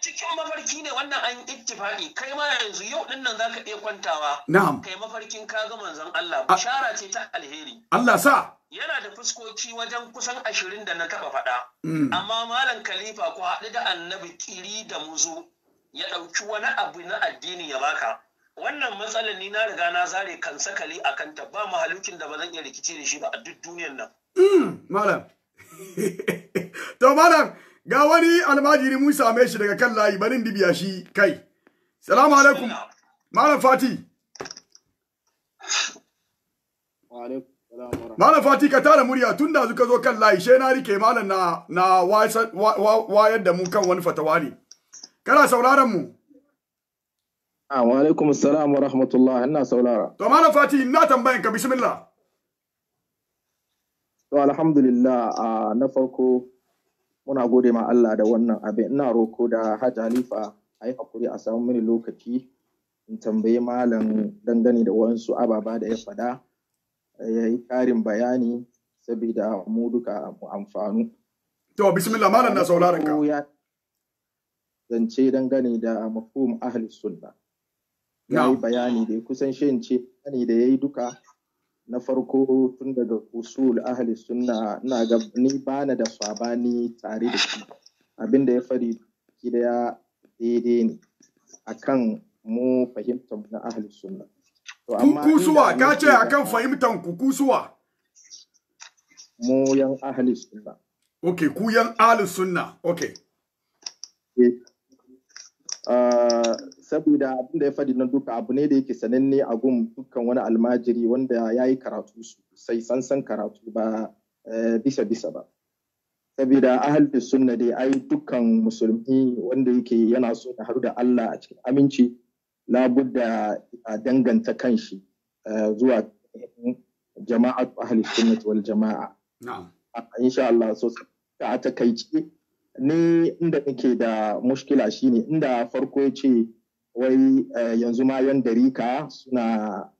cikin mafarki ne wannan an ittifaqi kai ma yanzu yau din nan zaka iya kwantawa na'am kai mafarkin ka ga manzon Allah bishara ce ta alheri Allah sa yana da fuskoki wajen kusan ashirin da na taba faɗa mm. amma malam khalifa ko haɗu da annabi kiri da muzo ya ɗauki wani abu na addini ya baka wannan matsalar ni na riga na zare kan sakali a kanta ba halukin da ba zan iya rikici da shi ba a duk duniyar nan. Hmm, malam. To malam ga wani almajiri mun same shi daga kan layi barin dibiya shi kai. Salamu alaikum. Malam Fati. Malam Fati ka tara murya tun da zuka zo kan layi she na rike malam na na wayar da mu kan wani fatawa ne. Kana sauraron mu? Wa alaikum assalam wa rahmatullah ina saurara. To malam Fati ina tambayan ka bismillah. To alhamdulillah na farko muna gode ma Allah da wannan abin ina roko da Hajji Halifa a yi hakuri a samu mini lokaci in tambayi malam dangane da wasu ababa da ya fada ya yi karin bayani saboda mu duka mu amfanu. To bismillah malam na sauraron ka. Zance dangane da mafhum ahli sunna. ya yi bayani da kusan shin ce bayani da ya yi duka na farko tun daga usul ahli sunna na ga ni bana da sabani tare da shi abin da ya fari gida daidai ne akan mu fahimtar na ahli sunna to kusuwa ka ce akan fahimtar ku kusuwa mu yan ahli sunna ok ku yan ahli sunna ok. Eh, Eh, saboda abin da ya faɗi na duka abu ne da yake sananne a gun dukkan wani almajiri wanda ya yi karatu sosai sansan karatu ba eh, bisa bisa ba saboda ahalin sunna dai ai dukkan musulmi wanda yake yana so da haru da Allah a cikin aminci labudda a danganta kanshi eh, zuwa jama'a ahalin sunna wal jama'a ah, insha Allah so ta takaice ni inda nake da mushkila shine inda farko ya ce wai eh, yanzu ma yan darika suna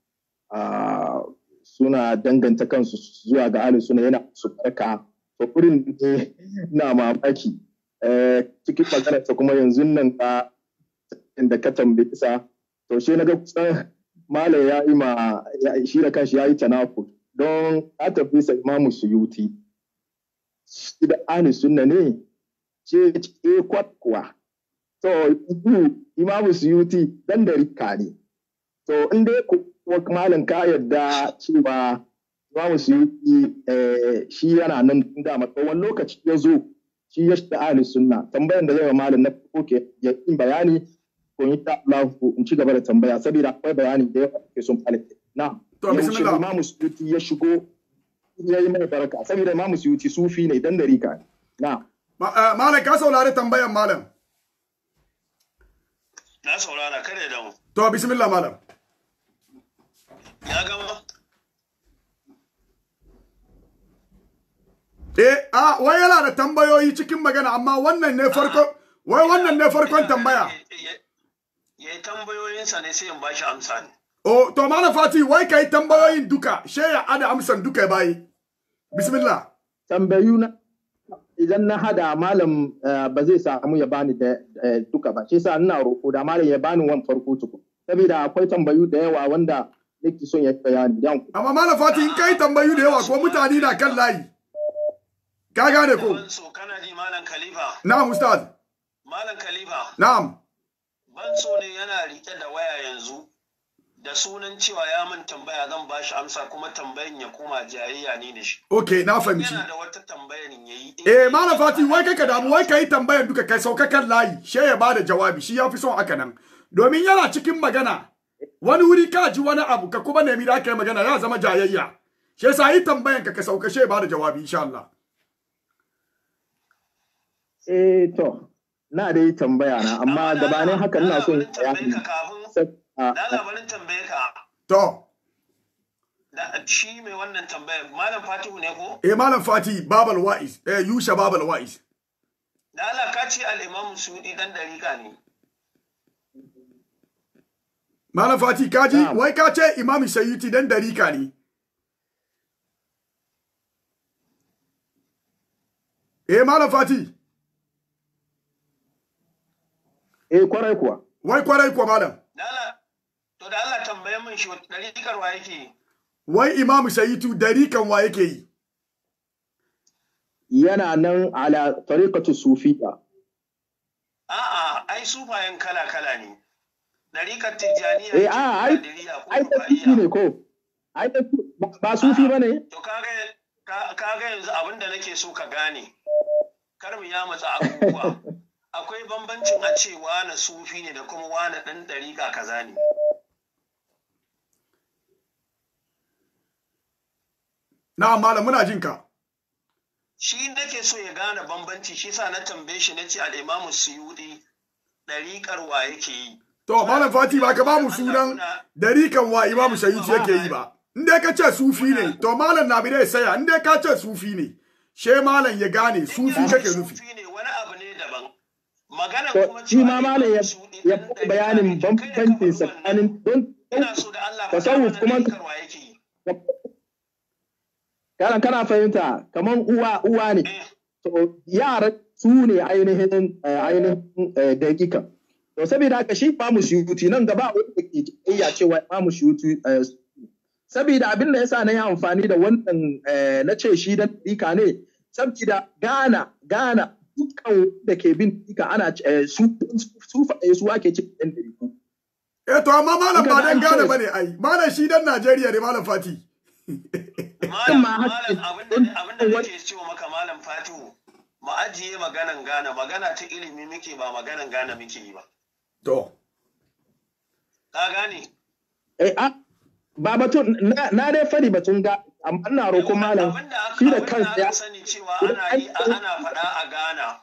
ah, suna danganta kansu zuwa ga ahli suna yana su barka to kurin ne na mamaki eh, cikin magana ta kuma yanzu nan ka inda ka tambaye sa to shi naga kusan malam ya yi ma shi da kanshi ya yi tanafur don a tafi sa imamu suyuti shi da ahli sunna ne sai ya ce eh kuwa to imamu suyuti dan da rika ne to inda ya kuwa malam ka yarda cewa imamu suyuti eh, shi yana nan da matsawon lokaci ya zo shi ya shi ta'ali sunna tambayan da zai wa malam na farko ke ya yi bayani ko yi ta lafu in ci gaba da tambaya saboda akwai bayani da ya ke son falite na to bismillah imamu suyuti ya shigo ya yi mana baraka saboda imamu suyuti sufi ne dan da rika na Eh, malam ka saurari tambayan malam. Na saurara kada da mu. To bismillah malam. Ya gama. Eh, a wai yana da tambayoyi cikin magana amma wannan ne farko ah. wai wannan ne farkon tambaya. Ya yi tambayoyinsa ne sai in bashi amsa ne. Oh, to malam Fati wai ka yi tambayoyin duka, she ya ada amsan duka bayi. Bismillah. Tambayuna. idan na hada malam eh, ba zai samu ya bani da eh, duka ba shi sa ina roƙo da malam ya bani wan farko tukun saboda akwai tambayu da yawa wanda nake son ya bayani dan ku amma malam fati in kai tambayu da yawa ko mutane na kan layi ka gane ko kana ji malam khalifa na'am ustaz malam khalifa na'am ban so ne yana rike da waya yanzu da sunan cewa ya min tambaya zan ba shi amsa kuma tambayan ya koma jayayya ne da shi. Ok, na fahimci. Yana da wata tambayan ya yi. Eh, mana Fati, wai kai ka damu, wai ka yi tambayan duka kai saukakar layi, shi ya ba da jawabi, shi ya fi son haka nan. Domin yana cikin magana, wani wuri ka ji wani abu ka kuma nemi da aka yi magana ya zama jayayya. shi ya sa yi tambayan ka ka sauka ya ba da jawabi, insha Allah. Eh, to, na da yi tambaya na, amma gabanin haka ina son ya. Kafin Ah. da labarin tambaye ka to shi mai wannan tambaye malam fatihu ne ko eh malam fati babal wa'iz eh yusha babal wa'iz da Allah ka ce al-imam sudi dan dariƙa ne malam fati kaji wai ka ce imam shayyuti dan dariƙa ne eh malam fati eh kwarai kuwa wai kwarai kuwa malam da to da Allah tambaye min shi dariƙar wa yake wai imamu Sayyidu dariƙan wa yake yi yana nan ala tariqatu sufiya a'a ai sufayen kala kala ne dariƙar tijjaniya eh a'a ai ai sufi ne ko ai ba sufi bane to ka ga yanzu abin da nake so ka gane kar mu ya matsa abubuwa akwai bambancin a ce wane sufi ne da kuma wane ɗan ɗariƙa kaza ne na malam muna jin ka shi nake so ya gane bambanci shi sa na tambaye shi na ce al'imamu suyudi ɗariƙar wa yake yi to malam fati ba ka ba mu sunan dariƙan wa imamu shahidi yake yi ba in dai ka ce sufi ne to malam na bidai saya in dai ka ce sufi ne she malam ya gane sufi kake nufi wani abu ne daban magana kuma shi ma malam ya ya bayanin bambanci tsakanin don tasawuf kuma kana kana fahimta kamar uwa uwa ne to yara su ne ainihin eh, ainihin eh, dakika to saboda haka shi ba mu shiyuti nan gaba wanda ke iya cewa ba mu shiyuti saboda abin da yasa eh, na yi amfani da wannan na ce shi da dika ne saboda gana gana dukkan da ke bin dika ana su su su ake cikin ɗan ɗari Eh to amma malam ba dan gane bane ai malam shi dan Najeriya ne malam Fati malam abin da nake cewa maka malam fatihu mu ajiye maganan gana magana ta ilimi muke ba maganan gana muke yi ba to ka gane eh a ah, ba batun na dai fari batun ga amma ina roko malam shi da ya sani cewa ana yi ana a gana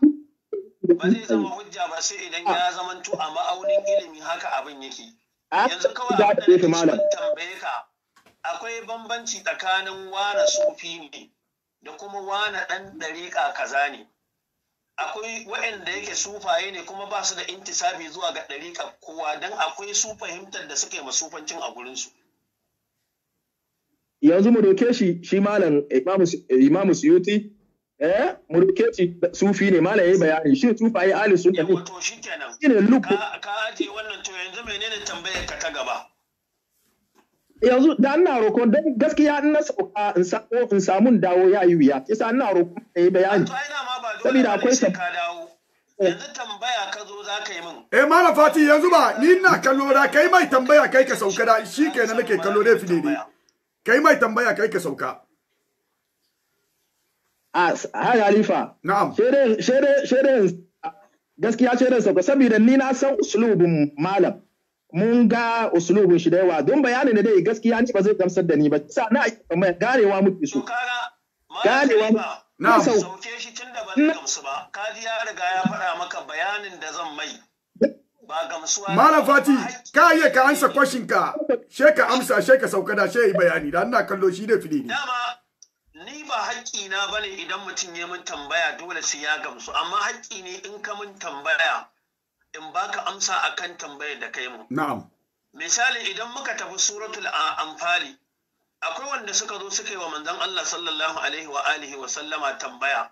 ba zai zama hujja ba sai idan ya zamanto a ma'aunin ilimi haka abin yake ah, yanzu kawai abin da nake tambaye ka akwai bambanci tsakanin wane sufi ne da kuma wane ɗan ɗariƙa kaza ne akwai waɗanda yake sufaye ne kuma ba su da intisabi zuwa ga ɗariƙa kowa don akwai su fahimtar da suka yi masufancin a gurinsu. yanzu mu doke shi shi malam imamu suyuti eh mu doke shi sufi ne malam yayi bayani shi sufaye Ali sunna ne to shikenan shine ka aje wannan to yanzu menene tambayar ka ta gaba yanzu da na roƙon don gaskiya in na sauka in samu in samu dawo ya yi wuya yasa na roƙon da yi bayani saboda akwai sa eh. yanzu tambaya ka zo za ka yi min eh mara fati yanzu ba ni ina kallo da kai mai tambaya kai ka sauka da shi kenan nake kallo da fi ne kai mai tambaya kai ka sauka a halifa na'am shere shere shere gaskiya shere sauka saboda ni na san uslubin malam mun ga usulubin shi da yawa don bayanin da dai gaskiya an ba zai gamsar da ni ba sa na garewa muke so garewa na sauke shi tun da ban gamsu ba kaji ya riga ya fara maka bayanin da zan mai ba gamsuwa Malam Fati ka iya ka ansa kwashin ka she ka amsa she ka sauka da she yi bayani da ina kallo shi da fili ne. dama ni ba haƙƙi na bane idan mutum ya mun tambaya dole sai ya gamsu amma haƙƙi ne in ka mun tambaya in baka amsa akan tambayar da kai mu na'am misali idan muka tafi suratul amfali akwai wanda suka zo suka yi wa manzon Allah sallallahu alaihi wa alihi wa sallama tambaya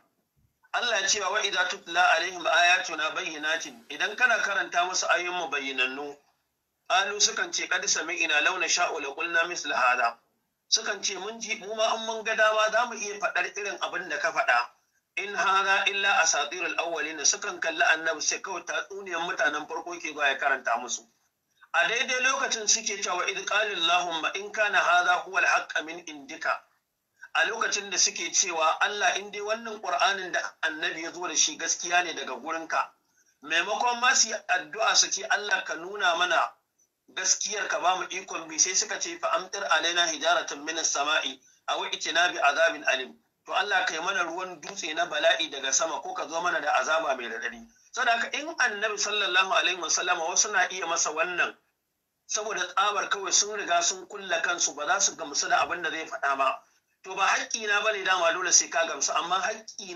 Allah ya cewa wa idza tutla alaihim ayatuna bayyinatin idan kana karanta musu ayoyin mu bayyinannu alu sukan ce kad sami'ina launa sha'u la qulna misla hada sukan ce mun ji mu ma an mun ga dama za mu iya faɗar irin abin da ka faɗa in hada illa asatir al-awwalin sukan kalli annabi sai kawai tatsuniyar mutanen farko ke ba ya karanta musu a daidai lokacin suke cewa id qala allahumma in kana hada huwa al min indika a lokacin da suke cewa Allah in dai wannan qur'anin da annabi ya zo da shi gaskiya ne daga gurinka maimakon ma su yi addu'a su ce Allah ka nuna mana gaskiyar ka bamu ikon bi sai suka ce fa amtir alaina hijaratan minas sama'i aw bi azabin alim to Allah kai mana ruwan dutse na bala'i daga sama ko ka zo mana da azaba mai radadi saboda in annabi sallallahu alaihi wasallam wasu na iya masa wannan saboda tsabar kawai sun riga sun kulla kansu ba za su gamsu da abin da zai faɗa ba to ba haƙƙi na ne dama dole sai ka gamsu amma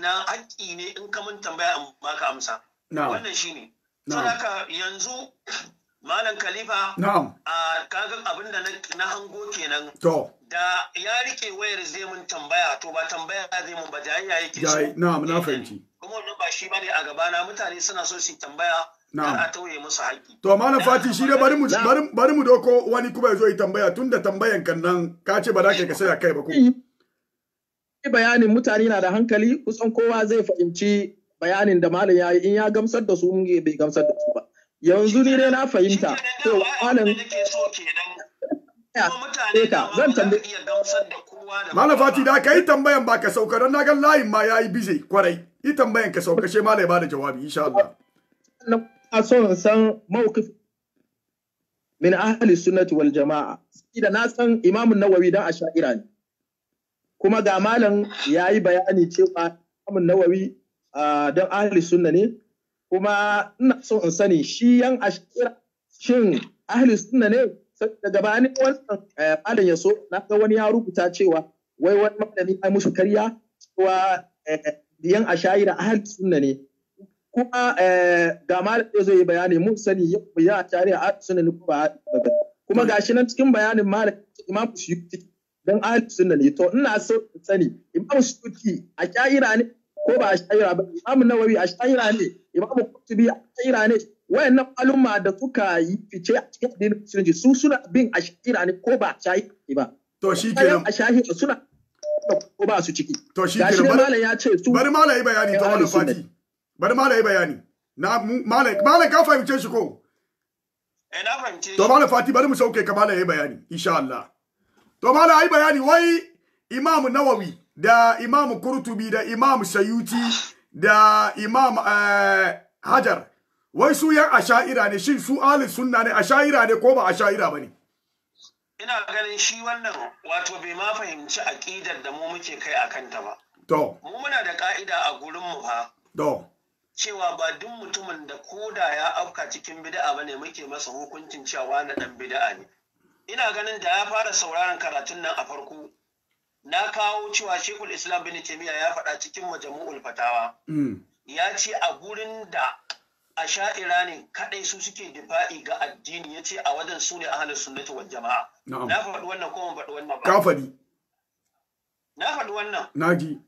haƙƙi na haƙƙi ne in ka mun tambaya amma ka amsa wannan shine saboda yanzu Malam Khalifa. no. A kagan abin da na hango kenan. To. Da ya rike wayar zai mun tambaya to ba tambaya zai mun ba jayayya yake. so. na'am na eh, fahimci. Kuma wannan ba shi bane a gabana mutane suna so su tambaya. na a tauye musu haƙƙi. To Malam Fati shi da bari mu bari mu doko wani kuma ya zo yi tambaya tunda tambayan kan nan ka ce ba za ka kasaya eh. kai ba ko. Eh. bayanin mutane na da hankali kusan kowa zai fahimci bayanin da malam ya yi in ya gamsar da su mun bai gamsar da su ba. yanzu ni dai na fahimta to malam zan tambaye malam fati da kai tambayan ba ka sauka don nagan layin ma yayi bize kwarai yi tambayan ka sauka she malam ba da jawabi insha Allah na so san mawqif min ahli sunnati wal jamaa idan na san imam an-nawawi dan ash'ira ne kuma ga malam yayi bayani cewa imam an-nawawi ah, dan ahli sunna ne kuma ina so in sani shi yan ashira shin ahli sunna ne da gabanin wannan eh, malam ya so na ga wani ya rubuta cewa wai wani malami ai musu karya cewa eh, eh, yan ashira ahli sunna ne kuma ga malam ya zai bayani mun sani ya ya tare ahli sunna ne kuma kuma gashi nan cikin bayanin malam imam shi dan ahli sunna ne to ina so in sani imam shi a kyaira ne ko ba a shaira ba imamu nawawi shaira ne imamu kutubi shaira ne wayannan alumma da suka yi fice a cikin addinin musulunci su suna bin shaira ne ko ba a ne ba to shi a shaira suna ko ba su ciki to shi nan malam ya ce su bari malam yi bayani ta wannan fati bari malam yi bayani na malam malam ka fahimce shi ko eh na fahimce to malam fati bari mu sauke ka malam yi bayani insha Allah to malam yi bayani wai imamu nawawi da imam kurtubi da imam sayuti da imam eh, hajar wai su yan asha'ira ne shin su ahli sunna ne asha'ira ne ko ba asha'ira bane ina ganin shi wannan wato bai ma fahimci aqidar da mu muke kai akan ta ba to mu muna da ƙa'ida a gurin mu ha to cewa ba duk mutumin da ko da ya afka cikin bid'a bane muke masa hukuncin cewa na dan bida'a ne ina ganin da ya fara sauraron karatun nan a farko na kawo cewa shekul islam bin taimiyya ya faɗa cikin majamu'ul fatawa mm. ya ce a gurin da a sha'ira ne kaɗai su suke difa'i ga addini ya ce a wajen su ne ahalin sunnati wal jama'a na faɗi wannan ko faɗi wannan ba ka faɗi na faɗi wannan na ji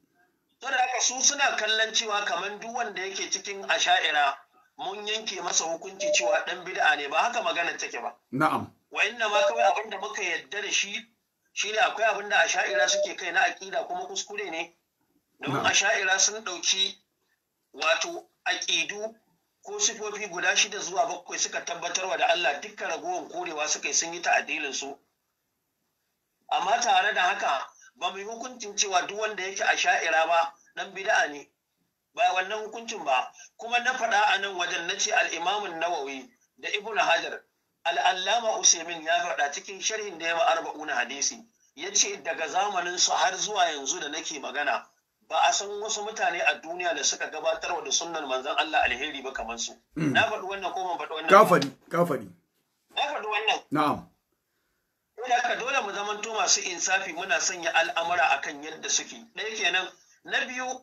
to da haka su suna kallon cewa kamar duk wanda yake cikin asha'ira mun yanke masa hukunci cewa dan bid'a ne ba haka magana take ba na'am wa inna ma kawai abinda muka yadda da shi Shi ne akwai abin da Shaira suke kai na aƙida kuma kuskure ne domin asha'ira sun ɗauki wato aƙidu ko sifofi guda shida zuwa bakwai suka tabbatarwa da Allah dukkan ragowar korewa suka yi sun yi ta'adilin su amma tare da haka ba mu yi hukuncin cewa duk wanda yake a sha'ira ba dan bid'a ne ba wannan hukuncin ba kuma na faɗa a nan wajen nace ce al-imamun nawawi da ibnu hajar al'allama usaimin ya faɗa cikin sharhin da yawa arba'una hadisi ya ce daga zamanin su har zuwa yanzu da nake magana ba a san wasu mutane a duniya da suka gabatar da sunnan manzon Allah alheri ba kamar su mm. na faɗi wannan ko ban faɗi wannan ka faɗi na faɗi wannan na'am saboda ka, dole mu zamanto masu insafi muna sanya al'amura akan yadda suke ɗaya kenan na biyu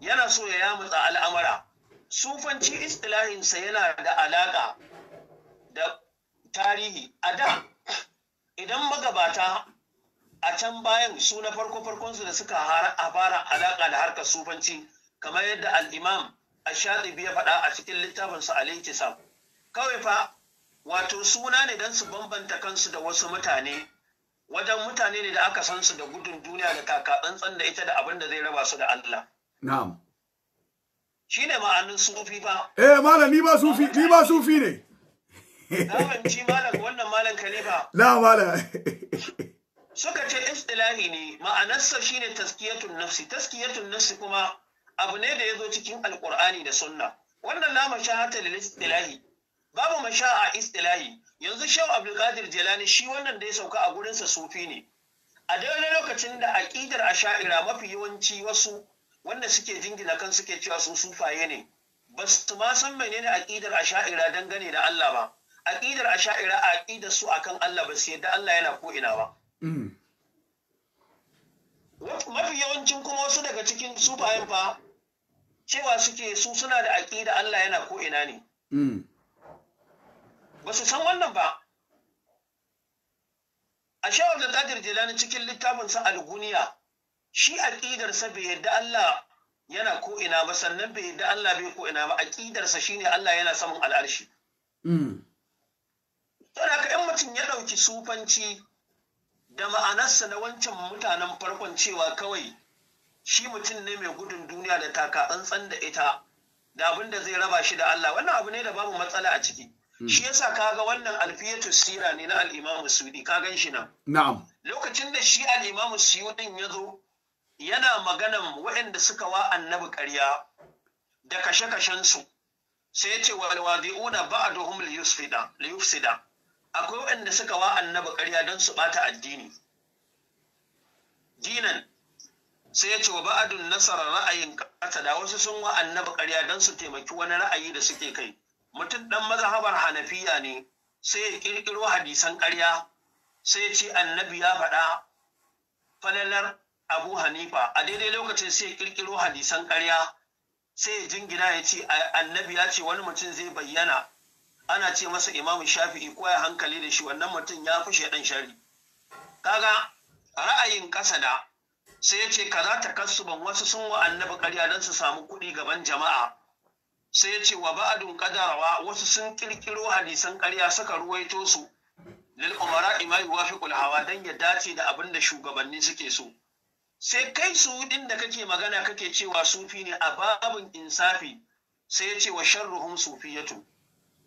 yana so ya yamutsa al'amura sufanci istilahinsa yana da alaka da tarihi a da idan magabata a can bayan su na farko farkonsu da suka fara alaƙa da harkar sufanci kamar yadda al'imam a shaɗi ya faɗa a cikin littafinsa sam kawai fa wato suna ne don su bambanta kansu da wasu mutane wajen mutane ne da aka san su da gudun duniya da kaka tsantsan da ita da abin da zai raba su da Allah. Na'am. Shi ne ma'anin sufi ba. Eh malami ba sufi, ni ba sufi ne. Awanci malam wannan malam Na malam. Suka ce istilahi ne ma'anarsa shine taskiyatun nafsi taskiyatun nafsi kuma abu ne da ya zo cikin alkur'ani da sunna wannan la mashahata lil istilahi babu masha'a istilahi yanzu Shehu Abdulkadir Jelani shi wannan da ya sauka a gurinsa sufi ne a daidai lokacin da aƙidar asha'ira mafi yawanci wasu wanda suke jingina kan suke cewa su sufaye ne ba su ma san menene aƙidar asha'ira dangane da Allah ba aƙidar asha'ira a aƙidar su akan Allah ba su yadda Allah yana ko ina ba mm. mafi yawancin kuma wasu daga cikin su bayan fa cewa suke su suna da aƙida Allah yana ko ina ne mm. ba su san wannan ba a shawar da tajir jilani cikin littafinsa alguniya shi aƙidarsa bai yarda Allah yana ko ina ba sannan bai yarda Allah bai ko ina ba aƙidarsa shine Allah yana saman al'arshi mm. saboda ka in mutum ya ɗauki sufanci da ma'anarsa na wancan mutanen farkon cewa kawai shi mutum ne mai gudun duniya da taka tsantsan da ita da abin da zai raba shi da Allah wannan abu ne da babu matsala a ciki hmm. shi yasa kaga wannan alfiyatu sira ne na al-Imam Suyuti ka gan shi nan na'am lokacin da shi al-Imam Suyuti ya zo yana maganan waɗanda suka wa annabi ƙarya da kashe-kashen su sai ya ce wal wadi'una ba'duhum liyufsida liyufsida akwai waɗanda suka wa annabi ƙarya don su ɓata addini dinan sai ya ce wa ba'adun nasara ra'ayin ƙasa da wasu sun wa annabi ƙarya don su taimaki wani ra'ayi da suke kai mutum ɗan mazhabar hanafiya ne sai ya ƙirƙiro hadisan ƙarya sai ya ce annabi ya faɗa falalar abu hanifa a daidai lokacin sai ya ƙirƙiro hadisan ƙarya sai ya jingina ya ce annabi ya ce wani mutum zai bayyana ana ce masa imamu shafi'i koya hankali da shi wannan mutum ya fi shaidan shari kaga ra'ayin ƙasa da sai ya ce kasu ban wasu sun wa annabi ƙarya don su samu kuɗi gaban jama'a sai ya ce wa ba'adun qadarawa wasu sun kirkiro hadisan ƙarya suka ruwaito su lil umara imai fi Kulhawa don ya dace da abin da shugabanni suke so sai kai su din da kake magana kake cewa sufi ne a babin insafi sai ya ce wa sharruhum sufiyatu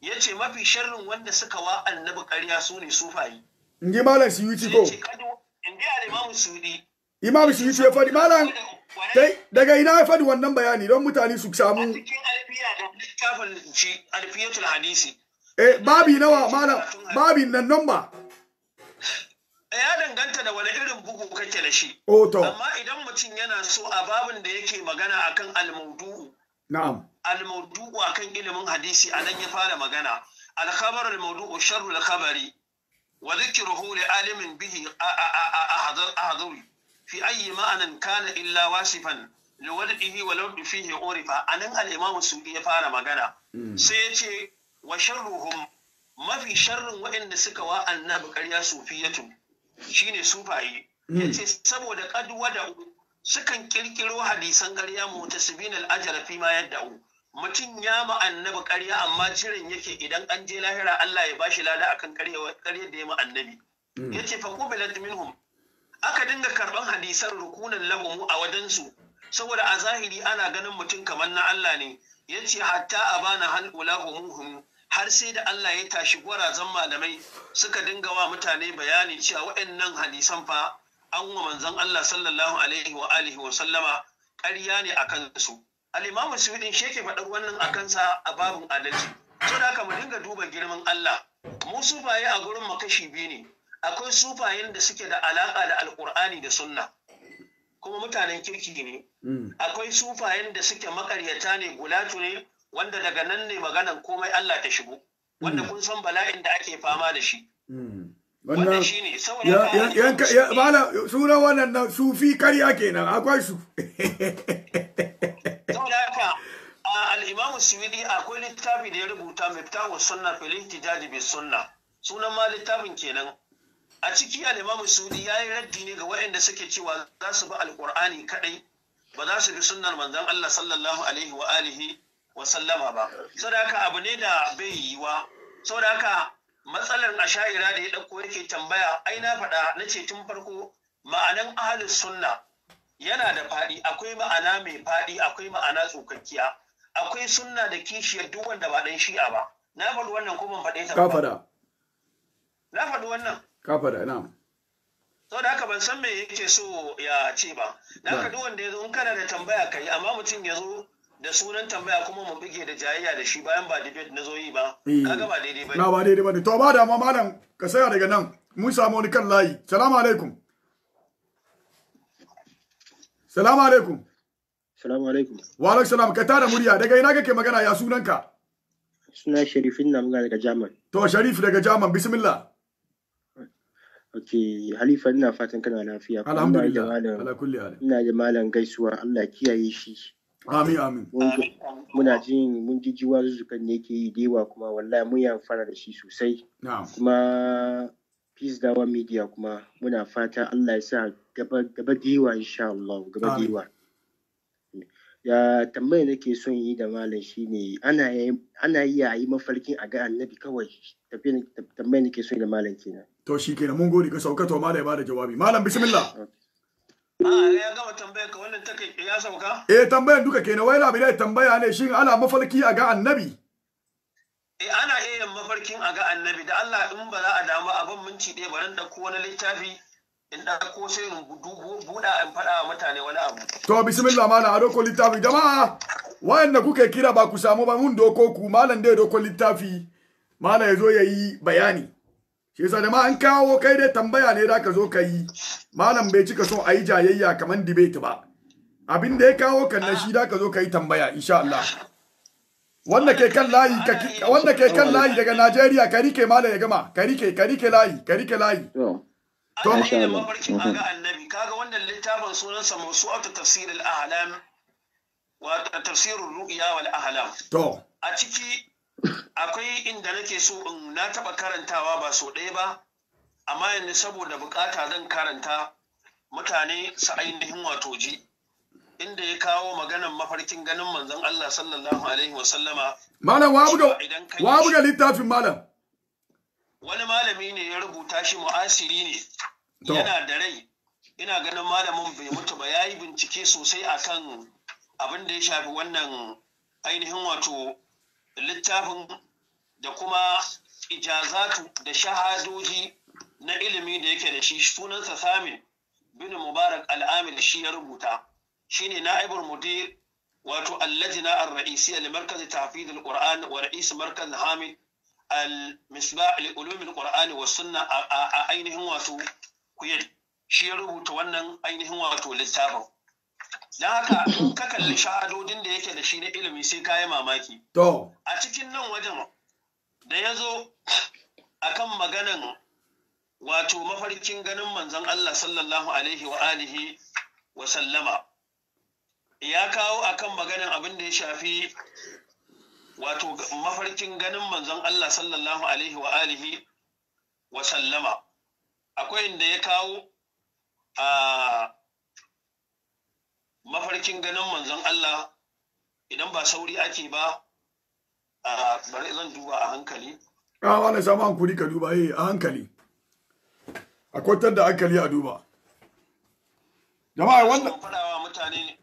ya ce mafi sharrin wanda suka wa annabi ƙarya su ne sufayi. In ji malam su yi ko? In ji alimamu su ne. Imam su yi ya faɗi malam daga ina ya faɗi wannan bayani don mutane su samu. A cikin alfiya da littafin shi alfiyatul hadisi. Eh babi nawa malam Babi nan nomba. Eh, ya danganta da wani irin bugu kake da shi. Oh, Amma idan mutum yana so a babin da yake magana akan almaudu. Na'am. al-mawdu'u akan ilimin hadisi a nan ya fara magana al-khabar al-mawdu'u sharh al-khabari wa dhikruhu li alimin bihi ahdhari fi ayyi ma'anan kana illa wasifan wad'ihi wa lawd fihi urifa anan al-imam sudi ya fara magana hmm. sai ya ce wa sharruhum mafi sharrin waɗanda suka wa annabi ƙarya sufiyatu shine sufaye hmm. yace saboda qad da sukan kirkiro hadisan ƙarya mutasibin al-ajra fi ma yad'u mutum ya ma annabi ƙarya amma jiran yake idan an je lahira Allah ya bashi lada akan ƙaryar da ya ma annabi hmm. yace fa qubilat minhum aka dinga karban hadisan rukunan lahumu a wajen su saboda a zahiri ana ganin mutum kamar na Allah ne yace hatta abana hal ulahumuhum har sai da Allah ya tashi gwarazan malamai suka dinga wa mutane bayani cewa waɗannan hadisan fa an wa manzon Allah sallallahu alaihi wa alihi wa sallama ƙarya ne akan su al'imamu suwidin shi ke faɗar wannan a kansa a babin adalci so da haka mu dinga duba girman Allah mu sufaye a gurin makashi biyu ne akwai sufayen da suke da alaƙa da alƙur'ani da sunna kuma mutanen kirki ne hmm. akwai sufayen da suke makaryata ne gulatu ne wanda daga nan ne maganan komai Allah ta shigo wanda hmm. kun san bala'in da ake fama da shi hmm. wannan shi ne saboda sunan wannan sufi karya kenan akwai su haka al al'imamu siwidi akwai littafi da ya rubuta miftahu sunna fil sunna sunan ma littafin kenan a ciki al'imamu imamu ya yi raddi ne ga waɗanda suke cewa za su bi Al'ƙur'ani kaɗai, ba za su bi sunnar manzon Allah sallallahu alaihi wa alihi wa sallama ba saboda haka abu ne da bai yi wa. saboda haka matsalar asha'ira da ya ɗauko yake tambaya ai na faɗa na ce tun farko ma'anan ahlus sunna yana da faɗi akwai ma'ana mai faɗi akwai ma'ana tsokakkiya akwai sunna da kishiyar duk wanda ba ɗan shi'a ba na faɗi wannan ko ban faɗe ta ba kafada na faɗi wannan kafada na'am to da haka ban san me yake so ya ce ba da haka duk wanda yazo in kana da tambaya kai amma mutum ya zo da sunan tambaya kuma mu bige da jayayya da shi bayan ba debate na zo yi ba eh. kaga ba daidai ba na ba daidai ba to ba da ma malam ka saya daga nan mun samu wani kan layi salamu alaikum Salamu alaikum. Salamu alaikum. Wa alaikum salam ka tara murya daga ina kake magana ya sunanka? Suna Sharifin na muna daga jaman. To Sharif daga jaman bismillah. Ok, Halifa ina fatan kana lafiya. Alhamdulillah. Ala kulli hal. Ina da malam gaisuwa Allah kiyaye shi. Amin amin. Muna jin mun ji jiwa zuzukan ne yake yi dewa kuma wallahi mun yi amfana da shi sosai. Kuma Peace Dawa Media kuma muna fata Allah ya sa gaba gaba giwa insha Allah gaba giwa ya tambayar nake son yi da malam shine ana ana iya yi mafarkin a ga annabi kawai tambayar nake son yi da malam kenan to shi kenan mun gode ka sauka to malam ya bada jawabi malam bismillah ah, ya gama tambayar ka wannan take ya sauka eh tambayar duka kenan wai labira tambaya ne shin ana mafarki a ga annabi eh ana iya mafarkin a ga annabi da Allah in ba za a damu abin minti ɗaya ba da ko wani littafi in ɗauko sai in buɗa in faɗa wa mutane wani abu. To bismillah a doko littafi jama'a wayanda kuke kira ba ku samu ba mun doko ku malam dai doko littafi malam ya zo ya yi bayani. Shi yasa jama'a an kawo kai dai tambaya ne da ka zo ka yi malam bai cika so ayi jayayya kamar debate ba. Abin da ya kawo kan shi da ka zo ka yi tambaya insha Allah. Wanda ke kan layi wanda ke kan layi daga Najeriya ka rike malam ya gama ka rike ka rike layi ka rike layi. ana iya mafarkin mhm. a ga annabi kaga wannan littafin sunansa masu auta tafsirin ahalam wata tafsirin ru'ya wal ahalam to a ciki akwai inda nake so in na taɓa karantawa ba so ɗaya ba amma yanzu saboda bukata zan karanta mutane su ainihin wato ji inda ya kawo maganan mafarkin ganin manzon Allah sallallahu alaihi wasallama malam wabu da littafin malam wani malami ne ya rubuta shi mu'asiri ne yana da rai ina ganin malamin bai mutu ba ya yi bincike sosai akan abin da ya shafi wannan ainihin wato littafin da kuma ijazatu da shahadoji na ilimi da yake da shi sunansa samin bin mubarak al'amil shi ya rubuta Shi shine na'ibar mudir wato allajina ar-ra'isiyya li markaz da al-qur'an wa ra'is markaz hamid al-misbah li qur'ani wa sunna a ainihin wato kuyel shi ya rubuta wannan ainihin wato littafin don haka in ka kalli shahadodin da yake da shi na ilimi sai ka yi mamaki to a cikin nan wajen da ya zo akan maganan wato mafarkin ganin manzon Allah sallallahu alaihi wa alihi wa sallama ya kawo akan maganan abin da ya shafi wato mafarkin ganin manzon Allah sallallahu alaihi wa alihi wa sallama akwai inda ya kawo a mafarkin ganin manzon Allah idan ba sauri ake ba a bari zan duba a hankali a wani sama hankuri ka duba eh a hankali a kwantar da hankali a duba jama'a wannan fadawa mutane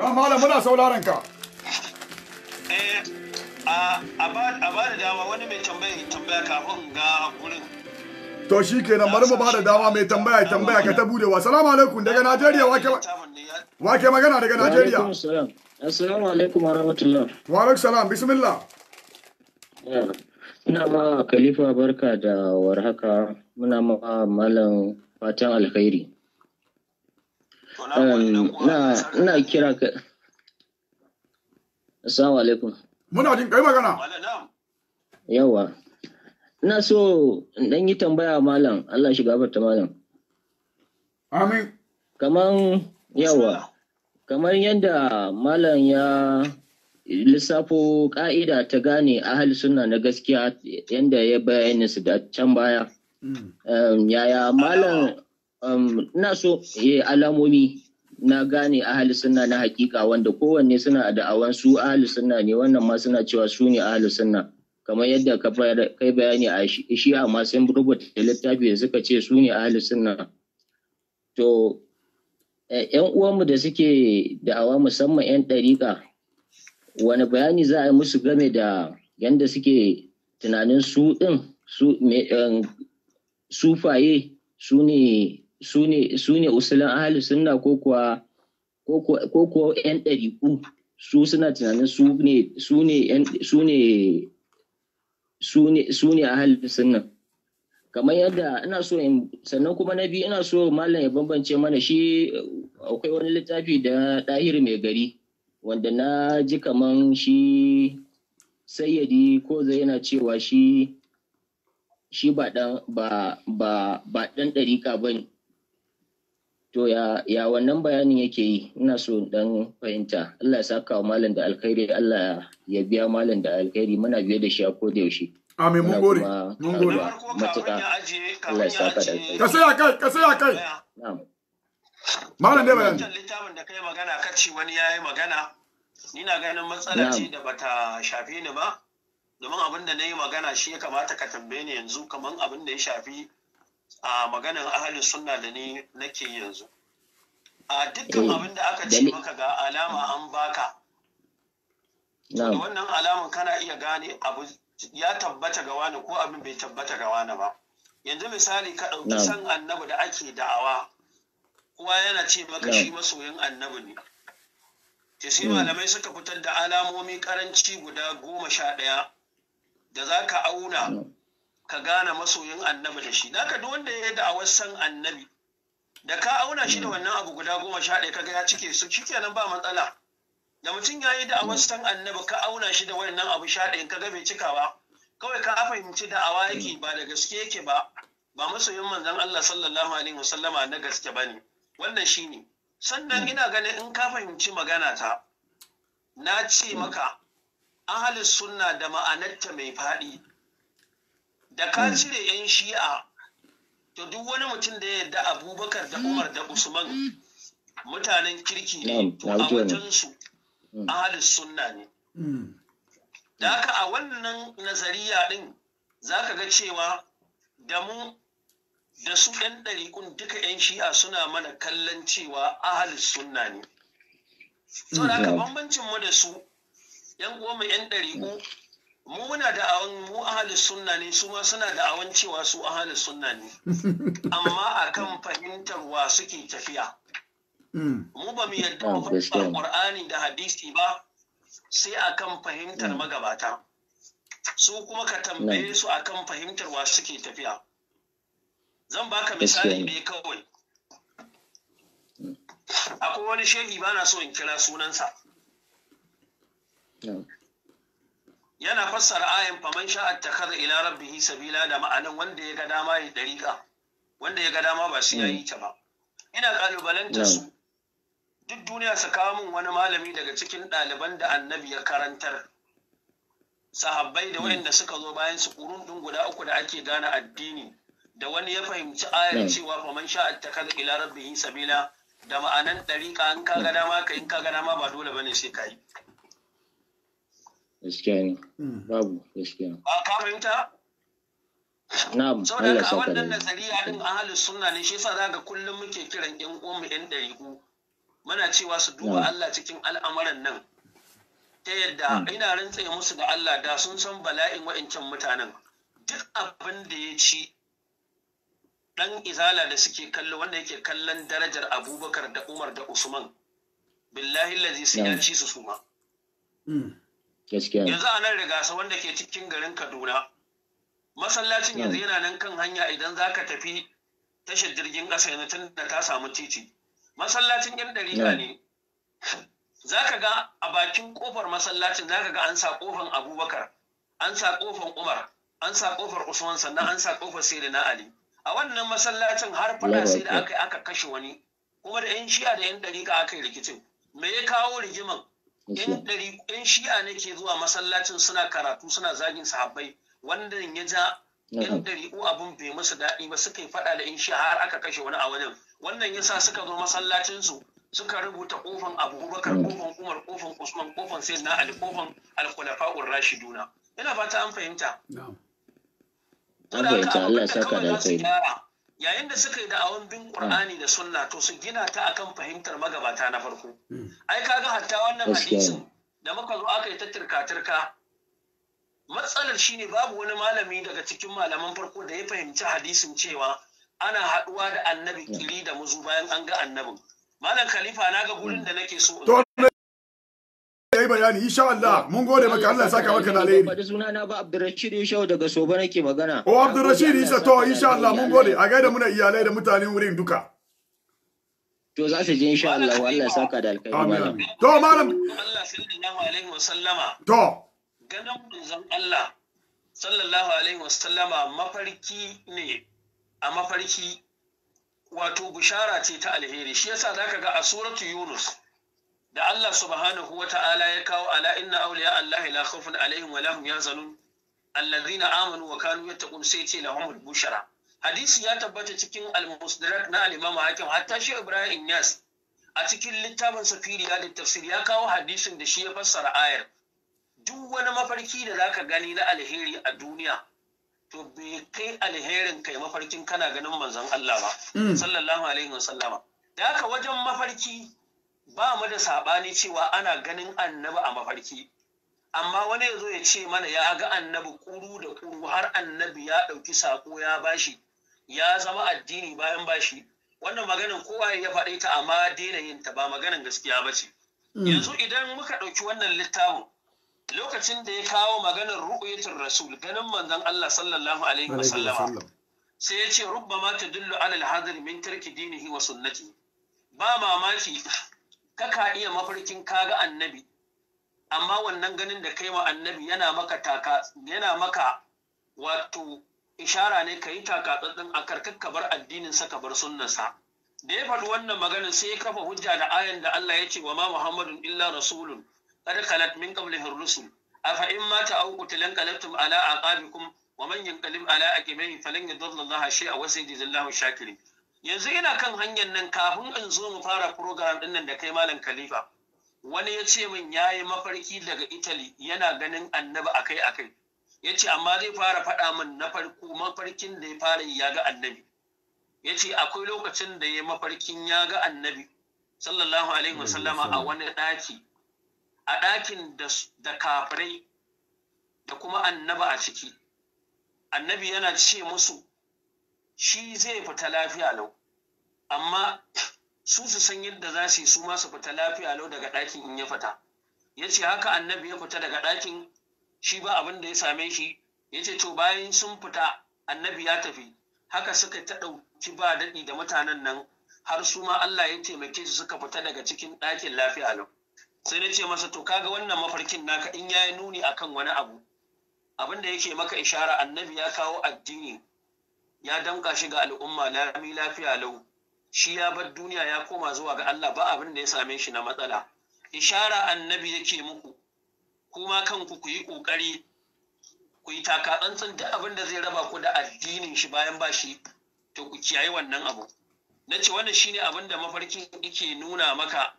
na malam muna sauraron ka eh a ba da dama wani mai tambaya tambaya kafin ga gurin to shi kenan bari mu ba da dama mai tambaya tambaya ka ta budewa salamu alaikum daga najeriya wake wake magana daga najeriya assalamu alaikum wa rahmatullah wa alaikum salam bismillah ina ma Khalifa barka da warhaka, muna ma malam fatan alkhairi. ina ehm, kira ka assalamu alaikum muna jin kai magana yawa na so dan yi tambaya malam Allah shi ta malam amin kaman yawa kamar yadda malam ya lissafo ka'ida ta gane ahal suna na gaskiya yadda ya bayanin su da can baya mm. ehm, yaya malam Um, ina so alamomi na gane ahali sunna na hakika wanda kowanne suna awan su ahali sunna ne wannan ma suna cewa su ne ahali sunna kamar yadda ka kai bayani a shi amma sun rubuta da littafi da suka ce su ne ahali sunna to yan eh, uwanmu da suke da'awa musamman yan ɗariƙa wani bayani za a yi musu game da yadda suke tunanin su ɗin su um, sufaye su ne su ne usulin ahli sunna ko kuwa yan ɗariƙu su suna tunanin su ne su ne su kamar yadda ina so in sannan kuma na biyu ina so malam ya bambance mana shi akwai wani littafi da ɗahir mai gari wanda na ji kaman shi sayyadi ko zai yana cewa shi ba ɗan ba ba ba bane To ya, ya wannan bayanin yake yi ina so dan fahimta Allah ya saka wa malam da alkhairi Allah ya biya malam da alkhairi muna biye da shi a ko da yaushe. Amin mun gode mun gode. Matuƙa Allah ya saka da alkhairi. Ka saya kai ka saya kai. Na'am. Malam da bayani. littafin da kai magana kace wani yayi magana ni na ganin matsala ce da bata shafe ni ba domin abin da na yi magana shi ya kamata ka tambaye ni yanzu kamar abin da ya shafi a maganin ahalin sunna da ni nake yanzu a dukkan mm. abin da aka ce maka ga alama an baka da wannan alamun kana iya gane abu ya tabbata ga wani ko abin bai tabbata ga wani ba yanzu misali ka ɗauki san annabi da ake da'awa kowa yana ce maka shi masoyin annabi ne ta sai mm. malamai suka fitar da alamomi karanci guda goma sha ɗaya da za ka auna ka gane masoyin annabi da shi ka duk wanda ya da'awar san annabi da ka auna shi da wannan abu guda goma sha ɗaya kaga ya cike su kenan ba matsala da mutum ya yi da'awar san annabi ka auna shi da wannan abu sha ɗaya kaga bai cika ba kawai ka fahimci da'awa yake ba da gaske yake ba ba masoyin manzon Allah sallallahu alaihi wasallama na gaske ba ne. wannan shine sannan ina ganin in ka fahimci magana ta na ce maka ahalus sunna da ma'anarta mai faɗi da ka mm. cire 'yan shi'a to duk wani mutum da ya da abubakar da umar da mm. usman mm. mutanen kirki ne to a wajensu ahalin sunna ne da haka a wannan nazariya din za ka ga cewa da mu da su 'yan ɗariƙun duka 'yan shi'a suna mana kallon cewa ahalin sunna ne. So da haka bambancin mu da su 'yan goma 'yan ɗariƙu mu muna da awon mu ahalin sunna ne su ma suna da awon cewa su ahalin sunna ne amma akan fahimtar wa suke tafiya hmm. mu ba mu yadda ah, mu fahimtar qur'ani da hadisi ba sai akan fahimtar hmm. magabata su kuma ka tambaye hmm. su akan fahimtar wa suke tafiya zan baka misali ne kawai akwai wani shehi ba na so in kira sunansa yana fassara ayan faman sha'a takhadha ila rabbihi sabila da ma'anan wanda ya ga dama ya dariƙa wanda ya ga dama ba su yayi ta ba ina kalubalanta su duk duniya su kawo min wani malami daga cikin ɗaliban da annabi ya karantar sahabbai da hmm. wayanda suka zo bayan su kurun din guda uku da ake gane addini da wani ya fahimci ayar cewa faman sha'a takhadha ila rabbihi sabila da ma'anan dariƙa in ka ga dama ka in ka ga dama ba dole bane sai ka yi gaskiya ne hmm. babu gaskiya ah, ka fahimta na'am saboda ka wannan nazariya din ahlus sunna ne shi yasa zaka kullum muke kiran yan uwanmu yan ko muna cewa su duba Allah cikin al'amuran nan ta yadda hmm. ina rantse musu da Allah da sun san bala'in wa'incan mutanen duk abin da ya ci dan izala da suke kallo wanda yake kallon darajar abubakar da umar da usman billahi lazi sai ya ci su suma. Hmm. yanzu a nan rigasa wanda ke cikin garin kaduna masallacin yanzu hmm. yana nan kan hanya idan za ka tafi tashar jirgin ƙasa yanzu tun da ta samu titi masallacin yan dariƙa hmm. ne za ka ga a bakin ƙofar masallacin za ka ga an sa ƙofar abubakar an sa ƙofar umar an sa ƙofar usman sannan an sa ƙofar sai na ali a wannan masallacin har fada sai da aka kashe wani kuma da yan shi'a da yan dariƙa aka yi rikicin me ya kawo rigiman in shi'a ne ke zuwa masallacin suna karatu suna zagin sahabbai wannan ya ja yan ɗari'u abin bai musu daɗi ba suka yi faɗa da in shi'a har aka kashe wani a wajen wannan sa suka zo masallacinsu suka rubuta kofan abubakar kofan umar kofan usman kofan sai na ali ƙofan alkulafa'ur rashiduna ina fata an fahimta. An fahimta saka da yayin da suka yi da'awan bin hmm. qur'ani da sunna to su gina ta akan fahimtar magabata na farko hmm. ai kaga hatta wannan hadisin da muka zo aka yi ta tirka-tirka matsalar shine babu wani malami daga cikin malaman farko da ya fahimci hadisin cewa ana haɗuwa da annabi hmm. kili da muzu bayan an ga annabin malam khalifa na ga gurin da nake so bayani insha Allah mun gode maka Allah ya saka maka da alheri ba suna na ba Abdurrashid Ishau daga Soba nake magana o Abdurrashid Ishau to insha Allah mun gode a gaida muna iyalai da mutanen wurin duka to za su je insha Allah Allah ya saka da alkhairi malam to malam Allah sallallahu alaihi wasallama to ganin zan Allah sallallahu alaihi wasallama mafarki ne a mafarki wato bushara ce ta alheri shi yasa zaka ga a suratu Yunus da Allah subhanahu wa ta'ala ya kawo ala inna awliya Allah la khawfun alaihim wa la hum yahzanun alladhina amanu wa kanu yattaqun sai ce lahumul bushara hadisi ya tabbata cikin al-musdarak na al-imam hakim hatta shi Ibrahim inyas a cikin littafin safiri da tafsir ya kawo hadisin da shi ya fassara ayar duk wani mafarki da zaka gani na alheri a duniya to bai kai alherin kai mafarkin kana ganin manzon Allah ba hmm. sallallahu alaihi wasallama da haka wajen mafarki ba mu da saɓani cewa ana ganin annabi a mafarki amma wani ya zo ya ce mana ya ga annabi kuru da kuru har annabi ya ɗauki saƙo ya bashi ya zama addini bayan bashi wannan maganin kowa ya faɗi ta amma daina yin ta ba maganin gaskiya ba ce hmm. yanzu idan muka ɗauki wannan littafin lokacin da ya kawo maganar ru'uyatul rasul ganin manzon Allah sallallahu alaihi wasallama sai ya ce Rubba ma tadullu alal hadir min tarki dinihi wa sunnati ba mamaki kaka iya mafarkin kaga annabi amma wannan ganin da kai wa annabi yana maka taka yana maka wato ishara ne ka yi taka tsantsan a karkar ka bar addinin sa ka bar sunnansa da ya faɗi wannan maganin sai ya kafa hujja da ayan da Allah ya ce wa ma Muhammadun illa rasulun qad khalat min qablihi ar-rusul afa in mata aw qutilan qalatum ala aqabikum wa man yanqalim ala aqibihi falan yadhallu Allah shay'a wa Allahu shakirin yanzu ina kan hanyar nan kafin in zo mu fara program ɗinnan nan da kai malam khalifa wani ya ce min ya yi mafarki daga italy yana ganin annabi akai akai ya ce amma zai fara faɗa min na farko mafarkin da ya fara ya ga annabi ya ce akwai lokacin da ya mafarkin ya ga annabi sallallahu alaihi wasallama a wani ɗaki a ɗakin da kafirai da kuma annaba a ciki annabi yana ce musu shi zai fita lafiya lau amma su su san yadda za su yi su ma fita lafiya lau daga ɗakin in ya fita ya ce haka annabi ya fita daga ɗakin shi ba abin da ya same shi ya ce to bayan sun fita annabi ya tafi haka suka ta ɗauki ba daɗi da mutanen nan har su ma Allah ya taimake su suka fita daga cikin ɗakin lafiya lau sai na ce masa to kaga wannan mafarkin naka in ya yi nuni akan wani abu abin da yake maka ishara annabi ya kawo addini ya damka shi ga al'umma lami lafiya lau shi ya bar duniya ya koma zuwa ga Allah ba abin da ya same shi na matsala ishara annabi yake muku kuma kanku ku yi ƙoƙari ku yi takatsantsan duk abin da zai raba ku da addinin shi bayan ba shi to ku kiyaye wannan abu na ce wannan shine abin da mafarkin yake nuna maka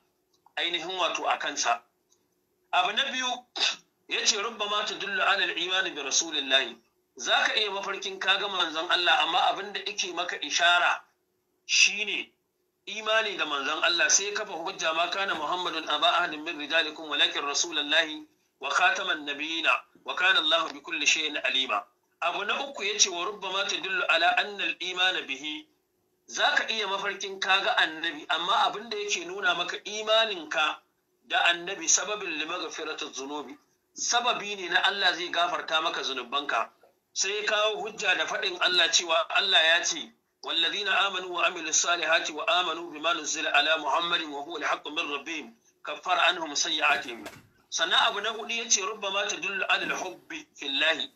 ainihin wato a kansa abu na biyu ya ce rubba ma tudullu dullu alal imani bi rasulillahi za ka iya mafarkin kaga manzon Allah amma abin da yake maka ishara shine imani da manzon Allah sai kafa hujja ma kana Muhammadun aba ahadin min rijalikum walakin rasulullahi wa khataman nabiyina wa kana Allahu bi kulli shay'in alima abu na uku yace wa rubbama tadullu ala anna al-iman bihi zaka iya mafarkin kaga annabi amma abin da yake nuna maka imaninka da annabi sababin limaghfiratiz zunubi sababi ne na Allah zai gafarta maka zunubanka sai ya kawo hujja da faɗin Allah cewa Allah ya ce والذين آمنوا وعملوا الصالحات وآمنوا بما نزل على محمد وهو الحق من ربهم كفر عنهم سيئاتهم sannan abu na hudu ya ce rubba mata ta dullu alal hubbi fillahi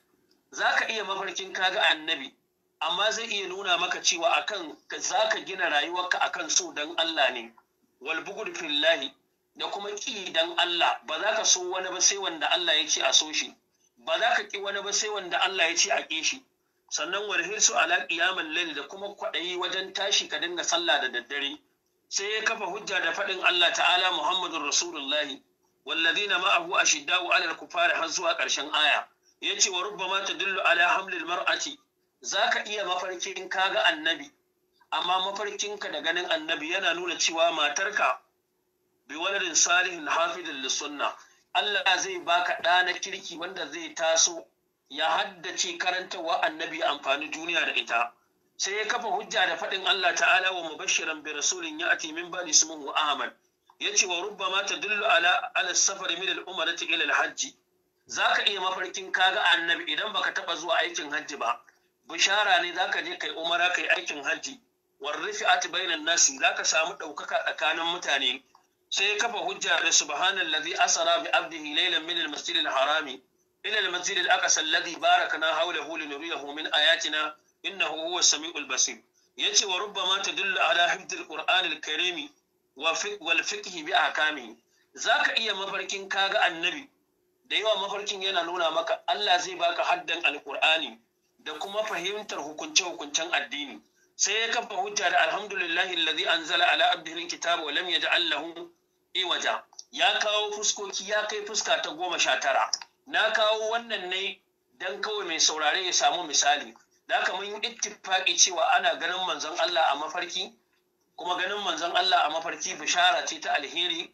za ka iya mafarkin kaga annabi amma zai iya nuna maka cewa akan za ka gina rayuwarka akan so dan Allah ne wal bugur fillahi da kuma ki dan Allah ba za ka so wani ba sai wanda Allah ya ce a so shi ba za ka ƙi wani ba sai wanda Allah ya ce a ƙi shi sannan warhirsu ala qiyamul layl da kuma kwaɗayi wajen tashi ka dinga sallah da daddare sai ya kafa hujja da faɗin Allah ta'ala Muhammadur Rasulullahi walladhina ma'ahu ashiddau 'alal kufari har zuwa ƙarshen aya Ya ce wa rubbama tadullu ala hamlil mar'ati zaka iya mafarkin kaga annabi amma mafarkinka da ganin annabi yana nuna cewa matarka bi waladin salihin hafidin lissunna Allah zai baka ɗa na kirki wanda zai taso ya haddace karantarwa annabi amfanin duniya da ita sai ya kafa hujja da faɗin Allah ta'ala wa mubashiran bi rasulin ya ati min bani ismuhu Ahmad yace wa rubbama tadullu ala ala safar min al umarati ila al hajji zaka iya mafarkin kaga annabi idan baka taɓa zuwa aikin hajji ba bishara ne zaka je kai umara kai aikin hajji ati, bainan nasi zaka samu ɗaukaka tsakanin mutane sai ya kafa hujja da subhanallazi asara bi abdihi laylan min al-masjid al-harami ila al-masjid al-aqsa alladhi barakna hawlahu linuriyahu min ayatina innahu huwa as-sami'ul basir yace wa rubbama tadullu ala hifdhi quran al-karimi wal fiqhi bi ahkamihi zaka iya mafarkin kaga annabi da yawa mafarkin yana nuna maka Allah zai baka haddan alqur'ani da kuma fahimtar hukunce-hukuncen addini sai ya kafa hujja da alhamdulillahi an anzala ala abdihi alkitaba wa lam yaj'al lahu iwaja ya kawo fuskoki ya kai fuska ta goma sha tara na kawo wannan ne dan kawai mai saurare ya samu misali da haka mun ittifaqi cewa ana ganin manzon Allah a mafarki kuma ganin manzon Allah a mafarki bishara ce ta alheri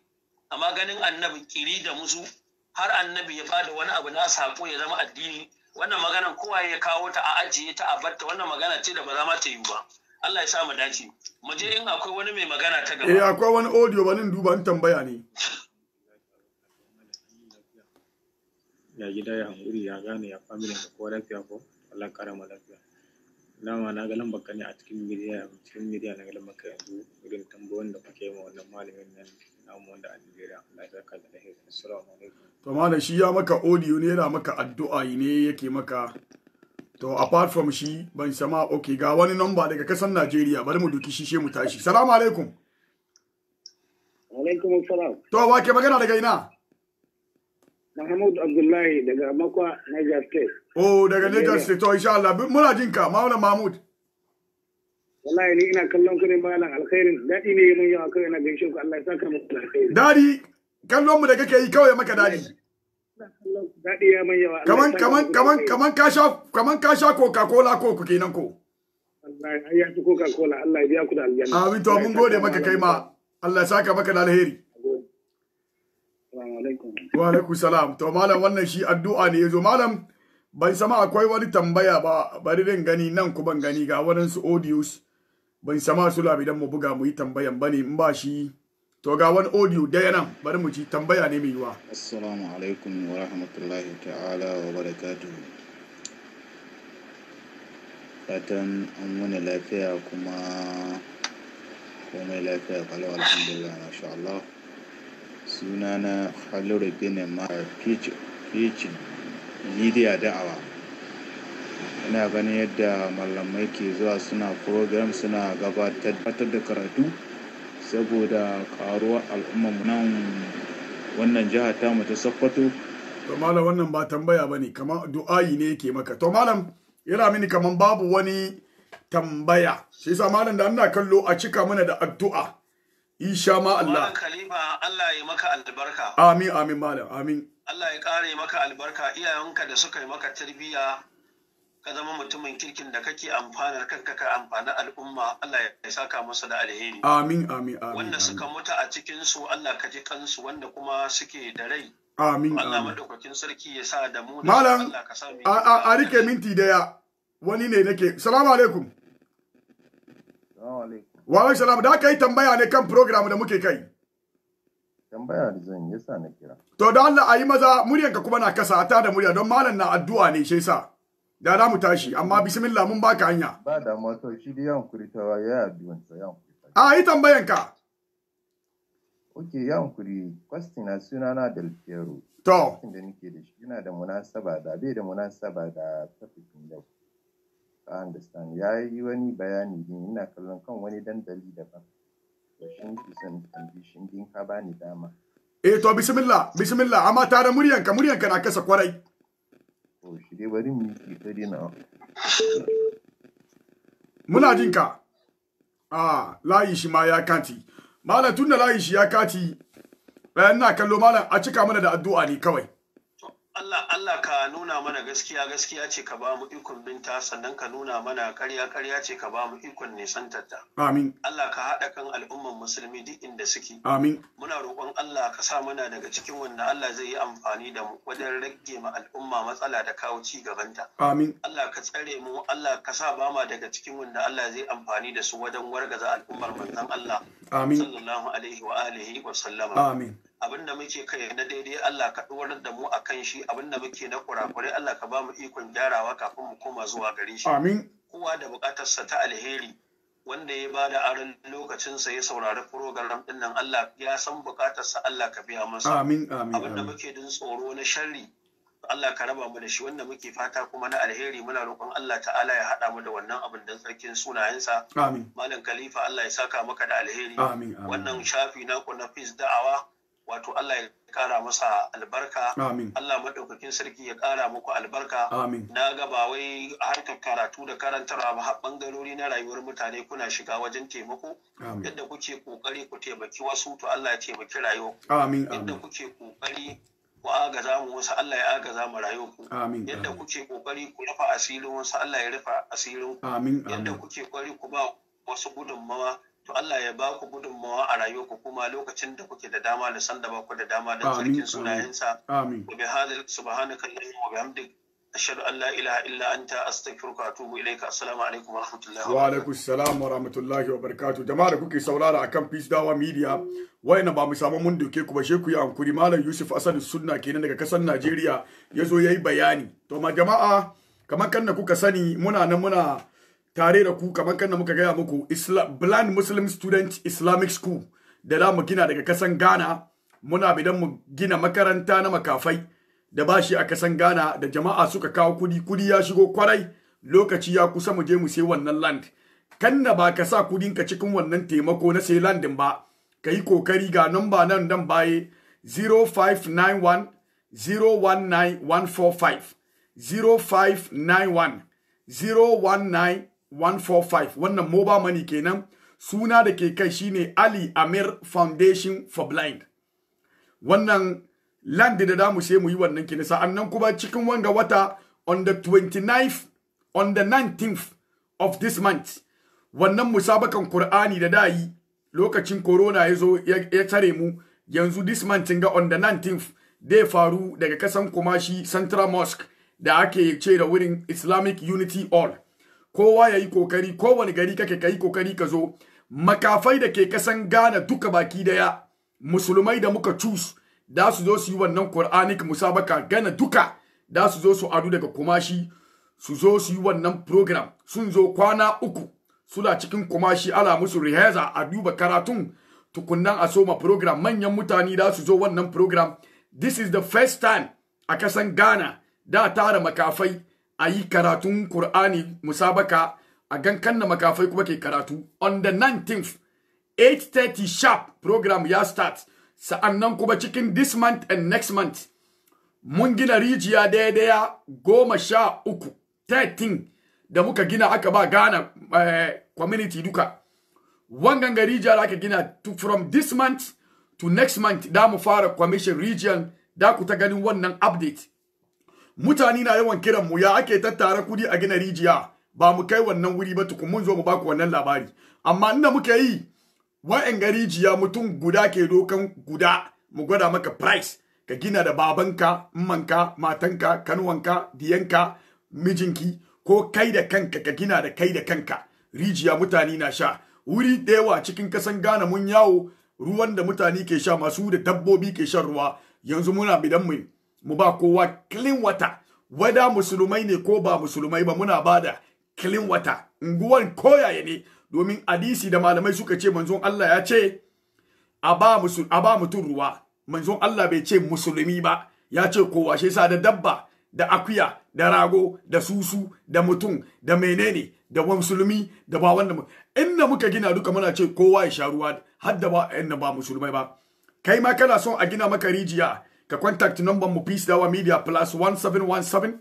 amma ganin annabi kiri da musu har annabi ya bada wani abu na sako ya zama addini wannan magana kowa ya kawo ta a ajiye ta a batta wannan magana ce da ba za ma ta yi ba Allah ya sa mu dace mu je in akwai wani mai magana ta gaba eh akwai wani audio ba nin duba in tambaya ne ya gida ya hankuri ya gane ya family da kowa lafiya ko Allah kara mu lafiya ma na ga lambar ka ne a cikin media cikin media na galan lambar yanzu irin tambayoyin da kuke ma wannan malamin nan to mana shi ya maka audio ne yana maka addu'a ne yake maka to apart from shi ban sama okay ga wani number daga kasan Najeriya bari mu duki shi she mu tashi assalamu alaikum alaikum assalam to wa ke magana daga ina Mahmud Abdullahi daga Makwa Niger State. Oh, daga Niger State. To, insha Allah, muna jinka, Maula Mahmud. wallahi ni ina kallon ka ne malam alkhairin dadi ne mun yawa kawai na gaishe ku Allah ya saka muku alkhairi dadi kallon mu da kake yi kawai maka dadi daɗi ya mun yawa kaman kaman kaman kaman ka sha kaman ka sha coca cola ko ku kenan ko wallahi ai ya ci coca cola Allah ya biya ku da aljanna amin to mun gode maka kai ma Allah ya saka maka da alheri wa alaikum salam to malam wannan shi addu'a ne yazo malam ban sama akwai wani tambaya ba bari zan gani nan ku ban gani ga waɗansu audios ban sama su labidan mu buga mu yi tambayan bane in ba shi to ga wani audio da nan bari mu ci tambaya ne mai yiwa assalamu alaikum wa rahmatullahi ta'ala wa barakatuhu fatan an wani lafiya kuma komai lafiya kala alhamdulillah masha Allah sunana Halilu Bene ma Peach Media da'awa ina ganin yadda malamai ke zuwa suna program suna gabatar da karatu saboda karuwar al'ummar nan wannan jihar tamu ta sokoto to malam wannan ba tambaya bane kamar du'ayi ne yake maka to malam yana mini kaman babu wani tambaya shi yasa malam da ana kallo a cika mana da addu'a insha ma Allah malam kalima Allah ya maka albarka amin amin malam amin Allah ya kare maka albarka iyayenka da suka yi maka tarbiyya ka zama mutumin kirkin da kake amfanar kanka ka amfani al'umma Allah ya saka musu da alheri amin amin amin wanda suka mutu a cikin su Allah ka ji kansu wanda kuma suke da rai amin Allah madaukakin sarki ya sa da mu malam a rike minti daya wani ne nake salamu alaikum wa alaikum salam da kai tambaya ne kan program da muke kai tambaya da zan yasa na kira to da Allah ayi maza muryanka kuma na kasa ta da murya don malam na addu'a ne shi yasa da za mu tashi amma bismillah mun baka hanya ba da mato shi da yawan kuritawa ya bi wancan yawan kuritawa. a yi tambayan ka ok yawan kuri question na suna na del piero to da nake da shi yana da munasaba da bai da munasaba da tafikin yau ka understand ya yi wani bayani din ina kallon kan wani dandali daban Shin shi ne san ka bani dama eh to bismillah bismillah amma tare muryanka muryanka na kasa kwarai shi dai bari mu yi kokari na muna jin ka ah layi shi ma ya kati malam tunda layi shi ya kati na kallo malam a cika mana da addu'a ne kawai Allah Allah ka nuna mana gaskiya gaskiya ce ka ba mu ikon binta sannan ka nuna mana ƙarya ƙarya ce ka ba mu ikon nisantarta. Amin. Allah ka haɗa kan al'umman musulmi duk inda suke. Amin. Muna roƙon Allah ka sa mana daga cikin wanda Allah zai yi amfani da mu wajen rage ma al'umma matsala da kawo ci gabanta. Amin. Allah ka tsare mu Allah ka sa ba ma daga cikin wanda Allah zai amfani da su wajen wargaza al'ummar manzon Allah. Amin. Sallallahu alaihi wa alihi wa sallama. Amin. abin da muke kai na daidai Allah ka ɗorar da mu a kan shi abin da muke na kurakure Allah ka ba mu ikon gyarawa kafin mu koma zuwa gare shi. Amin. Kowa da buƙatarsa ta alheri wanda ya ba da aron lokacinsa ya saurari program ɗin nan Allah ya san buƙatarsa Allah ka biya masa. Amin amin. Abin da muke din tsoro na sharri Allah ka raba mu da shi wanda muke fata kuma na alheri muna roƙon Allah ta'ala ya haɗa mu da wannan abin da tsarkin sunayensa. Amin. Malam Khalifa Allah ya saka maka da alheri. Amin amin. Wannan shafi naku na fis da'awa. wato Allah ya kara masa albarka Allah madaukakin sarki ya kara muku albarka na ga ba wai harkar karatu da karantarwa ba har bangarori na rayuwar mutane kuna shiga wajen taimako yadda kuke kokari ku taimaki wasu to Allah ya taimaki rayuwa yadda kuke kokari ku agaza mu wasu Allah ya agaza mu rayuwar ku yadda kuke kokari ku rufa asirin wasu Allah ya rufa asirin ku yadda kuke kokari ku ba wasu gudunmawa to Allah ya ba ku gudunmawa a rayuwarku kuma lokacin da kuke da dama da sanda ba ku da dama da sarkin sunayensa wa bi hadal subhanaka allahumma wa bihamdik ashhadu an la ilaha illa anta astaghfiruka wa atubu ilayka assalamu alaikum wa rahmatullahi wa alaikum salam wa rahmatullahi wa barakatuh jama'a da kuke saurara akan Peace Dawa Media wayanda ba mu samu mun doke ku ba sheku ya hankuri malam Yusuf Asad Sunna kenan daga kasar Najeriya ya yi bayani to ma jama'a kamar kan da kuka sani muna nan muna tare da ku kamar kan muka gaya muku Blind Muslim Student Islamic School da za mu gina daga kasan Ghana muna bidan mu gina makaranta na makafai da ba shi a kasan Ghana da jama'a suka kawo kudi kudi ya shigo kwarai lokaci ya kusa mu je mu sai wannan land kanna ba ka sa kudin ka cikin wannan taimako na sai landin ba ka yi kokari ga namba nan dan baye 0591 019145 0591 0191 145 wannan mobile money kenan suna da ke kai shine Ali Amir Foundation for Blind wannan land da damu sai mu yi wannan kenan sa'annan kuma cikin wanga wata on the 29th on the 19th of this month wannan musabakan kur'ani da da yi lokacin corona ya zo ya tare mu yanzu this month ga on the 19th dai faru daga kasan kumashi Central Mosque da ake ce da wurin Islamic Unity Hall kowa ya yi kokari kowane gari kake ka yi kokari ka zo makafai da ke kasan Ghana duka baki daya musulmai da muka cus da su zo su yi wannan Kur'ani musabaka gana duka da su zo su adu daga kumashi su zo su yi wannan program sun zo kwana uku suna cikin kumashi ala musu riheza a duba karatun tukunnan a soma program manyan mutane da su zo wannan program this is the first time a kasan Ghana da tara makafai a yi karatun Kur'ani musabaka a gankan na makafai kuma ke karatu on the 19th 8:30 sharp program ya start sa'annan kuma cikin this month and next month mun gina rijiya daidaya goma sha uku 13 da muka gina aka ba gana eh, community duka wangan ga rijiya da aka gina to from this month to next month da mu fara commission region da ku ta ganin wannan update mutane na yawan kiran mu ya ake tattara kudi a gina rijiya ba mu kai wannan wuri ba tukun mun zo mu baku wannan labari amma inda muke yi wa'en rijiya mutum guda ke dokan guda mu gwada maka price ka gina da babanka manka matanka kanuwanka diyanka mijinki ko kai da kanka ka gina da kai da kanka rijiya mutane na sha wuri da yawa cikin kasan gana mun yawo ruwan da mutane ke sha masu da dabbobi ke shan ruwa yanzu muna bidan mu mu ba kowa clean water wada musulmai ne ko ba musulmai ba muna bada clean water unguwan koyaye ne domin hadisi da malamai suka ce manzon Allah ya ce a ba musul a ba mutum ruwa manzon Allah bai ce musulmi ba ya ce kowa shi sa da dabba da akuya da rago da susu da mutum da menene da wa musulmi da ba wanda inna muka gina duka muna ce kowa ya sha ruwa har da ba inna ba musulmai ba kai ma kana son a gina maka rijiya Ka contact number mu Peace Dawa Media plus 1717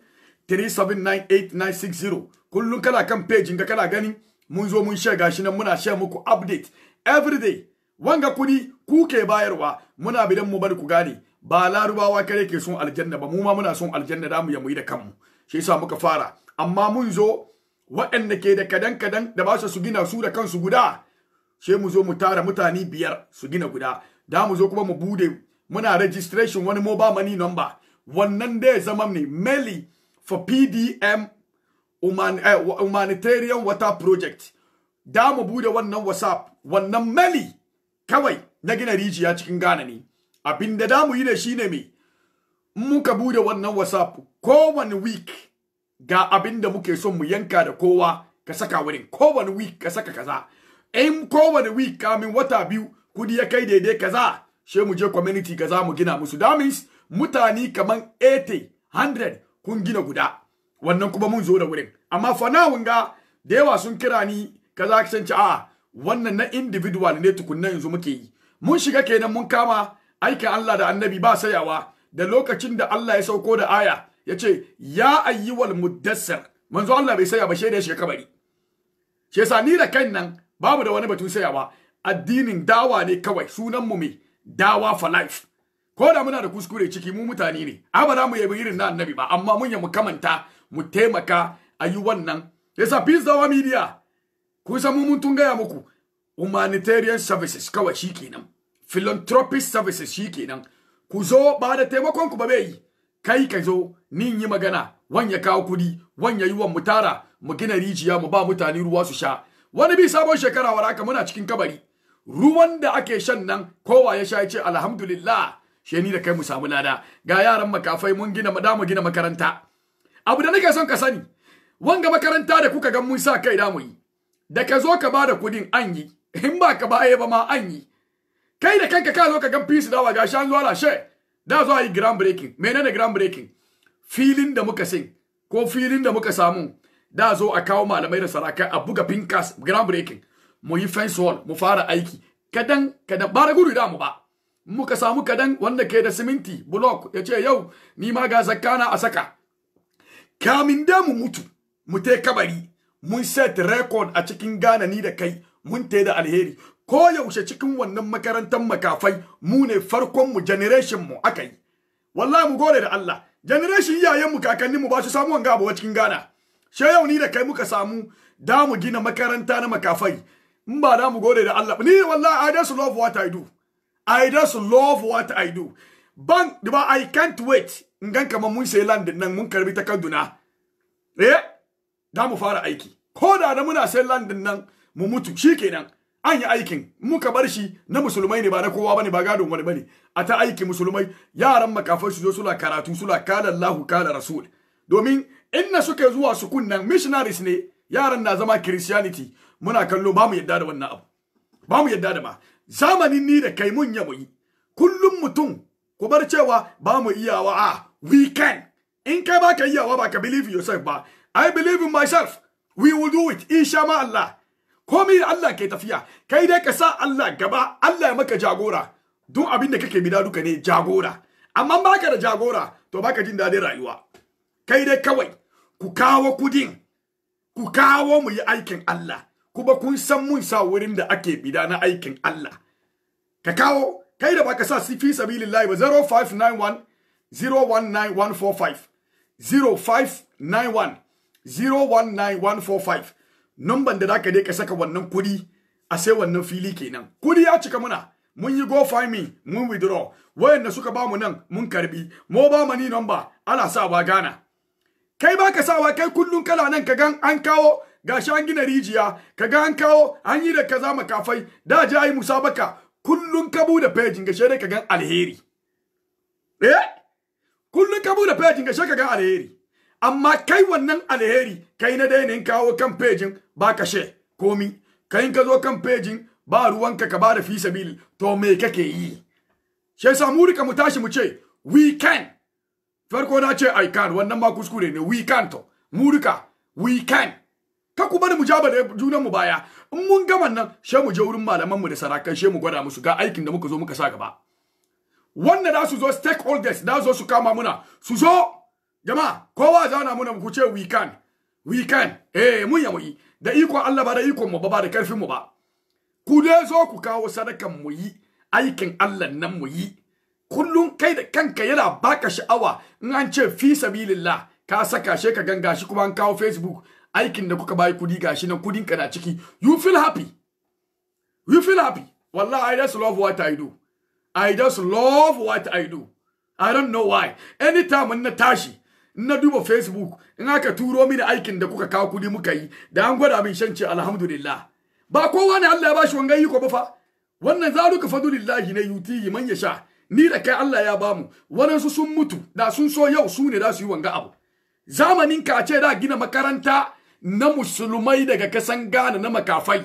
3798960. Kullum kana kan page ga kana gani mun zo mun share gashi nan muna share muku update everyday. Wanga kudi kuke bayarwa muna bidan mu bar ku gane ba larubawa kare ke son aljanna ba mu ma muna son aljanna da mu ya muyi da kanmu. Shi yasa muka fara amma mun zo waɗanda ke da kadan kadan da ba su gina su da kansu guda. She mu zo mu tara mutane biyar su gina guda. Da mu zo kuma mu bude muna registration wani mobile money number wannan dai zama ne mainly for PDM human, eh, humanitarian water project da mu bude wannan WhatsApp wannan mainly kawai na gina rijiya cikin Ghana ne abin da mu yi da shine me muka bude wannan WhatsApp kowane week ga abin da muke son mu yanka da kowa ka saka wurin kowane week ka saka kaza in kowane week kamin wata biyu kudi ya kai daidai kaza she mu je community kaza mu gina musu that means mutane kaman 80 100 kun gina guda wannan kuma mun zo da wurin amma for now ga da yawa sun kira ni kaza ka san a wannan na individual ne tukunna yanzu muke yi mun shiga kenan mun kama aikin Allah da annabi ba sayawa da lokacin da Allah ya sauko da aya ya ce ya ayyuwal muddassir manzo Allah bai saya ba shaida ya shiga kabari shi yasa ni da kan nan babu da wani batun sayawa addinin dawa ne kawai sunan mu me dawa for life ko da muna da kuskure ciki mu mutane ne a ba za mu yabi irin na annabi ba amma mun mu kamanta mu taimaka a yi wannan yasa peace dawa media kun san mu mun tun gaya muku humanitarian services kawai shi kenan philanthropic services shi kenan ku zo ba da taimakon ku ba bai yi kai ka zo nin yi magana ya kawo kudi wanya yi wa mutara mu gina rijiya mu ba mutane ruwa su sha wani bi sabon shekara waraka muna cikin kabari ruwan da ake shan nan kowa ya sha ya ce alhamdulillah she ni da kai mu samu lada ga yaran makafai mun gina da mu gina makaranta abu da nake son ka sani wanga makaranta da kuka ga mun sa kai da mu yi da ka zo ka ba da kudin an yi in ba ka baye eh, ba ma an yi kai da kanka ka zo ka ga peace dawa ga shan zuwa she da zo yi ground breaking menene ground breaking filin da muka sai ko filin da muka samu da zo a kawo malamai da sarakai a buga pinkas ground breaking mu yi fence wall mu fara aiki kadan kadan ba da gudu da mu ba muka samu kadan wanda ke da siminti block ya ce yau ni ma ga zakana a saka kamin da mu mutu mu te kabari mun set record a cikin gana ni da kai mun te da alheri ko yaushe cikin wannan makarantar makafai mu ne farkon mu generation mu aka yi wallahi mu gode da Allah generation iyayen mu kakannin mu ba su samu wanga ba cikin gana. she yau ni da kai muka samu damu gina makaranta na makafai in ba da mu gode da Allah ni wallahi I just love what I do I just love what I do ban ba I can't wait in gan kamar mun sai land nan mun karbi ta Kaduna eh da mu fara aiki ko da da muna sai land nan mu mutu shikenan an yi aikin muka bar shi na musulmai ne ba na kowa bane ba gadon wani bane a ta aiki musulmai yaran makafai su zo suna karatu suna kala Allahu kala Rasul domin inna suke zuwa su kunnan missionaries ne yaran na zama Christianity muna kallo ba mu yadda da wannan abu ba mu yadda da ma zamanin ni da kai mun ya muyi kullum mutum ku bar cewa ba mu iyawa a ah, we can in kai ba ka iyawa ba ka believe yourself ba i believe in myself we will do it insha ma Allah komai Allah ke tafiya kai dai ka sa Allah gaba Allah ya maka jagora duk abin da kake bida duka ne jagora amma ba ka da jagora to ba ka jin daɗin rayuwa kai dai kawai ku kawo kudin ku kawo mu yi aikin Allah kuma kun san mun sa wurin da ake bida na aikin Allah ka kawo kai da baka sa fi sabilillahi ba 0591 019145 0591 019145 numban da zaka dai ka saka wannan kudi a sai wannan fili kenan kudi ya cika muna mun yi go find mun withdraw wayanda suka bamu nan mun karbi mobile ni number ana sawa gana kai baka sawa kai kullum kala nan ka gan an kawo gashi an gina rijiya ka kaga an kawo an yi da kaza makafai da ji ayi musabaka kullun ka bude pejin gashe dai kagan alheri eh kullun ka bude pejin alheri amma kai wannan alheri kai na in kawo kan pejin ba kashe komi kai ka zo kan pejin ba ruwanka ka bada fi sabil to me kake yi shi yasa mu rika mu tashi mu ce we can farko na ce i can wannan ma kuskure ne we can to mu rika we can ka ku bari mu ja da junan mu baya in mun gama nan she mu je wurin malaman mu da sarakan she mu gwada musu ga aikin da muka zo muka sa gaba wannan da su zo stakeholders da zo su kama muna su zo jama'a kowa zauna muna ku ce we can we can eh mun yi da iko Allah ba da iko mu ba ba da karfin mu ba ku da zo ku kawo sadakan mu yi aikin Allah nan mu yi kullum kai da kanka yana baka sha'awa in an ce fi sabilillah ka saka she ka ganga shi kuma an kawo facebook aikin da kuka bayi kudi gashi nan kudin ka na ciki you feel happy you feel happy wallahi i just love what i do i just love what i do i don't know why anytime na tashi na duba facebook in aka turo mini aikin da kuka kawo kudi muka yi da an gwada min shan ce alhamdulillah ba kowa ne Allah ya bashi wanga yi ko ba fa wannan zaluka fadulillahi ne yuti man ya sha. ni da kai Allah ya bamu su sun mutu da sun so yau su ne za su yi wanga abu zamanin ka ce da gina makaranta na musulmai daga kasan Ghana na makafai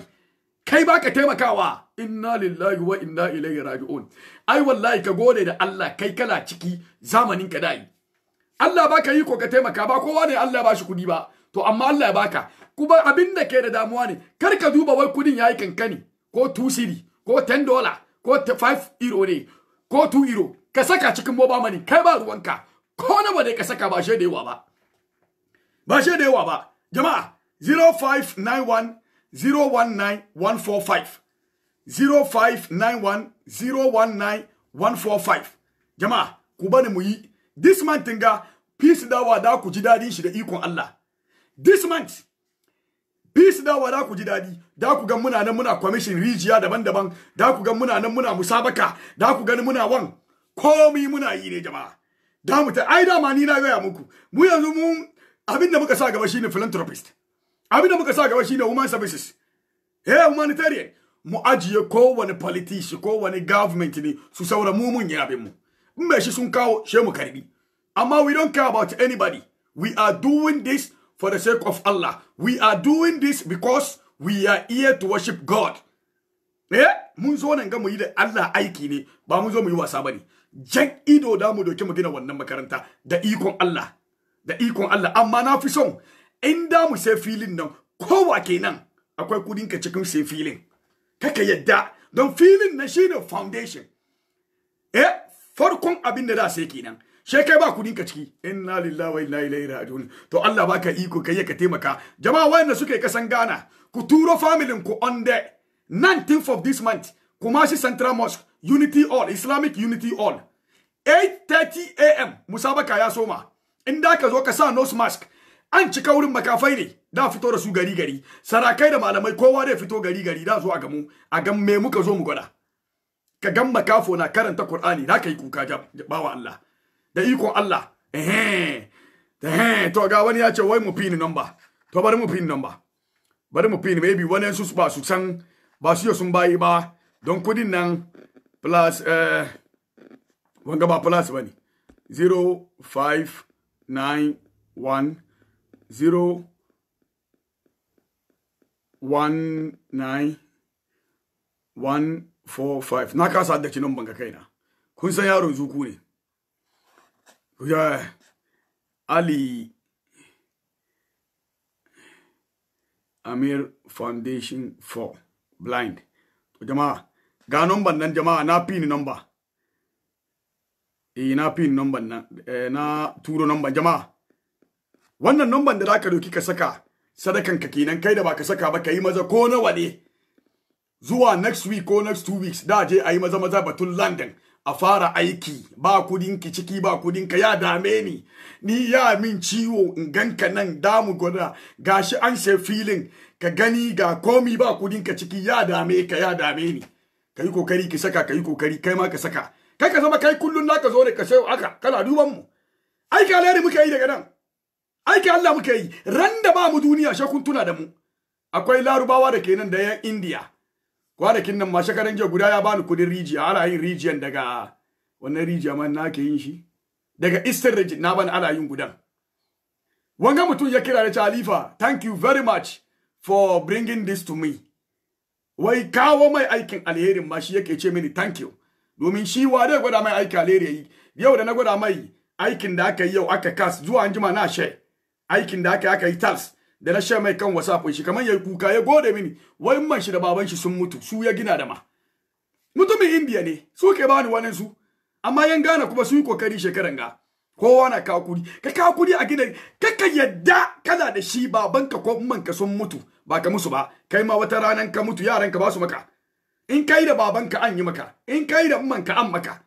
kai ba ka taimakawa inna lillahi wa inna ilaihi raji'un ai wallahi ka gode da Allah kai kala ciki zamanin ka dai Allah baka yi ko ka taimaka ba kowa ne Allah ba shi kudi ba to amma Allah baka kuma abin da ke da damuwa ne kar ka duba wai kudin yayi kankani ko 2 cedi ko 10 dollar ko 5 euro ne ko 2 euro ka saka cikin mobile money kai ba ruwanka ko nawa ne ka saka ba shi da yawa ba ba shi da yawa ba jama'a 0591 019 145 0591 019 145 jama'a ku bani mu yi this month ga peace dawa da ku ji dadin shi da ikon Allah this month peace dawa da ku ji dadi da ku ga muna nan muna commission rijiya daban-daban da ku ga muna nan muna musabaka da ku gani muna wan komai muna yi ne jama'a da mu ta ai da ma ni na ga muku mu yanzu mun abin da muka sa gaba shine philanthropist abin da muka sa gaba shine human services eh humanitarian mu ajiye kowane politician kowane government ne su saura mu mun yi mu in bai shi sun kawo she mu karbi amma we don't care about anybody we are doing this for the sake of Allah we are doing this because we are here to worship God eh mun zo nan ga mu yi da Allah aiki ne ba mun zo mu yi wasa bane jan ido da mu doke mu gina wannan makaranta da ikon Allah da ikon Allah amma na fi son in da mu sai filin nan kowa kenan akwai kudin ka cikin sai filin kaka yadda don filin na shi ne foundation eh farkon abin da za sai kenan she kai ba kudin ka ciki inna lillahi wa inna ilaihi raji'un to Allah baka iko kai ka taimaka jama'a wayanda suke kasan Ghana ku turo family ku on the 19th of this month Kumasi Central Mosque Unity All Islamic Unity All 8:30 a.m. musabaka ya soma in da ka zo ka sa nose mask an cika wurin makafai ne da fito da su gari gari sarakai da malamai kowa da fito gari gari da zo a gamu a gan me muka zo mu gwada ka gan makafo na karanta qur'ani da kai kuka bawa Allah da iko Allah eh eh to ga wani ya ce wai mu pin number to bari mu pin number bari mu pin maybe wani su ba su san ba su sun bayi ba don kudin nan plus eh wanga ba plus bane 05 nine one zero one nine one four five na kasa haddace nan banga kaina kun san yaron zuku ne ali amir foundation for blind jama'a ga number nan jama'a na pin number eh na pin number na eh, na turo number jama'a wannan number da zaka doki ka saka sadakan ka kenan kai da baka saka ba kai maza ko nawa ne zuwa next week ko next two weeks da je ayi maza maza batun London a fara aiki ba kudin ki ciki ba kudin ka ya dame ni ni ya min ciwo in ganka nan damu gwada gashi an sai filin ka gani ga komi ba kudin ka ciki ya dame ka ya dame ni kai kokari ki saka kai kokari kai ma ka saka kai ka zama kai kullun naka zo ne ka sayo haka kana duban mu aiki alheri muke yi daga nan aiki Allah muke yi ran da ba mu duniya sha kun tuna da mu akwai larubawa da kenan da yan India kwanakin nan ma shekaran jiya guda ya bani kudin rijiya ala yin rijiyan daga wannan rijiya man na ke yin shi daga Eastern region na bani ala yin gudan wanga mutum ya kira da ta thank you very much for bringing this to me wai kawo mai aikin alherin ma shi yake ce mini thank you domin shi wa dai gwada mai aiki alheri yayi yau da na gwada mai aikin da aka yi yau aka kas zuwa an jima na she aikin da aka aka yi tas da na she mai kan wasa whatsapp shi kamar yayi kuka ya gode mini wai man shi da baban shi sun mutu su ya gina da ma mutumin indiya ne su ke bani wannan su amma yan gana kuma su yi kokari shekaran ga kowa na kakuri ka kakuri a gidan kaka yadda kana da shi babanka ko ka sun mutu ba ka musu ba kai ma wata ranan ka mutu yaranka ba su maka in kai da babanka an yi maka in kai da ummanka an maka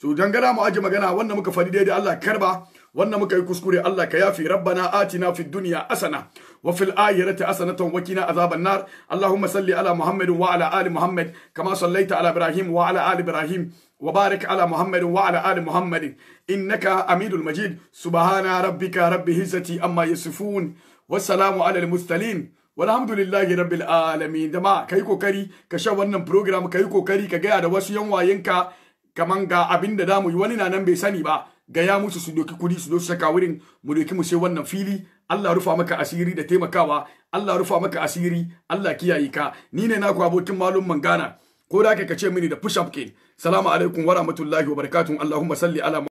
to gara mu ajiye magana wannan muka fadi daidai Allah karba wannan muka yi kuskure Allah ka yafi rabbana atina fid dunya asana wa fil akhirati asanatan wa qina azaban nar allahumma salli ala muhammad wa ala ali muhammad kama sallaita ala ibrahim wa ala ali ibrahim وبارك على محمد وعلى آل محمد إنك أمير المجيد سبحان ربك رب عزة أما يصفون والسلام على walhamdulillahi rabbil alamin ka yi kokari ka sha wannan program ka yi kokari ka gaya da wasu yan wayenka kaman ga abin da damu yi wani na nan bai sani ba gaya musu su doki kudi su doki saka wurin mu doki mu sai wannan fili Allah rufa maka asiri da taimakawa Allah rufa maka asiri Allah kiyaye ka ni ne naku abokin malum mangana ko da ka ce mini da push up ke salamu alaikum wa rahmatullahi wa barakatuh Allahumma salli ala